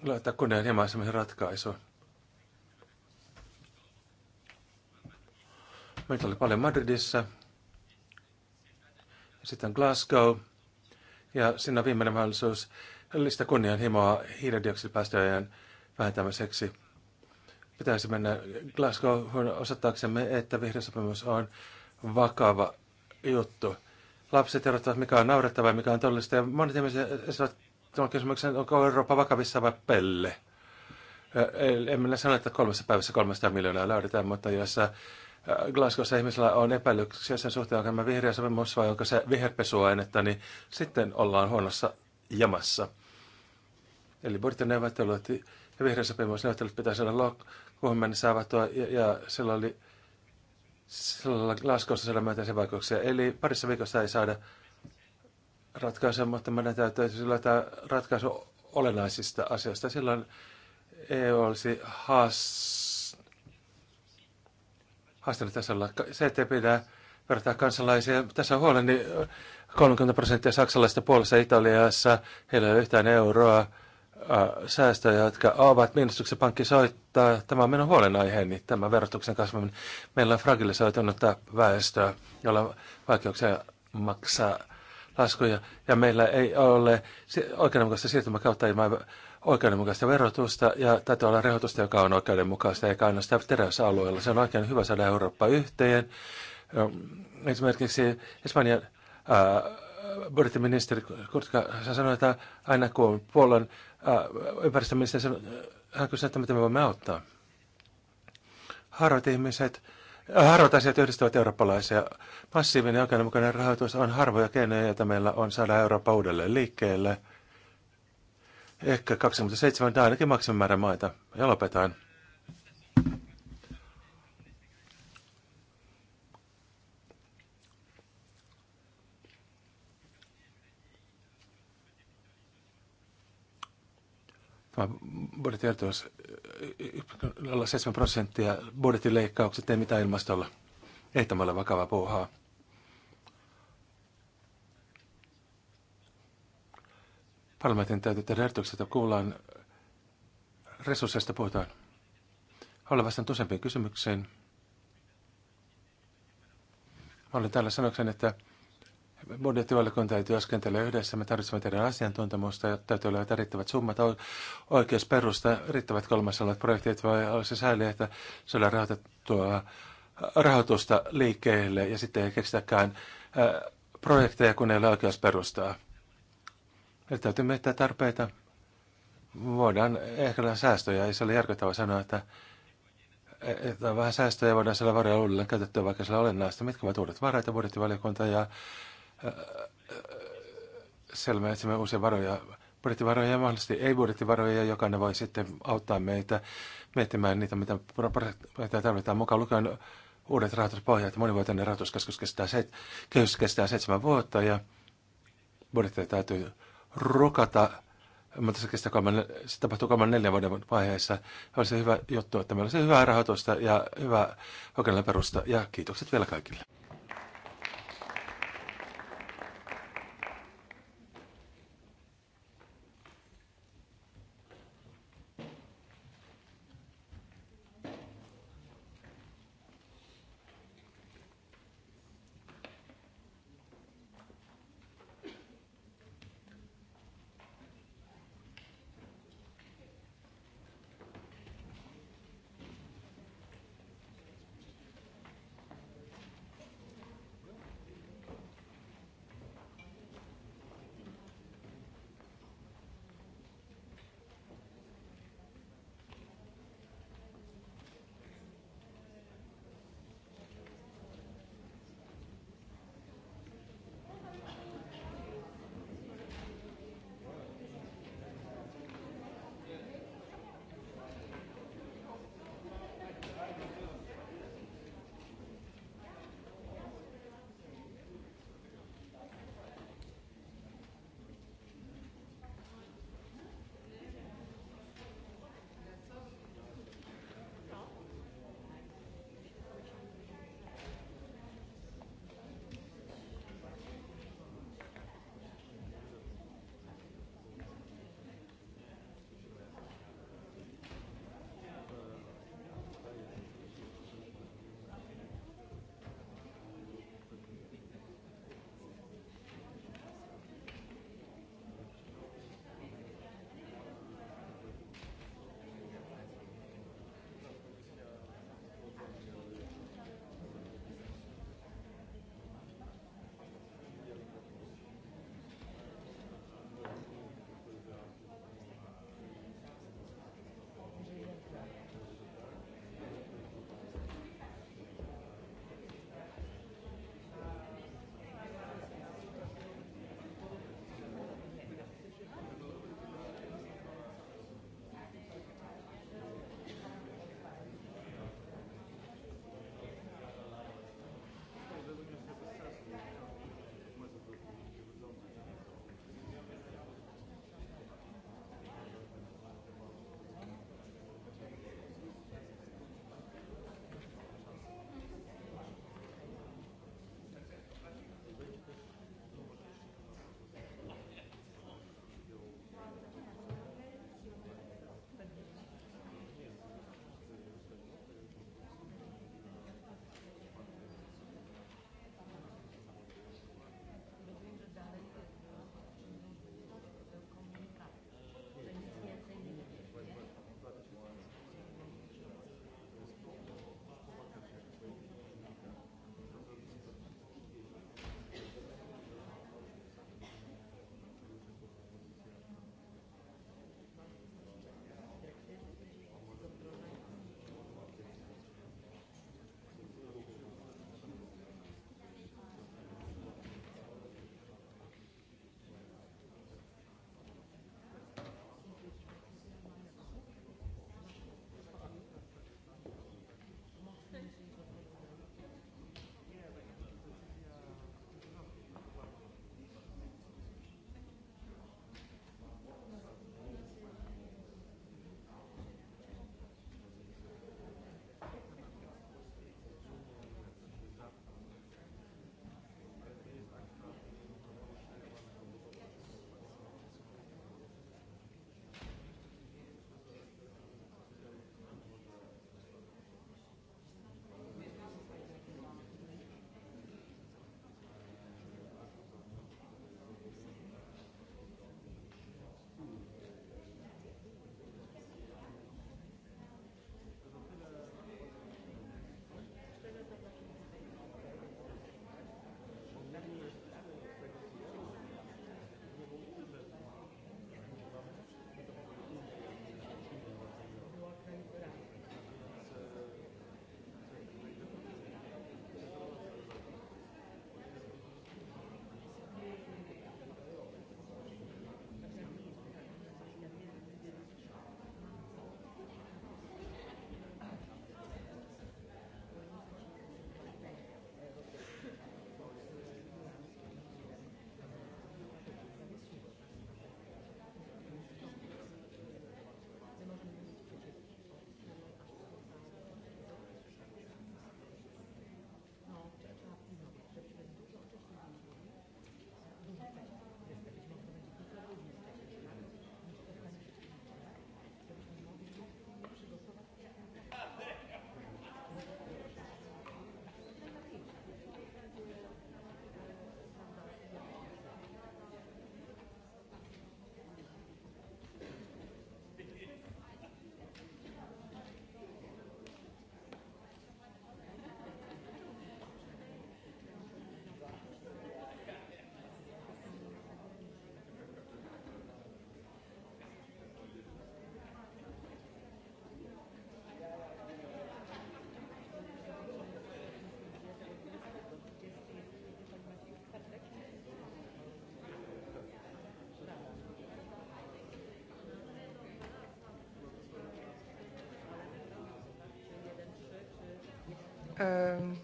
löytää kunnianhimoisemmin ratkaisu. Meitä oli paljon Madridissa, sitten Glasgow ja siinä on viimeinen mahdollisuus lisätä kunnianhimoa hiilidioksidipäästöjen vähentämiseksi pitäisi mennä Glasgow osoittaaksemme, että vihreä sopimus on vakava juttu. Lapset erottavat, mikä on naurettavaa ja mikä on todellista. Ja monet ihmiset esittävät tuon kysymyksen, onko Eurooppa vakavissa vai pelle. En minä sano, että kolmessa päivässä 300 miljoonaa löydetään, mutta jos Glasgowssa ihmisillä on epäilyksiä sen suhteen, onko tämä vihreä sopimus vai onko se viherpesuainetta, niin sitten ollaan huonossa jamassa. Eli Britannian neuvottelut ja vihreä sopimus neuvottelut pitää saada huomenna saavattua ja, ja sillä oli sillä laskossa saada myötäisiä vaikutuksia. Eli parissa viikossa ei saada ratkaisua, mutta meidän täytyy siis tämä ratkaisu olennaisista asioista. Silloin EU olisi haas... haastanut tasolla. Se, ei pidä vertaa kansalaisia. Tässä on huoleni 30 prosenttia saksalaisista puolessa Italiassa. Heillä ei ole yhtään euroa Äh, säästöjä, jotka ovat miinustuksen pankki soittaa. Tämä on minun huolenaiheeni, tämä verotuksen kasvaminen. Meillä on fragilisoitunutta väestöä, jolla on vaikeuksia maksaa laskuja, ja meillä ei ole oikeudenmukaista siirtymäkautta ilman oikeudenmukaista verotusta, ja täytyy olla rehoitusta, joka on oikeudenmukaista, eikä ainoastaan teräsalueella. Se on oikein hyvä saada Eurooppa yhteen. Esimerkiksi Espanjan ää, budjettiministeri Kurtka sanoit, että aina kun on puolen ympäristöministeri, hän kysyi, että miten me voimme auttaa. Harvat ihmiset, harvat asiat yhdistävät eurooppalaisia. Massiivinen oikeudenmukainen rahoitus on harvoja keinoja, joita meillä on saada Eurooppa uudelleen liikkeelle. Ehkä 27 tai ainakin maksimimäärä maita. Ja lopetaan. budjettiertoas 7 äh, äh, äh, prosenttia, budjettileikkaukset, ei mitään ilmastolla. Ei tämä ole vakava puuhaa. Parlamentin täytyy tehdä ehdotukset, että kuullaan resursseista puhutaan. Haluan vastaan useampiin kysymyksiin. Mä olin täällä sanoksen, että budjettivaliokunta ei työskentele yhdessä. Me tarvitsemme teidän asiantuntemusta ja täytyy olla riittävät summat oikeusperusta. Riittävät kolmas olevat projektit vai olisi sääli, että se oli rahoitettua äh, rahoitusta liikkeelle ja sitten ei keksitäkään äh, projekteja, kun ei ole oikeusperustaa. Eli täytyy miettiä tarpeita. Voidaan ehkä säästöjä. Ei se ole järkyttävä sanoa, että että vähän säästöjä voidaan siellä varjolla uudelleen käytettyä, vaikka siellä olennaista, mitkä ovat uudet varat ja budjettivaliokunta ja Selmä etsimme uusia varoja, budjettivaroja ja mahdollisesti ei-budjettivaroja, jokainen voi sitten auttaa meitä miettimään niitä, mitä projekteja tarvitaan mukaan lukien uudet rahoituspohjat. Monivuotinen rahoituskeskus kestää, se, kehys kestää seitsemän vuotta ja budjetteja täytyy rukata, mutta se, kestää kolme, se tapahtuu kolman neljän vuoden vaiheessa. Olisi hyvä juttu, että meillä olisi hyvää rahoitusta ja hyvä oikeudellinen perusta ja kiitokset vielä kaikille. Um,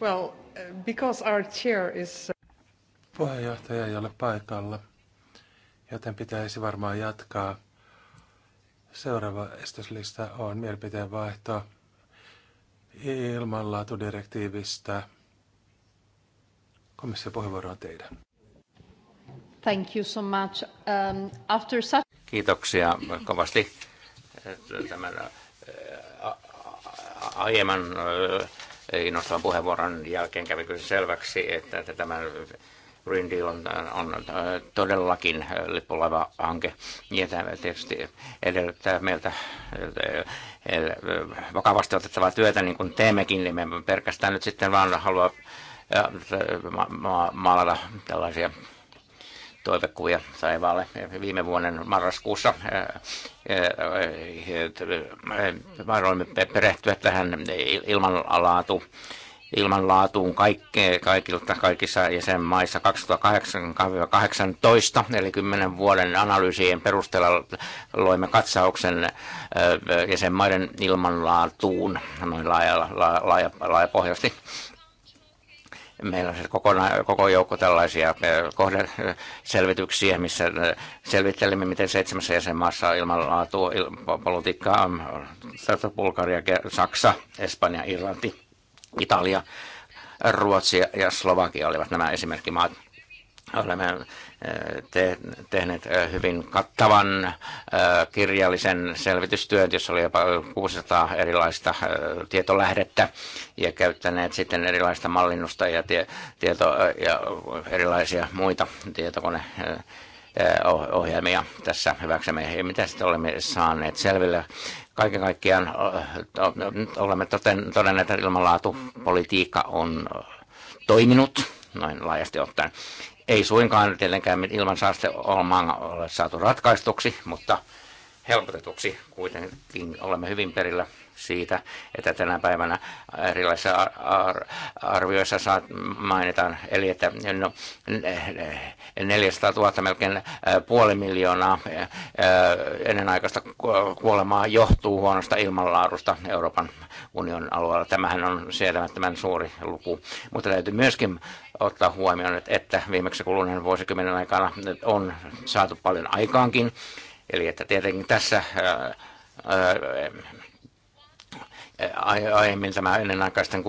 well, uh, because our chair is... Uh, Puheenjohtaja ei ole paikalla, joten pitäisi varmaan jatkaa. Seuraava estoslista on mielipiteen vaihto ilmanlaatudirektiivistä. Komission puheenvuoro on teidän. Thank you so much. Um, after such... Kiitoksia kovasti tämän aiemman innostavan puheenvuoron jälkeen kävi kyllä selväksi, että, että tämä Green Deal on, on todellakin lippulaiva-hanke. Ja tämä tietysti edellyttää meiltä vakavasti otettavaa työtä, niin kuin teemmekin, niin me pelkästään nyt sitten vaan halua maalata tällaisia toivekuvia saivaalle viime vuoden marraskuussa. Varoimme perehtyä tähän ilmanlaatu ilmanlaatuun kaikke, kaikilta, kaikissa jäsenmaissa 2008-2018, eli 10 vuoden analyysien perusteella loimme katsauksen jäsenmaiden ilmanlaatuun noin laaja, laaja, laaja, laaja pohjasti. Meillä on siis kokona, koko joukko tällaisia kohdeselvityksiä, missä äh, selvittelimme, miten seitsemässä jäsenmaassa politiikkaa on. Ähm, Bulgaria, Saksa, Espanja, Irlanti, Italia, Ruotsi ja Slovakia olivat nämä esimerkkimaat. Olemme te, tehneet hyvin kattavan kirjallisen selvitystyön, jossa oli jopa 600 erilaista tietolähdettä ja käyttäneet sitten erilaista mallinnusta ja, tie, tieto, ja erilaisia muita tietokone ohjelmia tässä hyväksemme. Mitä sitten olemme saaneet selville? Kaiken kaikkiaan no, olemme todenneet, että ilmanlaatupolitiikka on toiminut noin laajasti ottaen. Ei suinkaan tietenkään ilman saasteongelmaa ole saatu ratkaistuksi, mutta helpotetuksi kuitenkin olemme hyvin perillä siitä, että tänä päivänä erilaisissa ar- ar- arvioissa saat, mainitaan, eli että no, 400 000 melkein äh, puoli miljoonaa äh, äh, ennenaikaista kuolemaa johtuu huonosta ilmanlaadusta Euroopan unionin alueella. Tämähän on sietämättömän suuri luku, mutta täytyy myöskin ottaa huomioon, että viimeksi kuluneen vuosikymmenen aikana on saatu paljon aikaankin. Eli että tietenkin tässä äh, äh, aiemmin tämä ennenaikaisten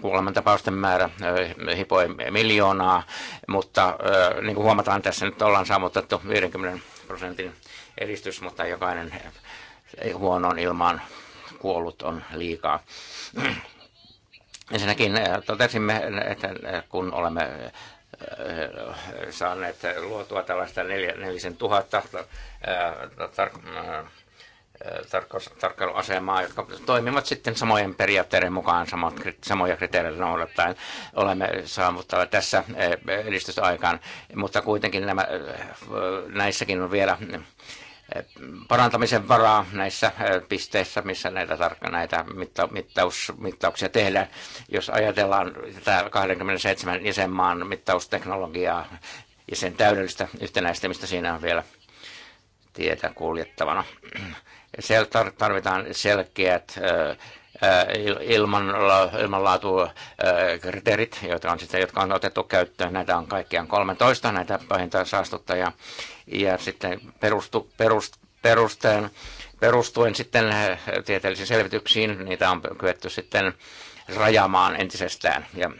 kuolemantapausten määrä äh, hipoi miljoonaa, mutta niin kuin huomataan tässä nyt ollaan saavutettu 50 prosentin edistys, mutta jokainen huonoon ilmaan kuollut on liikaa. Ensinnäkin äh, totesimme, että äh, kun olemme äh, saaneet luotua tällaista neljä, nelisen tuhatta tar, tarkkailuasemaa, jotka toimivat sitten samojen periaatteiden mukaan, samat, samoja kriteereitä noudattaen. Olemme saavuttaneet tässä edistysaikaan, mutta kuitenkin nämä, näissäkin on vielä parantamisen varaa näissä pisteissä, missä näitä, tarkka, näitä mitta, mittaus, mittauksia tehdään. Jos ajatellaan tätä 27 jäsenmaan mittausteknologiaa ja sen täydellistä yhtenäistämistä, siinä on vielä tietä kuljettavana. Siellä tarvitaan selkeät ilmanlaatu-kriteerit, joita on sitten, jotka on otettu käyttöön. Näitä on kaikkiaan 13, näitä pahinta saastuttajaa ja sitten perustu, perust, perusteen, perustuen sitten eh, tieteellisiin selvityksiin niitä on kyetty sitten rajamaan entisestään. Ja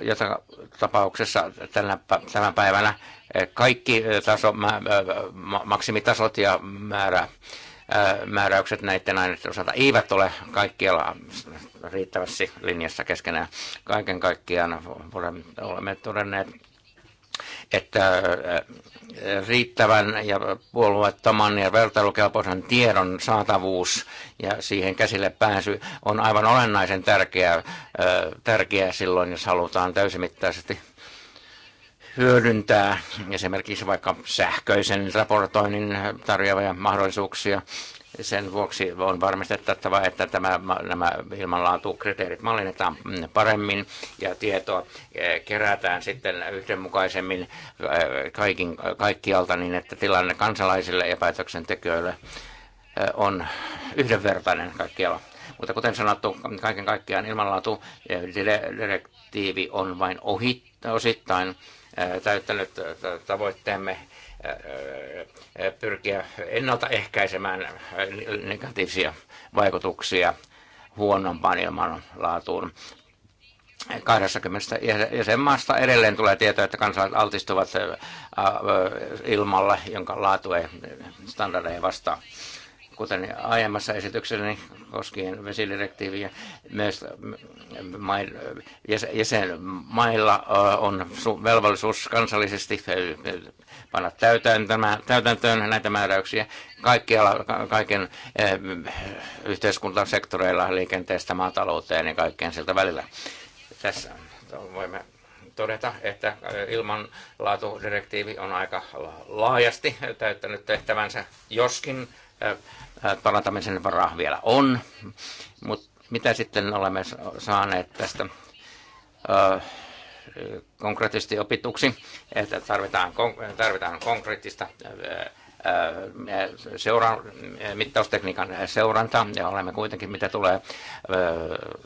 joka tapauksessa tänä, tänä päivänä eh, kaikki eh, taso, mä, mä, maksimitasot ja määrä, määräykset näiden aineiden osalta eivät ole kaikkialla riittävästi linjassa keskenään. Kaiken kaikkiaan olemme todenneet, että riittävän ja puolueettoman ja vertailukelpoisen tiedon saatavuus ja siihen käsille pääsy on aivan olennaisen tärkeää, tärkeää silloin, jos halutaan täysimittaisesti hyödyntää esimerkiksi vaikka sähköisen raportoinnin tarjoavia mahdollisuuksia sen vuoksi on varmistettava, että tämä, nämä ilmanlaatukriteerit mallinnetaan paremmin ja tietoa e, kerätään sitten yhdenmukaisemmin e, kaikin, kaikkialta niin, että tilanne kansalaisille ja päätöksentekijöille e, on yhdenvertainen kaikkialla. Mutta kuten sanottu, kaiken kaikkiaan ilmanlaatudirektiivi on vain ohi, osittain täyttänyt tavoitteemme pyrkiä ennaltaehkäisemään negatiivisia vaikutuksia huonompaan ilmanlaatuun. 20 jäsenmaasta edelleen tulee tietoa, että kansalaiset altistuvat ilmalle, jonka laatu ei standardeja vastaa kuten aiemmassa esityksessäni koskien vesidirektiiviä, myös jäsenmailla on velvollisuus kansallisesti panna täytäntöön näitä määräyksiä kaikkialla, kaiken yhteiskuntasektoreilla liikenteestä maatalouteen ja kaikkeen siltä välillä. Tässä voimme todeta, että ilmanlaatudirektiivi on aika laajasti täyttänyt tehtävänsä, joskin Äh, parantamisen varaa vielä on, mutta mitä sitten olemme saaneet tästä äh, konkreettisesti opituksi, että tarvitaan, tarvitaan konkreettista äh, seura- mittaustekniikan seuranta, ja olemme kuitenkin, mitä tulee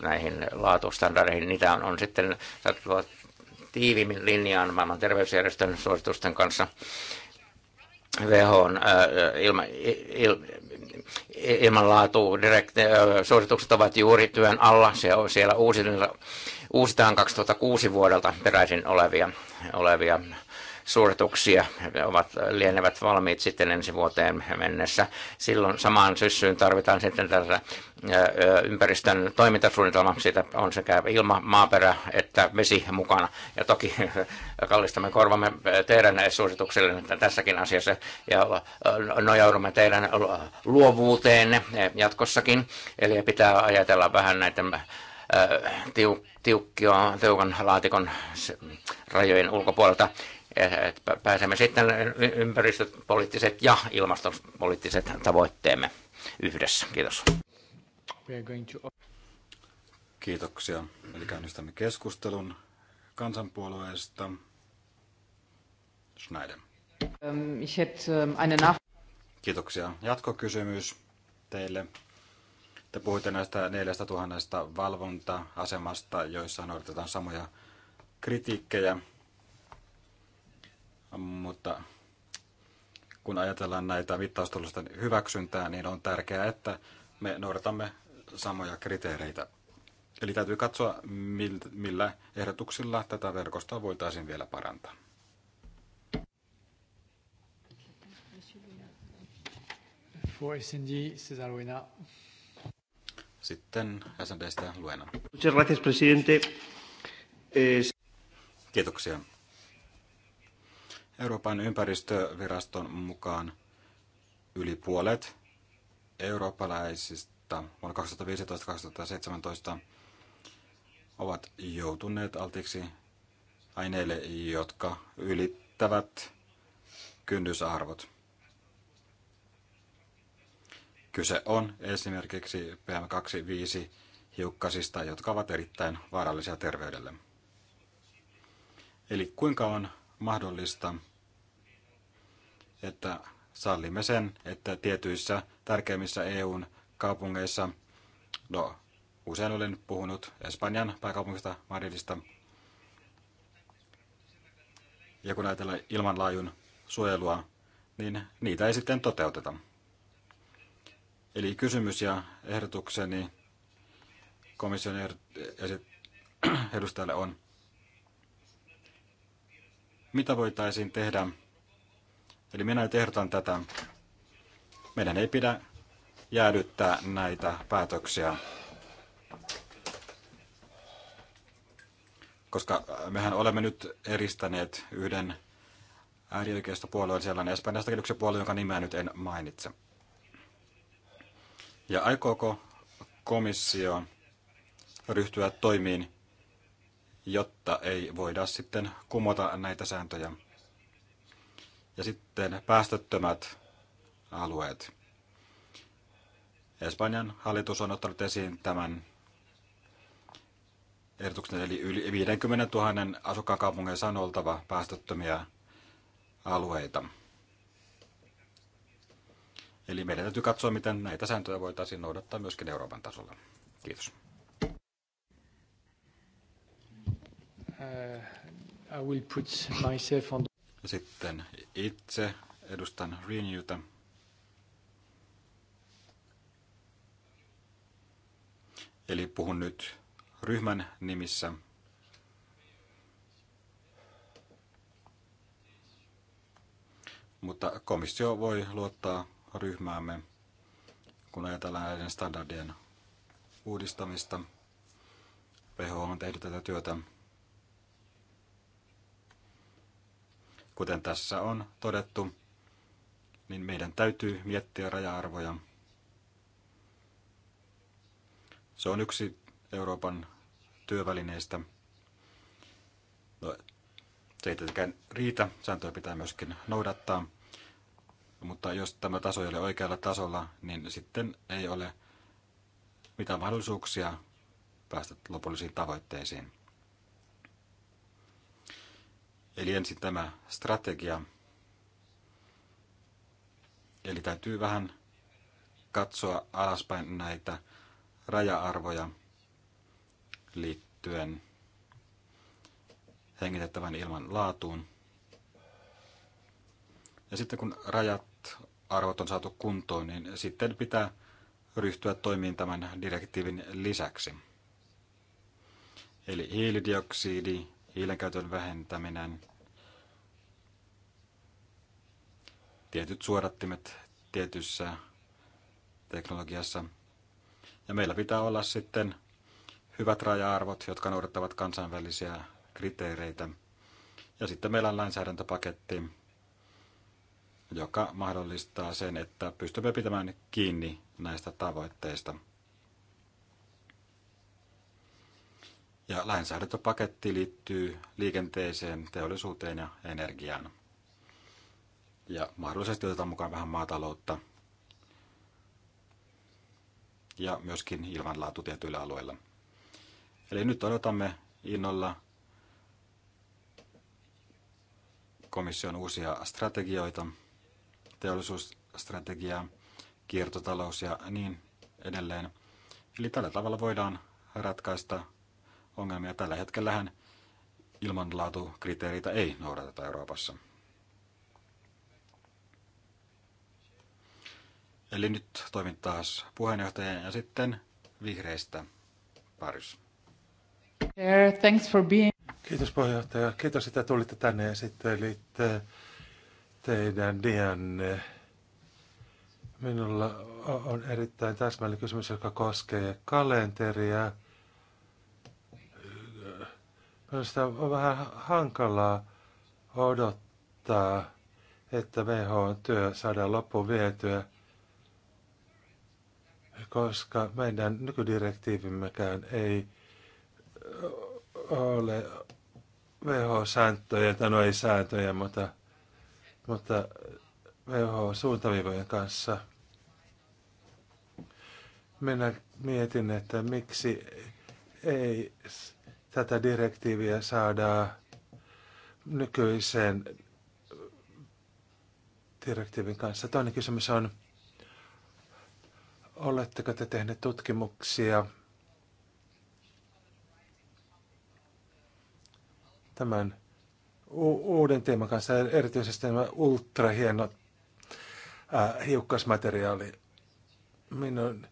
näihin laatustandardeihin, niitä on, on sitten tiivimmin linjaan maailman terveysjärjestön suositusten kanssa WHOn äh, ilma, il, ilmanlaatu-suositukset äh, ovat juuri työn alla. Se on siellä uusitaan 2006 vuodelta peräisin olevia, olevia suorituksia ovat, lienevät valmiit sitten ensi vuoteen mennessä. Silloin samaan syssyyn tarvitaan sitten tätä ympäristön toimintasuunnitelma. Siitä on sekä ilma, maaperä että vesi mukana. Ja toki kallistamme korvamme teidän suosituksille tässäkin asiassa ja nojaudumme teidän luovuuteenne jatkossakin. Eli pitää ajatella vähän näiden tiukkia, tiukan laatikon rajojen ulkopuolelta. Eh, pääsemme sitten ympäristöpoliittiset ja ilmastopoliittiset tavoitteemme yhdessä. Kiitos. Kiitoksia. Eli käynnistämme keskustelun kansanpuolueesta. Schneider. Ähm, ich hätte ähm, eine Nach Kiitoksia. Jatkokysymys teille. Te puhuitte näistä 4000 valvonta-asemasta, joissa noudatetaan samoja kritiikkejä mutta kun ajatellaan näitä mittaustulosten hyväksyntää, niin on tärkeää, että me noudatamme samoja kriteereitä. Eli täytyy katsoa, millä ehdotuksilla tätä verkostoa voitaisiin vielä parantaa. Sitten SNDstä Luena. Kiitoksia Euroopan ympäristöviraston mukaan yli puolet eurooppalaisista vuonna 2015-2017 ovat joutuneet altiksi aineille, jotka ylittävät kynnysarvot. Kyse on esimerkiksi PM25 hiukkasista, jotka ovat erittäin vaarallisia terveydelle. Eli kuinka on mahdollista, että sallimme sen, että tietyissä tärkeimmissä EUn kaupungeissa, no usein olen puhunut Espanjan pääkaupungista Madridista, ja kun ajatellaan ilmanlaajun suojelua, niin niitä ei sitten toteuteta. Eli kysymys ja ehdotukseni komission edustajalle on, mitä voitaisiin tehdä, Eli minä nyt ehdotan tätä. Meidän ei pidä jäädyttää näitä päätöksiä, koska mehän olemme nyt eristäneet yhden siellä on espanjasta yksi puolue, jonka nimeä nyt en mainitse. Ja aikooko komissio ryhtyä toimiin, jotta ei voida sitten kumota näitä sääntöjä? Ja sitten päästöttömät alueet. Espanjan hallitus on ottanut esiin tämän ehdotuksen, eli yli 50 000 asukkaan kaupungeissa on oltava päästöttömiä alueita. Eli meidän täytyy katsoa, miten näitä sääntöjä voitaisiin noudattaa myöskin Euroopan tasolla. Kiitos. Uh, I will put myself on sitten itse edustan Renewta. Eli puhun nyt ryhmän nimissä. Mutta komissio voi luottaa ryhmäämme, kun ajatellaan näiden standardien uudistamista. WHO on tehnyt tätä työtä Kuten tässä on todettu, niin meidän täytyy miettiä raja-arvoja. Se on yksi Euroopan työvälineistä. No, se ei tietenkään riitä, sääntöjä pitää myöskin noudattaa. Mutta jos tämä taso ei ole oikealla tasolla, niin sitten ei ole mitään mahdollisuuksia päästä lopullisiin tavoitteisiin. Eli ensin tämä strategia. Eli täytyy vähän katsoa alaspäin näitä raja-arvoja liittyen hengitettävän ilman laatuun. Ja sitten kun rajat, arvot on saatu kuntoon, niin sitten pitää ryhtyä toimiin tämän direktiivin lisäksi. Eli hiilidioksidi, hiilenkäytön vähentäminen, tietyt suodattimet tietyssä teknologiassa. Ja meillä pitää olla sitten hyvät raja-arvot, jotka noudattavat kansainvälisiä kriteereitä. Ja sitten meillä on lainsäädäntöpaketti, joka mahdollistaa sen, että pystymme pitämään kiinni näistä tavoitteista. Ja lainsäädäntöpaketti liittyy liikenteeseen, teollisuuteen ja energiaan. Ja mahdollisesti otetaan mukaan vähän maataloutta ja myöskin ilmanlaatu tietyillä alueilla. Eli nyt odotamme innolla komission uusia strategioita, teollisuusstrategiaa, kiertotalous ja niin edelleen. Eli tällä tavalla voidaan ratkaista ongelmia. Tällä hetkellähän ilmanlaatukriteereitä ei noudateta Euroopassa. Eli nyt toimin taas puheenjohtajan ja sitten vihreistä Paris. Thanks for being... Kiitos puheenjohtaja. Kiitos, että tulitte tänne ja esittelitte teidän dianne. Minulla on erittäin täsmällinen kysymys, joka koskee kalenteria. Minusta on vähän hankalaa odottaa, että WHO-työ saadaan loppuun vietyä, koska meidän nykydirektiivimmekään ei ole WHO-sääntöjä, tai no ei sääntöjä, mutta, mutta WHO-suuntaviivojen kanssa. Minä mietin, että miksi ei tätä direktiiviä saadaan nykyiseen direktiivin kanssa. Toinen kysymys on, oletteko te tehneet tutkimuksia tämän u- uuden teeman kanssa, erityisesti tämä ultrahieno äh, hiukkasmateriaali. Minun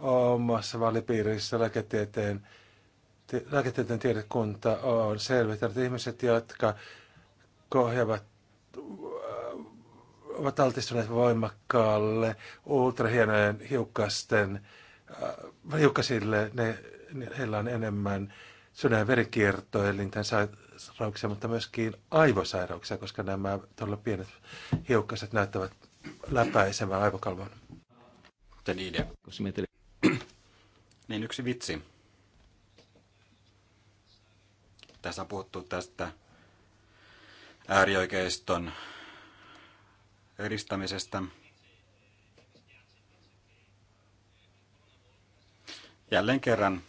omassa valipiirissä lääketieteen lääketieteen tiedekunta on selvittänyt ihmiset, jotka kohjavat äh, ovat altistuneet voimakkaalle ultrahienojen hiukkasten äh, hiukkasille. Ne, heillä on enemmän sydän- ja verikiertoelinten sairauksia, mutta myöskin aivosairauksia, koska nämä todella pienet hiukkaset näyttävät läpäisemään aivokalvon. Niin, niin yksi vitsi Tässä on puhuttu tästä äärioikeiston eristämisestä. Jälleen kerran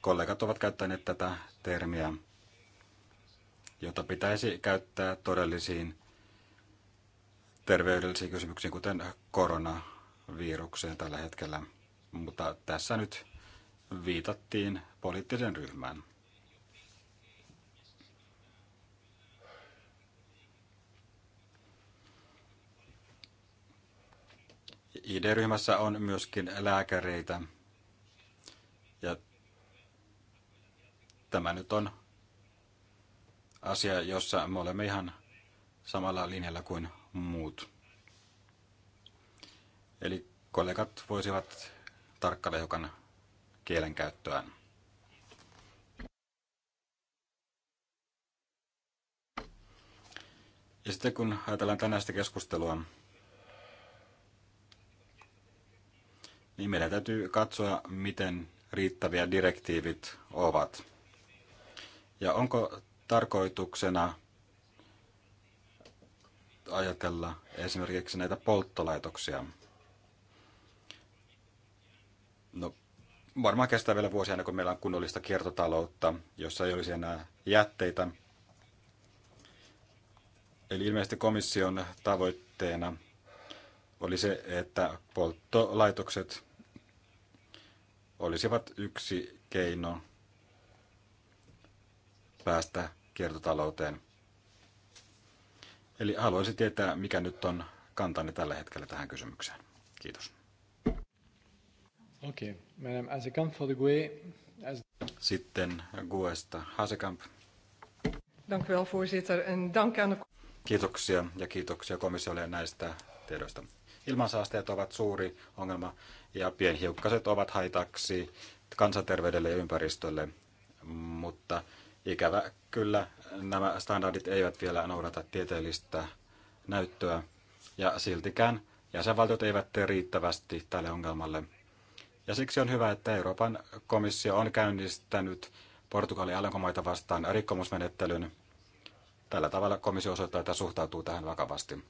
kollegat ovat käyttäneet tätä termiä, jota pitäisi käyttää todellisiin terveydellisiin kysymyksiin, kuten koronavirukseen tällä hetkellä. Mutta tässä nyt viitattiin poliittisen ryhmään. ID-ryhmässä on myöskin lääkäreitä. Ja tämä nyt on asia, jossa me olemme ihan samalla linjalla kuin muut. Eli kollegat voisivat tarkkailla hiukan kielenkäyttöään. Ja sitten kun ajatellaan tänäistä keskustelua, niin meidän täytyy katsoa, miten riittäviä direktiivit ovat. Ja onko tarkoituksena ajatella esimerkiksi näitä polttolaitoksia? No, varmaan kestää vielä vuosia ennen kuin meillä on kunnollista kiertotaloutta, jossa ei olisi enää jätteitä. Eli ilmeisesti komission tavoitteena oli se, että polttolaitokset olisivat yksi keino päästä kiertotalouteen. Eli haluaisin tietää, mikä nyt on kantani tällä hetkellä tähän kysymykseen. Kiitos. Okei, okay. Madam for the GUE. As... Sitten GUEsta Hasekamp. Dank voorzitter. En dank aan de... Kiitoksia ja kiitoksia komissiolle näistä tiedoista. Ilmansaasteet ovat suuri ongelma ja pienhiukkaset ovat haitaksi kansanterveydelle ja ympäristölle, mutta ikävä kyllä nämä standardit eivät vielä noudata tieteellistä näyttöä ja siltikään jäsenvaltiot eivät tee riittävästi tälle ongelmalle. Ja siksi on hyvä, että Euroopan komissio on käynnistänyt Portugalin alankomaita vastaan rikkomusmenettelyn. Tällä tavalla komissio osoittaa, että suhtautuu tähän vakavasti.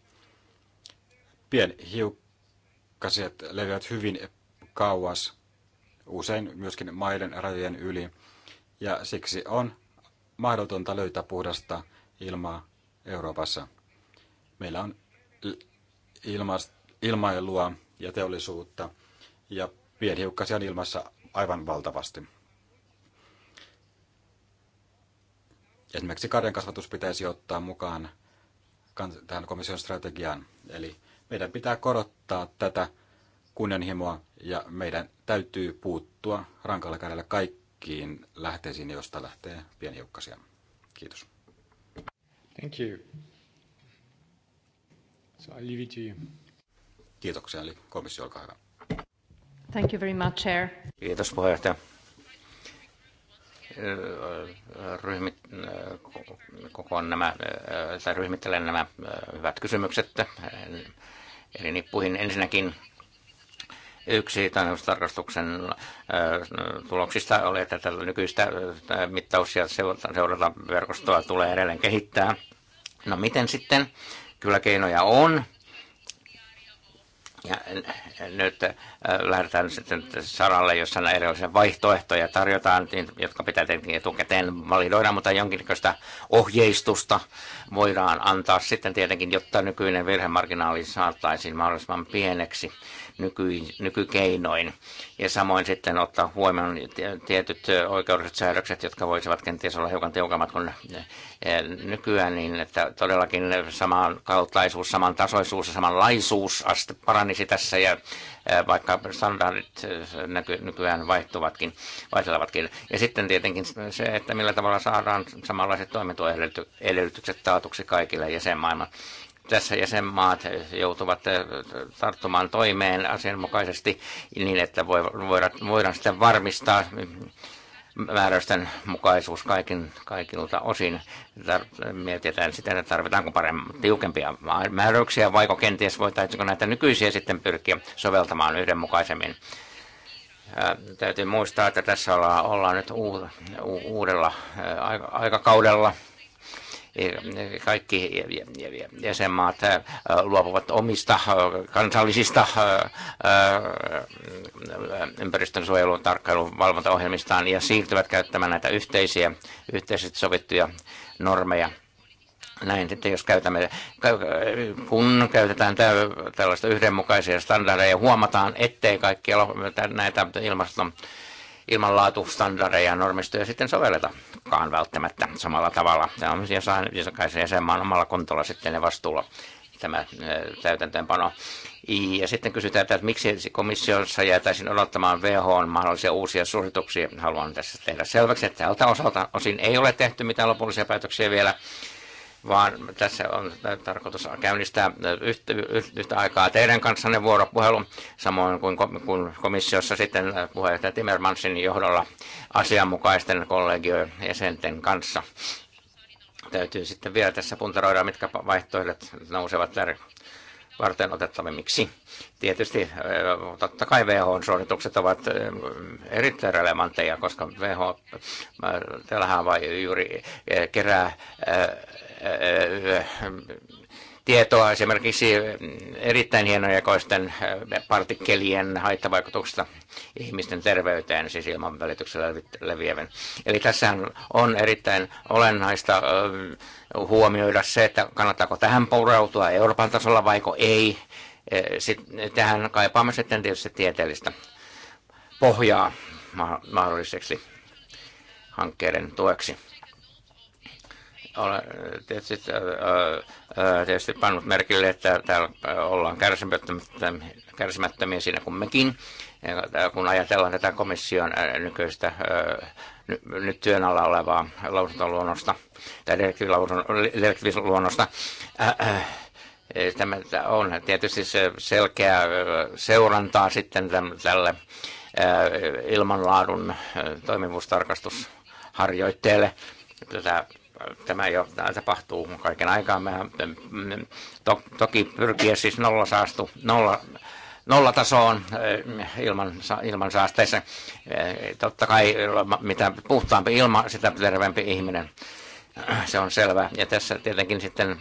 Pienhiukkaset leviävät hyvin kauas, usein myöskin maiden rajojen yli, ja siksi on mahdotonta löytää puhdasta ilmaa Euroopassa. Meillä on ilma, ilmailua ja teollisuutta, ja pienhiukkasia on ilmassa aivan valtavasti. Esimerkiksi karjan kasvatus pitäisi ottaa mukaan tähän komission strategiaan, eli meidän pitää korottaa tätä kunnianhimoa ja meidän täytyy puuttua rankalla kädellä kaikkiin lähteisiin, joista lähtee pienhiukkasia. Kiitos. Thank you. So I leave it to you. Kiitoksia, eli komissio, olkaa hyvä. Thank you very much, Chair. Kiitos puheenjohtaja ryhmit, kokoon nämä, tai ryhmittelen nämä hyvät kysymykset Eli nippuihin ensinnäkin yksi tarkastuksen äh, tuloksista oli, että tällä nykyistä äh, mittaus- ja seurataverkostoa tulee edelleen kehittää. No miten sitten? Kyllä keinoja on ja nyt äh, lähdetään sitten saralle, jossa näitä erilaisia vaihtoehtoja tarjotaan, niin, jotka pitää tietenkin etukäteen validoida, mutta jonkinlaista ohjeistusta voidaan antaa sitten tietenkin, jotta nykyinen virhemarginaali saataisiin mahdollisimman pieneksi nyky, nykykeinoin. Ja samoin sitten ottaa huomioon tietyt oikeudelliset säädökset, jotka voisivat kenties olla hiukan tiukammat kuin nykyään, niin että todellakin samankaltaisuus, samantasoisuus ja samanlaisuus paranisi tässä ja vaikka standardit näky, nykyään vaihtuvatkin, vaihtelevatkin. Ja sitten tietenkin se, että millä tavalla saadaan samanlaiset toimintoedellytykset taatuksi kaikille jäsenmaailman tässä jäsenmaat joutuvat eh, tarttumaan toimeen asianmukaisesti niin, että voidaan, voidaan sitten varmistaa määräysten mukaisuus kaikin, kaikilta osin. mietitään sitä, että tarvitaanko paremmin tiukempia määräyksiä, vaiko kenties voitaisiinko näitä nykyisiä sitten pyrkiä soveltamaan yhdenmukaisemmin. Ää, täytyy muistaa, että tässä ollaan, ollaan nyt uudella ää, aikakaudella kaikki jäsenmaat äh, luopuvat omista äh, kansallisista äh, suojelun tarkkailun valvontaohjelmistaan ja siirtyvät käyttämään näitä yhteisiä, yhteisesti sovittuja normeja näin sitten, jos käytämme, kun käytetään tällaista yhdenmukaisia standardeja, huomataan, ettei kaikkialla näitä ilmaston ilmanlaatustandardeja ja normistoja sitten sovelletakaan välttämättä samalla tavalla. Tämä on jossain siis siis jäsenmaan omalla kontolla sitten ne vastuulla tämä täytäntöönpano. Ja sitten kysytään, että miksi komissiossa jäätäisiin odottamaan WHOn mahdollisia uusia suosituksia. Haluan tässä tehdä selväksi, että tältä osalta osin ei ole tehty mitään lopullisia päätöksiä vielä vaan tässä on tarkoitus käynnistää yhtä, yhtä aikaa teidän kanssanne vuoropuhelu, samoin kuin komissiossa sitten puheenjohtaja Timmermansin johdolla asianmukaisten kollegioiden jäsenten kanssa. Täytyy sitten vielä tässä puntaroida, mitkä vaihtoehdot nousevat varten otettavimmiksi. Tietysti äh, totta kai vh suoritukset ovat äh, erittäin relevantteja, koska VH äh, tällähän vai juuri kerää tietoa esimerkiksi erittäin hienojakoisten partikkelien haittavaikutuksista ihmisten terveyteen, siis ilman välityksellä leviävän. Eli tässä on erittäin olennaista huomioida se, että kannattaako tähän pureutua Euroopan tasolla vaiko ei. E, sitten tähän kaipaamme sitten tietysti tieteellistä pohjaa mahdolliseksi hankkeiden tueksi olen äh, tietysti, äh, äh, tietysti pannut merkille, että täällä ollaan kärsimättömiä siinä Ja kun ajatellaan tätä komission nykyistä nyt työn alla olevaa lausuntoluonnosta tai direktiiviluonnosta. Tämä on tietysti se selkeä seurantaa sitten tälle ilmanlaadun toimivuustarkastusharjoitteelle. Tätä tämä jo tapahtuu kaiken aikaa. Mehän to, toki pyrkiä siis nolla, saastu, nolla, nollatasoon eh, ilman, ilman saasteissa. Eh, totta kai mitä puhtaampi ilma, sitä terveempi ihminen se on selvä. Ja tässä tietenkin sitten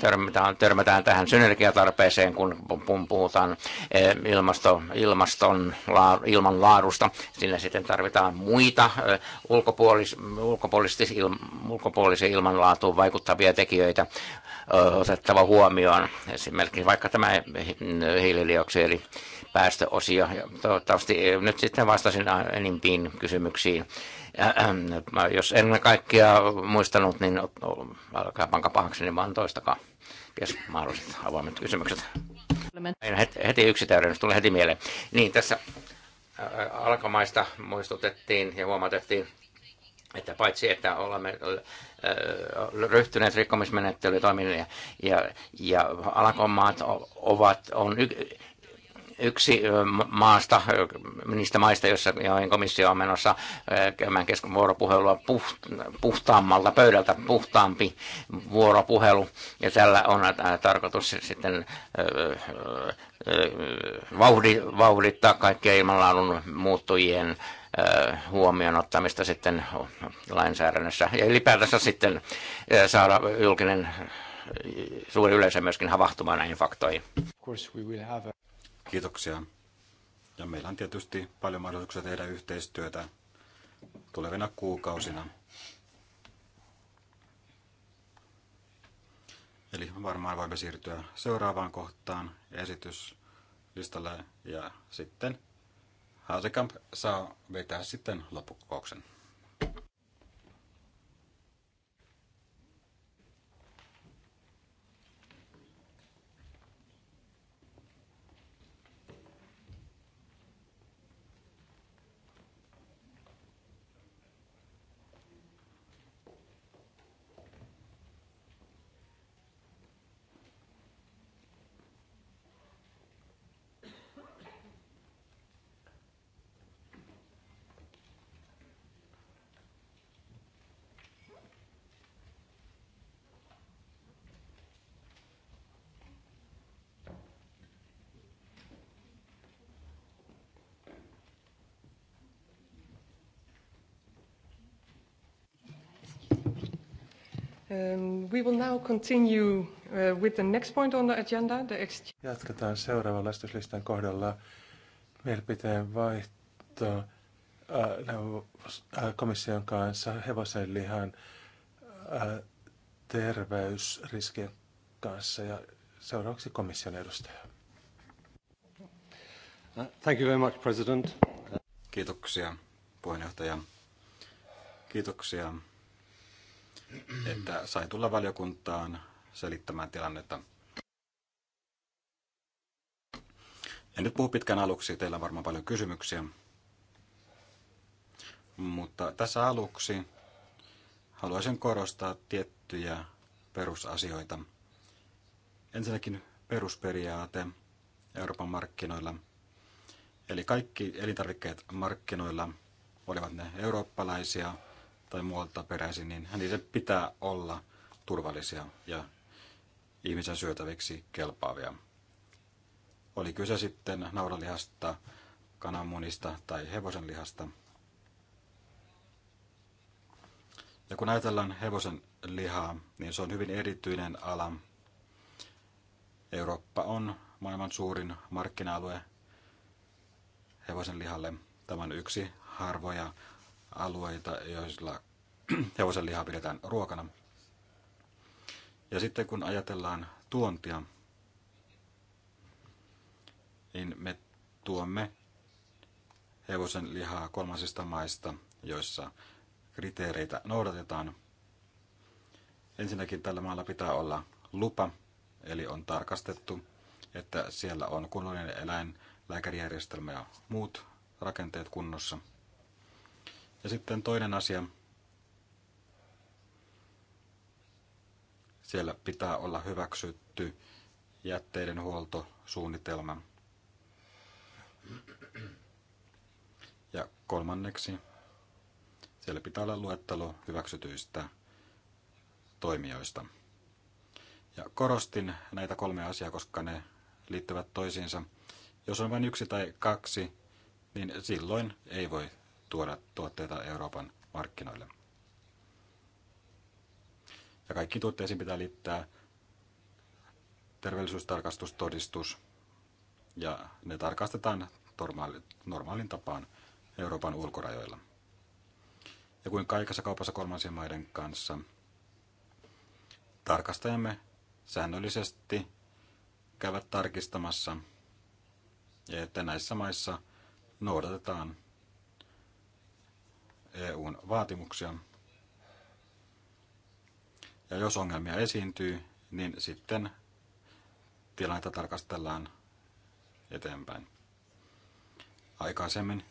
törmätään, törmätään tähän synergiatarpeeseen, kun puhutaan eh, ilmasto, ilmaston, ilman laadusta. Sillä sitten tarvitaan muita eh, ulkopuolis, ulkopuolisesti, ulkopuolisia ilmanlaatuun vaikuttavia tekijöitä eh, otettava huomioon. Esimerkiksi vaikka tämä hiilidioksidi, eli päästöosio. Toivottavasti nyt sitten vastasin enimpiin kysymyksiin jos en kaikkia muistanut, niin alkaa panka pahaksi, niin vaan toistakaa. Ties mahdolliset avoimet kysymykset. No, heti yksi täydennys tulee heti mieleen. Niin, tässä alkamaista muistutettiin ja huomatettiin, että paitsi että olemme ryhtyneet rikkomismenettelytoiminnille ja, ja, ja alakomaat ovat on yksi maasta, niistä maista, joissa joihin komissio on menossa käymään kesken vuoropuhelua puhtaammalta pöydältä, puhtaampi vuoropuhelu. Ja tällä on äh, tarkoitus sitten vauhdittaa kaikkia ilmanlaadun muuttujien huomioon ottamista sitten lainsäädännössä. Ja ylipäätänsä sitten saada julkinen suuri yleisö myöskin havahtumaan näihin faktoihin. Kiitoksia. Ja meillä on tietysti paljon mahdollisuuksia tehdä yhteistyötä tulevina kuukausina. Eli varmaan voimme siirtyä seuraavaan kohtaan esityslistalle ja sitten Hasekamp saa vetää sitten loppukokouksen. Um, we will now continue uh, with the next point on the agenda. The exchange. Jatketaan seuraavan lähetyslistan kohdalla mielipiteen vaihto äh, komission kanssa hevosenlihan äh, uh, terveysriskien kanssa ja seuraavaksi komission edustaja. Thank you very much, President. Kiitoksia, puheenjohtaja. Kiitoksia että sain tulla valiokuntaan selittämään tilannetta. En nyt puhu pitkän aluksi, teillä on varmaan paljon kysymyksiä. Mutta tässä aluksi haluaisin korostaa tiettyjä perusasioita. Ensinnäkin perusperiaate Euroopan markkinoilla. Eli kaikki elintarvikkeet markkinoilla, olivat ne eurooppalaisia tai muualta peräisin, niin niiden pitää olla turvallisia ja ihmisen syötäviksi kelpaavia. Oli kyse sitten naudanlihasta, kananmunista tai hevosenlihasta. Ja kun ajatellaan hevosen lihaa, niin se on hyvin erityinen ala. Eurooppa on maailman suurin markkina-alue hevosen lihalle. Tämä on yksi harvoja alueita, joilla liha pidetään ruokana. Ja sitten kun ajatellaan tuontia, niin me tuomme hevosen lihaa kolmansista maista, joissa kriteereitä noudatetaan. Ensinnäkin tällä maalla pitää olla lupa, eli on tarkastettu, että siellä on kunnollinen eläinlääkärijärjestelmä ja muut rakenteet kunnossa – ja sitten toinen asia. Siellä pitää olla hyväksytty jätteiden huoltosuunnitelma. Ja kolmanneksi, siellä pitää olla luettelo hyväksytyistä toimijoista. Ja korostin näitä kolmea asiaa, koska ne liittyvät toisiinsa. Jos on vain yksi tai kaksi, niin silloin ei voi tuoda tuotteita Euroopan markkinoille. Ja kaikki tuotteisiin pitää liittää terveellisyystarkastustodistus ja ne tarkastetaan normaalin tapaan Euroopan ulkorajoilla. Ja kuin kaikessa kaupassa kolmansien maiden kanssa, tarkastajamme säännöllisesti käyvät tarkistamassa, että näissä maissa noudatetaan EUn vaatimuksia. Ja jos ongelmia esiintyy, niin sitten tilannetta tarkastellaan eteenpäin. Aikaisemmin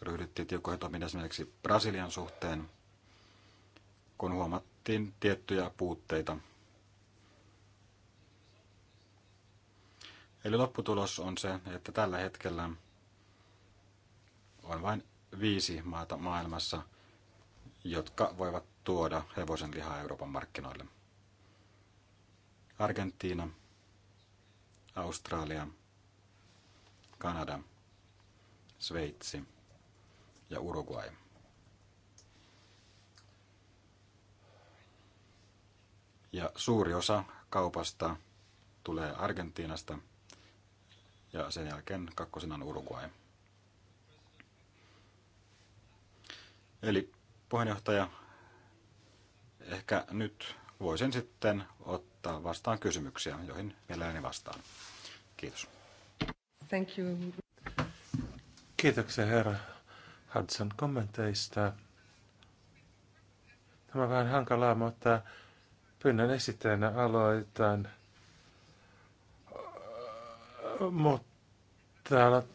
ryhdyttiin tiukkoihin toimiin esimerkiksi Brasilian suhteen, kun huomattiin tiettyjä puutteita. Eli lopputulos on se, että tällä hetkellä on vain viisi maata maailmassa, jotka voivat tuoda hevosen lihaa Euroopan markkinoille. Argentiina, Australia, Kanada, Sveitsi ja Uruguay. Ja suuri osa kaupasta tulee Argentiinasta ja sen jälkeen kakkosena on Uruguay. Eli puheenjohtaja, ehkä nyt voisin sitten ottaa vastaan kysymyksiä, joihin mielelläni vastaan. Kiitos. Thank you. Kiitoksia herra Hudson kommenteista. Tämä on vähän hankalaa, mutta pyynnön esittäjänä aloitan. Mutta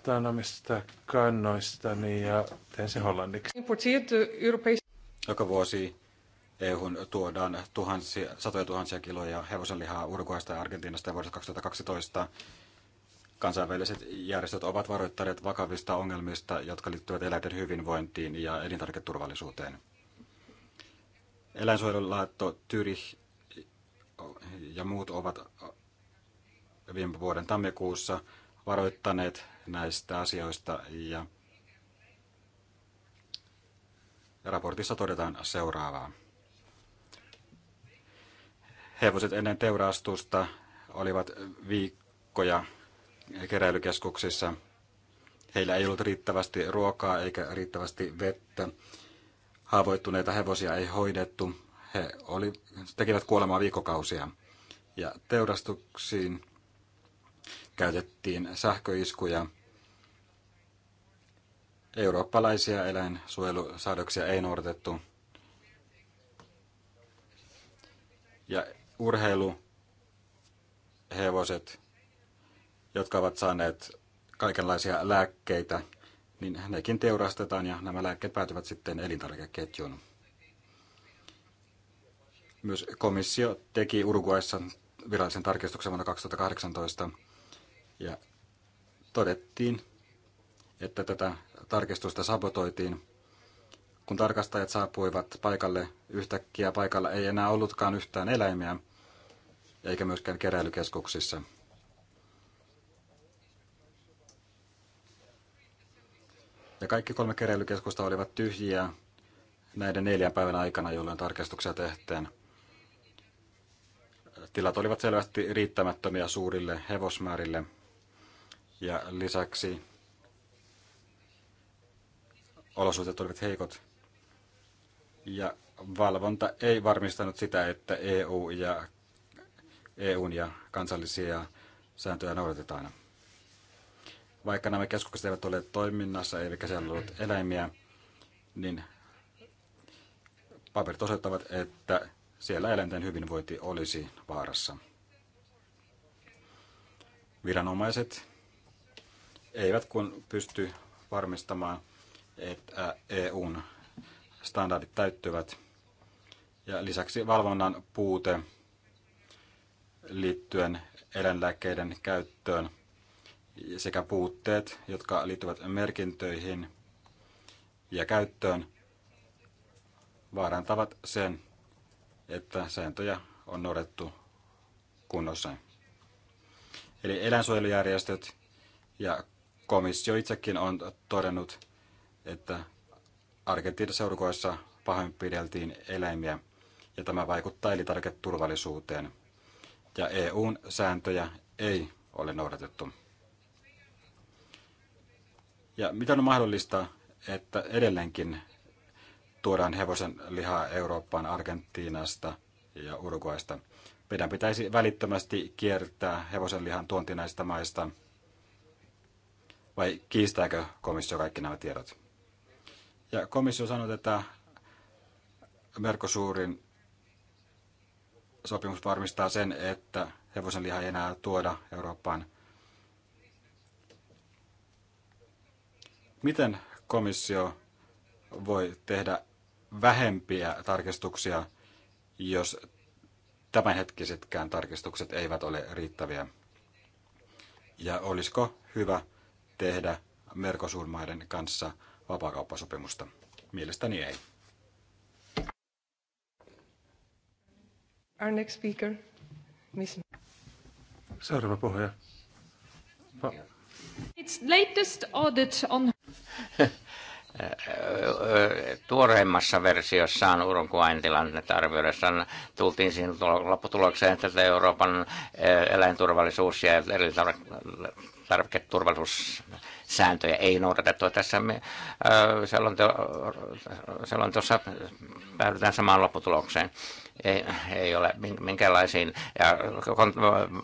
Täällä mistä kannoista, niin ja teen se hollanniksi. Joka vuosi EU tuodaan tuhansia, satoja tuhansia kiloja hevosenlihaa Uruguasta ja Argentiinasta ja vuodesta 2012 kansainväliset järjestöt ovat varoittaneet vakavista ongelmista, jotka liittyvät eläinten hyvinvointiin ja elintarviketurvallisuuteen. Eläinsuojelulaatto Tyrih ja muut ovat viime vuoden tammikuussa varoittaneet näistä asioista ja raportissa todetaan seuraavaa. Hevoset ennen teurastusta olivat viikkoja keräilykeskuksissa. Heillä ei ollut riittävästi ruokaa eikä riittävästi vettä. Haavoittuneita hevosia ei hoidettu. He oli, tekivät kuolemaa viikkokausia. Ja teurastuksiin käytettiin sähköiskuja. Eurooppalaisia eläinsuojelusäädöksiä ei noudatettu. Ja urheiluhevoset, jotka ovat saaneet kaikenlaisia lääkkeitä, niin nekin teurastetaan ja nämä lääkkeet päätyvät sitten elintarvikeketjuun. Myös komissio teki Uruguayssa virallisen tarkistuksen vuonna 2018 ja todettiin, että tätä tarkistusta sabotoitiin. Kun tarkastajat saapuivat paikalle, yhtäkkiä paikalla ei enää ollutkaan yhtään eläimiä, eikä myöskään keräilykeskuksissa. Ja kaikki kolme keräilykeskusta olivat tyhjiä näiden neljän päivän aikana, jolloin tarkastuksia tehtiin. Tilat olivat selvästi riittämättömiä suurille hevosmäärille – ja lisäksi olosuhteet olivat heikot. Ja valvonta ei varmistanut sitä, että EU ja, EUn ja kansallisia sääntöjä noudatetaan. Vaikka nämä keskukset eivät ole toiminnassa eiväkä siellä ollut eläimiä, niin paperit osoittavat, että siellä eläinten hyvinvointi olisi vaarassa. Viranomaiset eivät kun pysty varmistamaan, että EUn standardit täyttyvät. Ja lisäksi valvonnan puute liittyen eläinlääkkeiden käyttöön sekä puutteet, jotka liittyvät merkintöihin ja käyttöön, vaarantavat sen, että sääntöjä on noudattu kunnossa. Eli eläinsuojelujärjestöt ja komissio itsekin on todennut, että Argentiinassa Uruguayssa pahoinpideltiin eläimiä ja tämä vaikuttaa elintarviketurvallisuuteen. Ja EUn sääntöjä ei ole noudatettu. Ja miten on mahdollista, että edelleenkin tuodaan hevosen lihaa Eurooppaan Argentiinasta ja Uruguaista? Meidän pitäisi välittömästi kiertää hevosen lihan tuonti näistä maista – vai kiistääkö komissio kaikki nämä tiedot? Ja komissio sanoi, että Merkosuurin sopimus varmistaa sen, että hevosen liha ei enää tuoda Eurooppaan. Miten komissio voi tehdä vähempiä tarkistuksia, jos tämänhetkisetkään tarkistukset eivät ole riittäviä? Ja olisiko hyvä tehdä Mercosur-maiden kanssa vapaakauppasopimusta? Mielestäni ei. Our next speaker, Miss... Seuraava puhuja. It's latest audit on... tuoreimmassa versiossaan Uruguayn tilannetta arvioidessaan tultiin siihen lopputulokseen, että Euroopan eh, eläinturvallisuus ja elintarviketurvallisuussääntöjä ei noudatettu. Tässä me selonteossa päädytään samaan lopputulokseen. Ei, ei ole minkäänlaisiin ja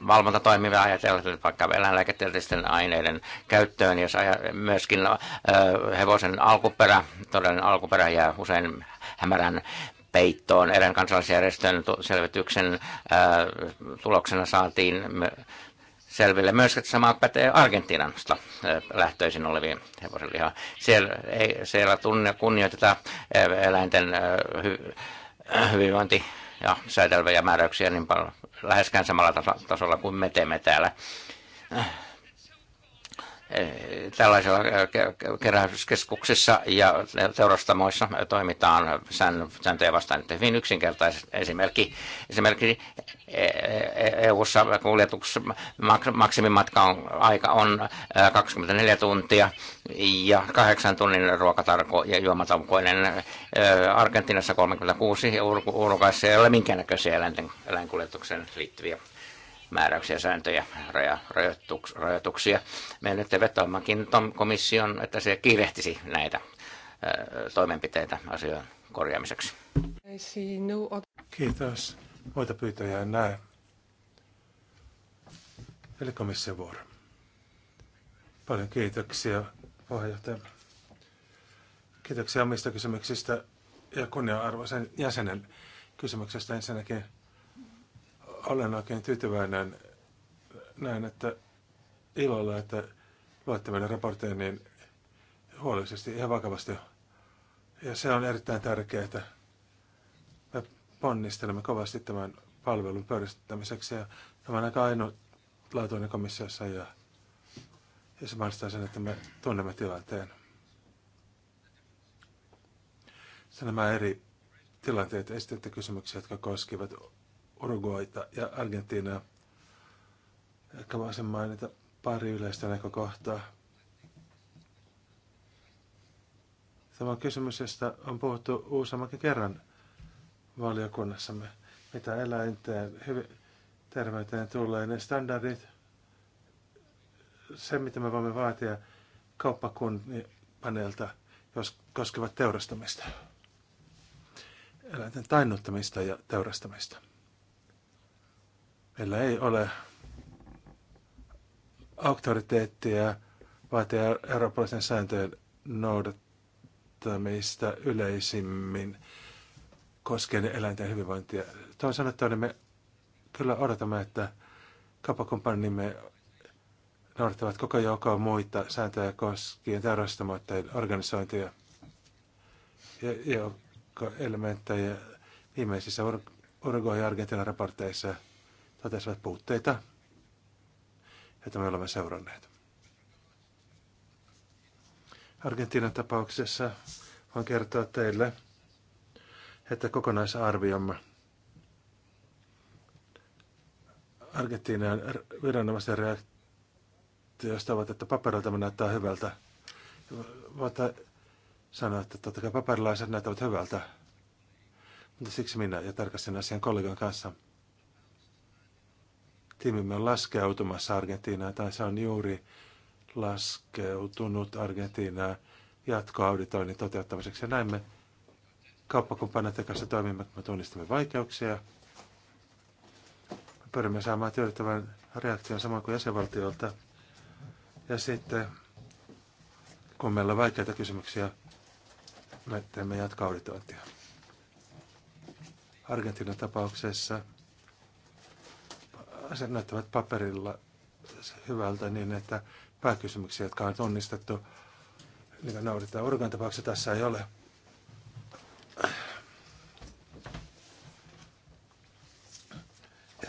valvontatoimia ajatellen vaikka eläinlääketieteellisten aineiden käyttöön, jos aja, myöskin hevosen alkuperä, todellinen alkuperä ja usein hämärän peittoon. Erään kansalaisjärjestön selvityksen ö, tuloksena saatiin selville. Myös sama pätee Argentiinasta äh, lähtöisin oleviin hevosenlihaa. Siellä, ei, siellä tunne, kunnioiteta äh, eläinten äh, hy, hyvinvointi ja säätelviä määräyksiä niin paljon läheskään samalla tasolla kuin me teemme täällä. Eh, tällaisilla eh, keräyskeskuksessa ja teurastamoissa toimitaan sääntöjä vastaan. Että hyvin yksinkertaisesti esimerkki, esimerkiksi eh, EU-ssa maksimimatka on, aika on 24 tuntia ja 8 tunnin ruokatarko ja juomatamkoinen. Argentiinassa 36, Uruguayssa ei ole minkäännäköisiä eläinten, eläinkuljetukseen liittyviä määräyksiä, sääntöjä, raja, rajoituksia. Me nyt vetoammekin komission, että se kiirehtisi näitä toimenpiteitä asioiden korjaamiseksi. Kiitos. Muita en näe. Eli komission vuoro. Paljon kiitoksia puheenjohtaja. Kiitoksia omista kysymyksistä ja kunnia jäsenen kysymyksestä ensinnäkin. Olen oikein tyytyväinen näin, että ilolla, että luette meidän raportteja niin huolellisesti, ja vakavasti. Ja se on erittäin tärkeää, että me ponnistelemme kovasti tämän palvelun pöydistämiseksi. Ja tämä on aika ainutlaatuinen komissiossa ja, ja se mahdollistaa sen, että me tunnemme tilanteen. Sitten nämä eri tilanteet esitettä kysymyksiä, jotka koskivat Uruguayta ja Argentiinaa. Ehkä voisin mainita pari yleistä näkökohtaa. Tämä on kysymys, josta on puhuttu useammankin kerran valiokunnassamme. Mitä eläinten hyvin terveyteen tulee, ne standardit, se mitä me voimme vaatia kauppakunnipaneelta, jos koskevat teurastamista. Eläinten tainnuttamista ja teurastamista. Meillä ei ole auktoriteettia vaatia eurooppalaisen sääntöjen noudattamista yleisimmin koskien eläinten hyvinvointia. Tuo sanottuna niin me kyllä odotamme, että kapakumppanimme noudattavat koko joukkoa muita sääntöjä koskien teurastamoiden organisointia ja, joukkoelementtejä elementtejä viimeisissä Uruguay argentina raporteissa – totesivat puutteita, joita me olemme seuranneet. Argentiinan tapauksessa voin kertoa teille, että kokonaisarviomme Argentiinan viranomaisten reaktiosta ovat, että paperilta näyttää hyvältä. Voit sanoa, että totta kai paperilaiset näyttävät hyvältä. Mutta siksi minä ja tarkastin asian kollegan kanssa – tiimimme on laskeutumassa Argentiinaan, tai se on juuri laskeutunut Argentiinaan jatkoauditoinnin toteuttamiseksi. Ja näin me kauppakumppanat kanssa toimimme, kun me tunnistamme vaikeuksia. Me pyrimme saamaan tyydyttävän reaktion samoin kuin jäsenvaltiolta. Ja sitten, kun meillä on vaikeita kysymyksiä, me teemme jatkoauditointia. Argentiinan tapauksessa – asiat näyttävät paperilla hyvältä niin, että pääkysymyksiä, jotka on tunnistettu, niitä noudatetaan. Urukan tapauksessa tässä ei ole.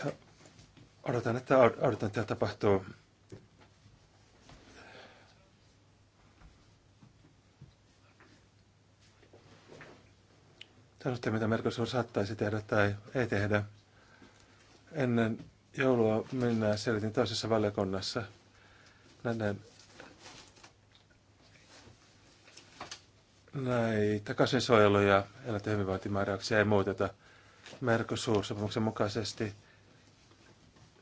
Ja odotan, että auditointia tapahtuu. Sanotte, mitä Mercosur saattaisi tehdä tai ei tehdä ennen joulua minä selitin toisessa valiokunnassa. Näiden näitä kasvinsuojelu- ja eläinten hyvinvointimääräyksiä ei muuteta Mercosur-sopimuksen mukaisesti.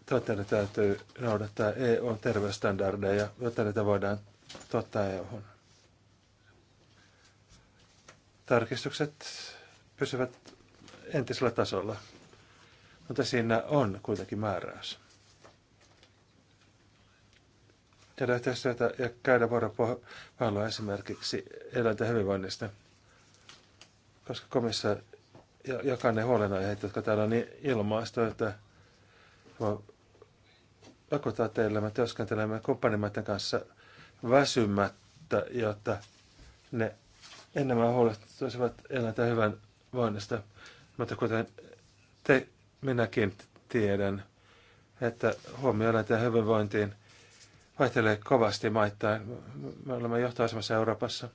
Tuotteiden täytyy noudattaa EU-terveysstandardeja, jotta niitä voidaan tuottaa EU-hun. Tarkistukset pysyvät entisellä tasolla. Mutta siinä on kuitenkin määräys. lähteä yhteistyötä ja käydä vuoropuhelua esimerkiksi eläinten hyvinvoinnista, koska komissa ja jakaa ne huolenaiheet, jotka täällä on niin ilmaista, että vakuuttaa teille, me työskentelemme kumppanimaiden kanssa väsymättä, jotta ne enemmän huolehtuisivat eläinten hyvän voinnista. Mutta kuten te minäkin tiedän, että huomioeläinten hyvinvointiin vaihtelee kovasti maittain. Me olemme johtoasemassa Euroopassa.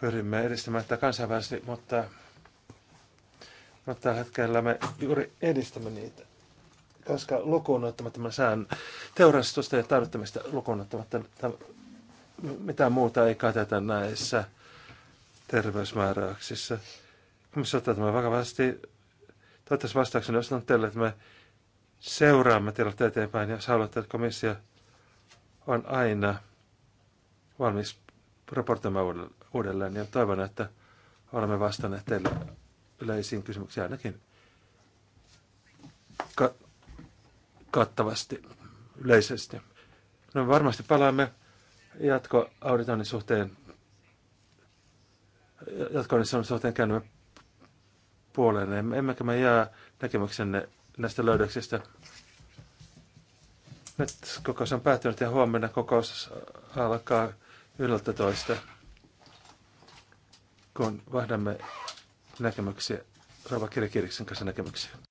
Pyrimme edistämään tätä kansainvälisesti, mutta, mutta tällä hetkellä me juuri edistämme niitä. Koska lukuun ottamatta saan teurastusta ja tarvittamista lukuun ottamatta mitään muuta ei kateta näissä terveysmääräyksissä. Komissio tämä vakavasti Toivottavasti vastauksena olisi teille, että me seuraamme tilannetta eteenpäin, jos haluatte, että komissio on aina valmis raportoimaan uudelleen. Ja toivon, että olemme vastanneet teille yleisiin kysymyksiin ainakin ka- kattavasti, yleisesti. No varmasti palaamme auditoinnin suhteen, on suhteen käynyt puoleen. Emmekä me jää näkemyksenne näistä löydöksistä. Nyt kokous on päättynyt ja huomenna kokous alkaa toista, kun vaihdamme näkemyksiä Rova Kirikiriksen kanssa näkemyksiä.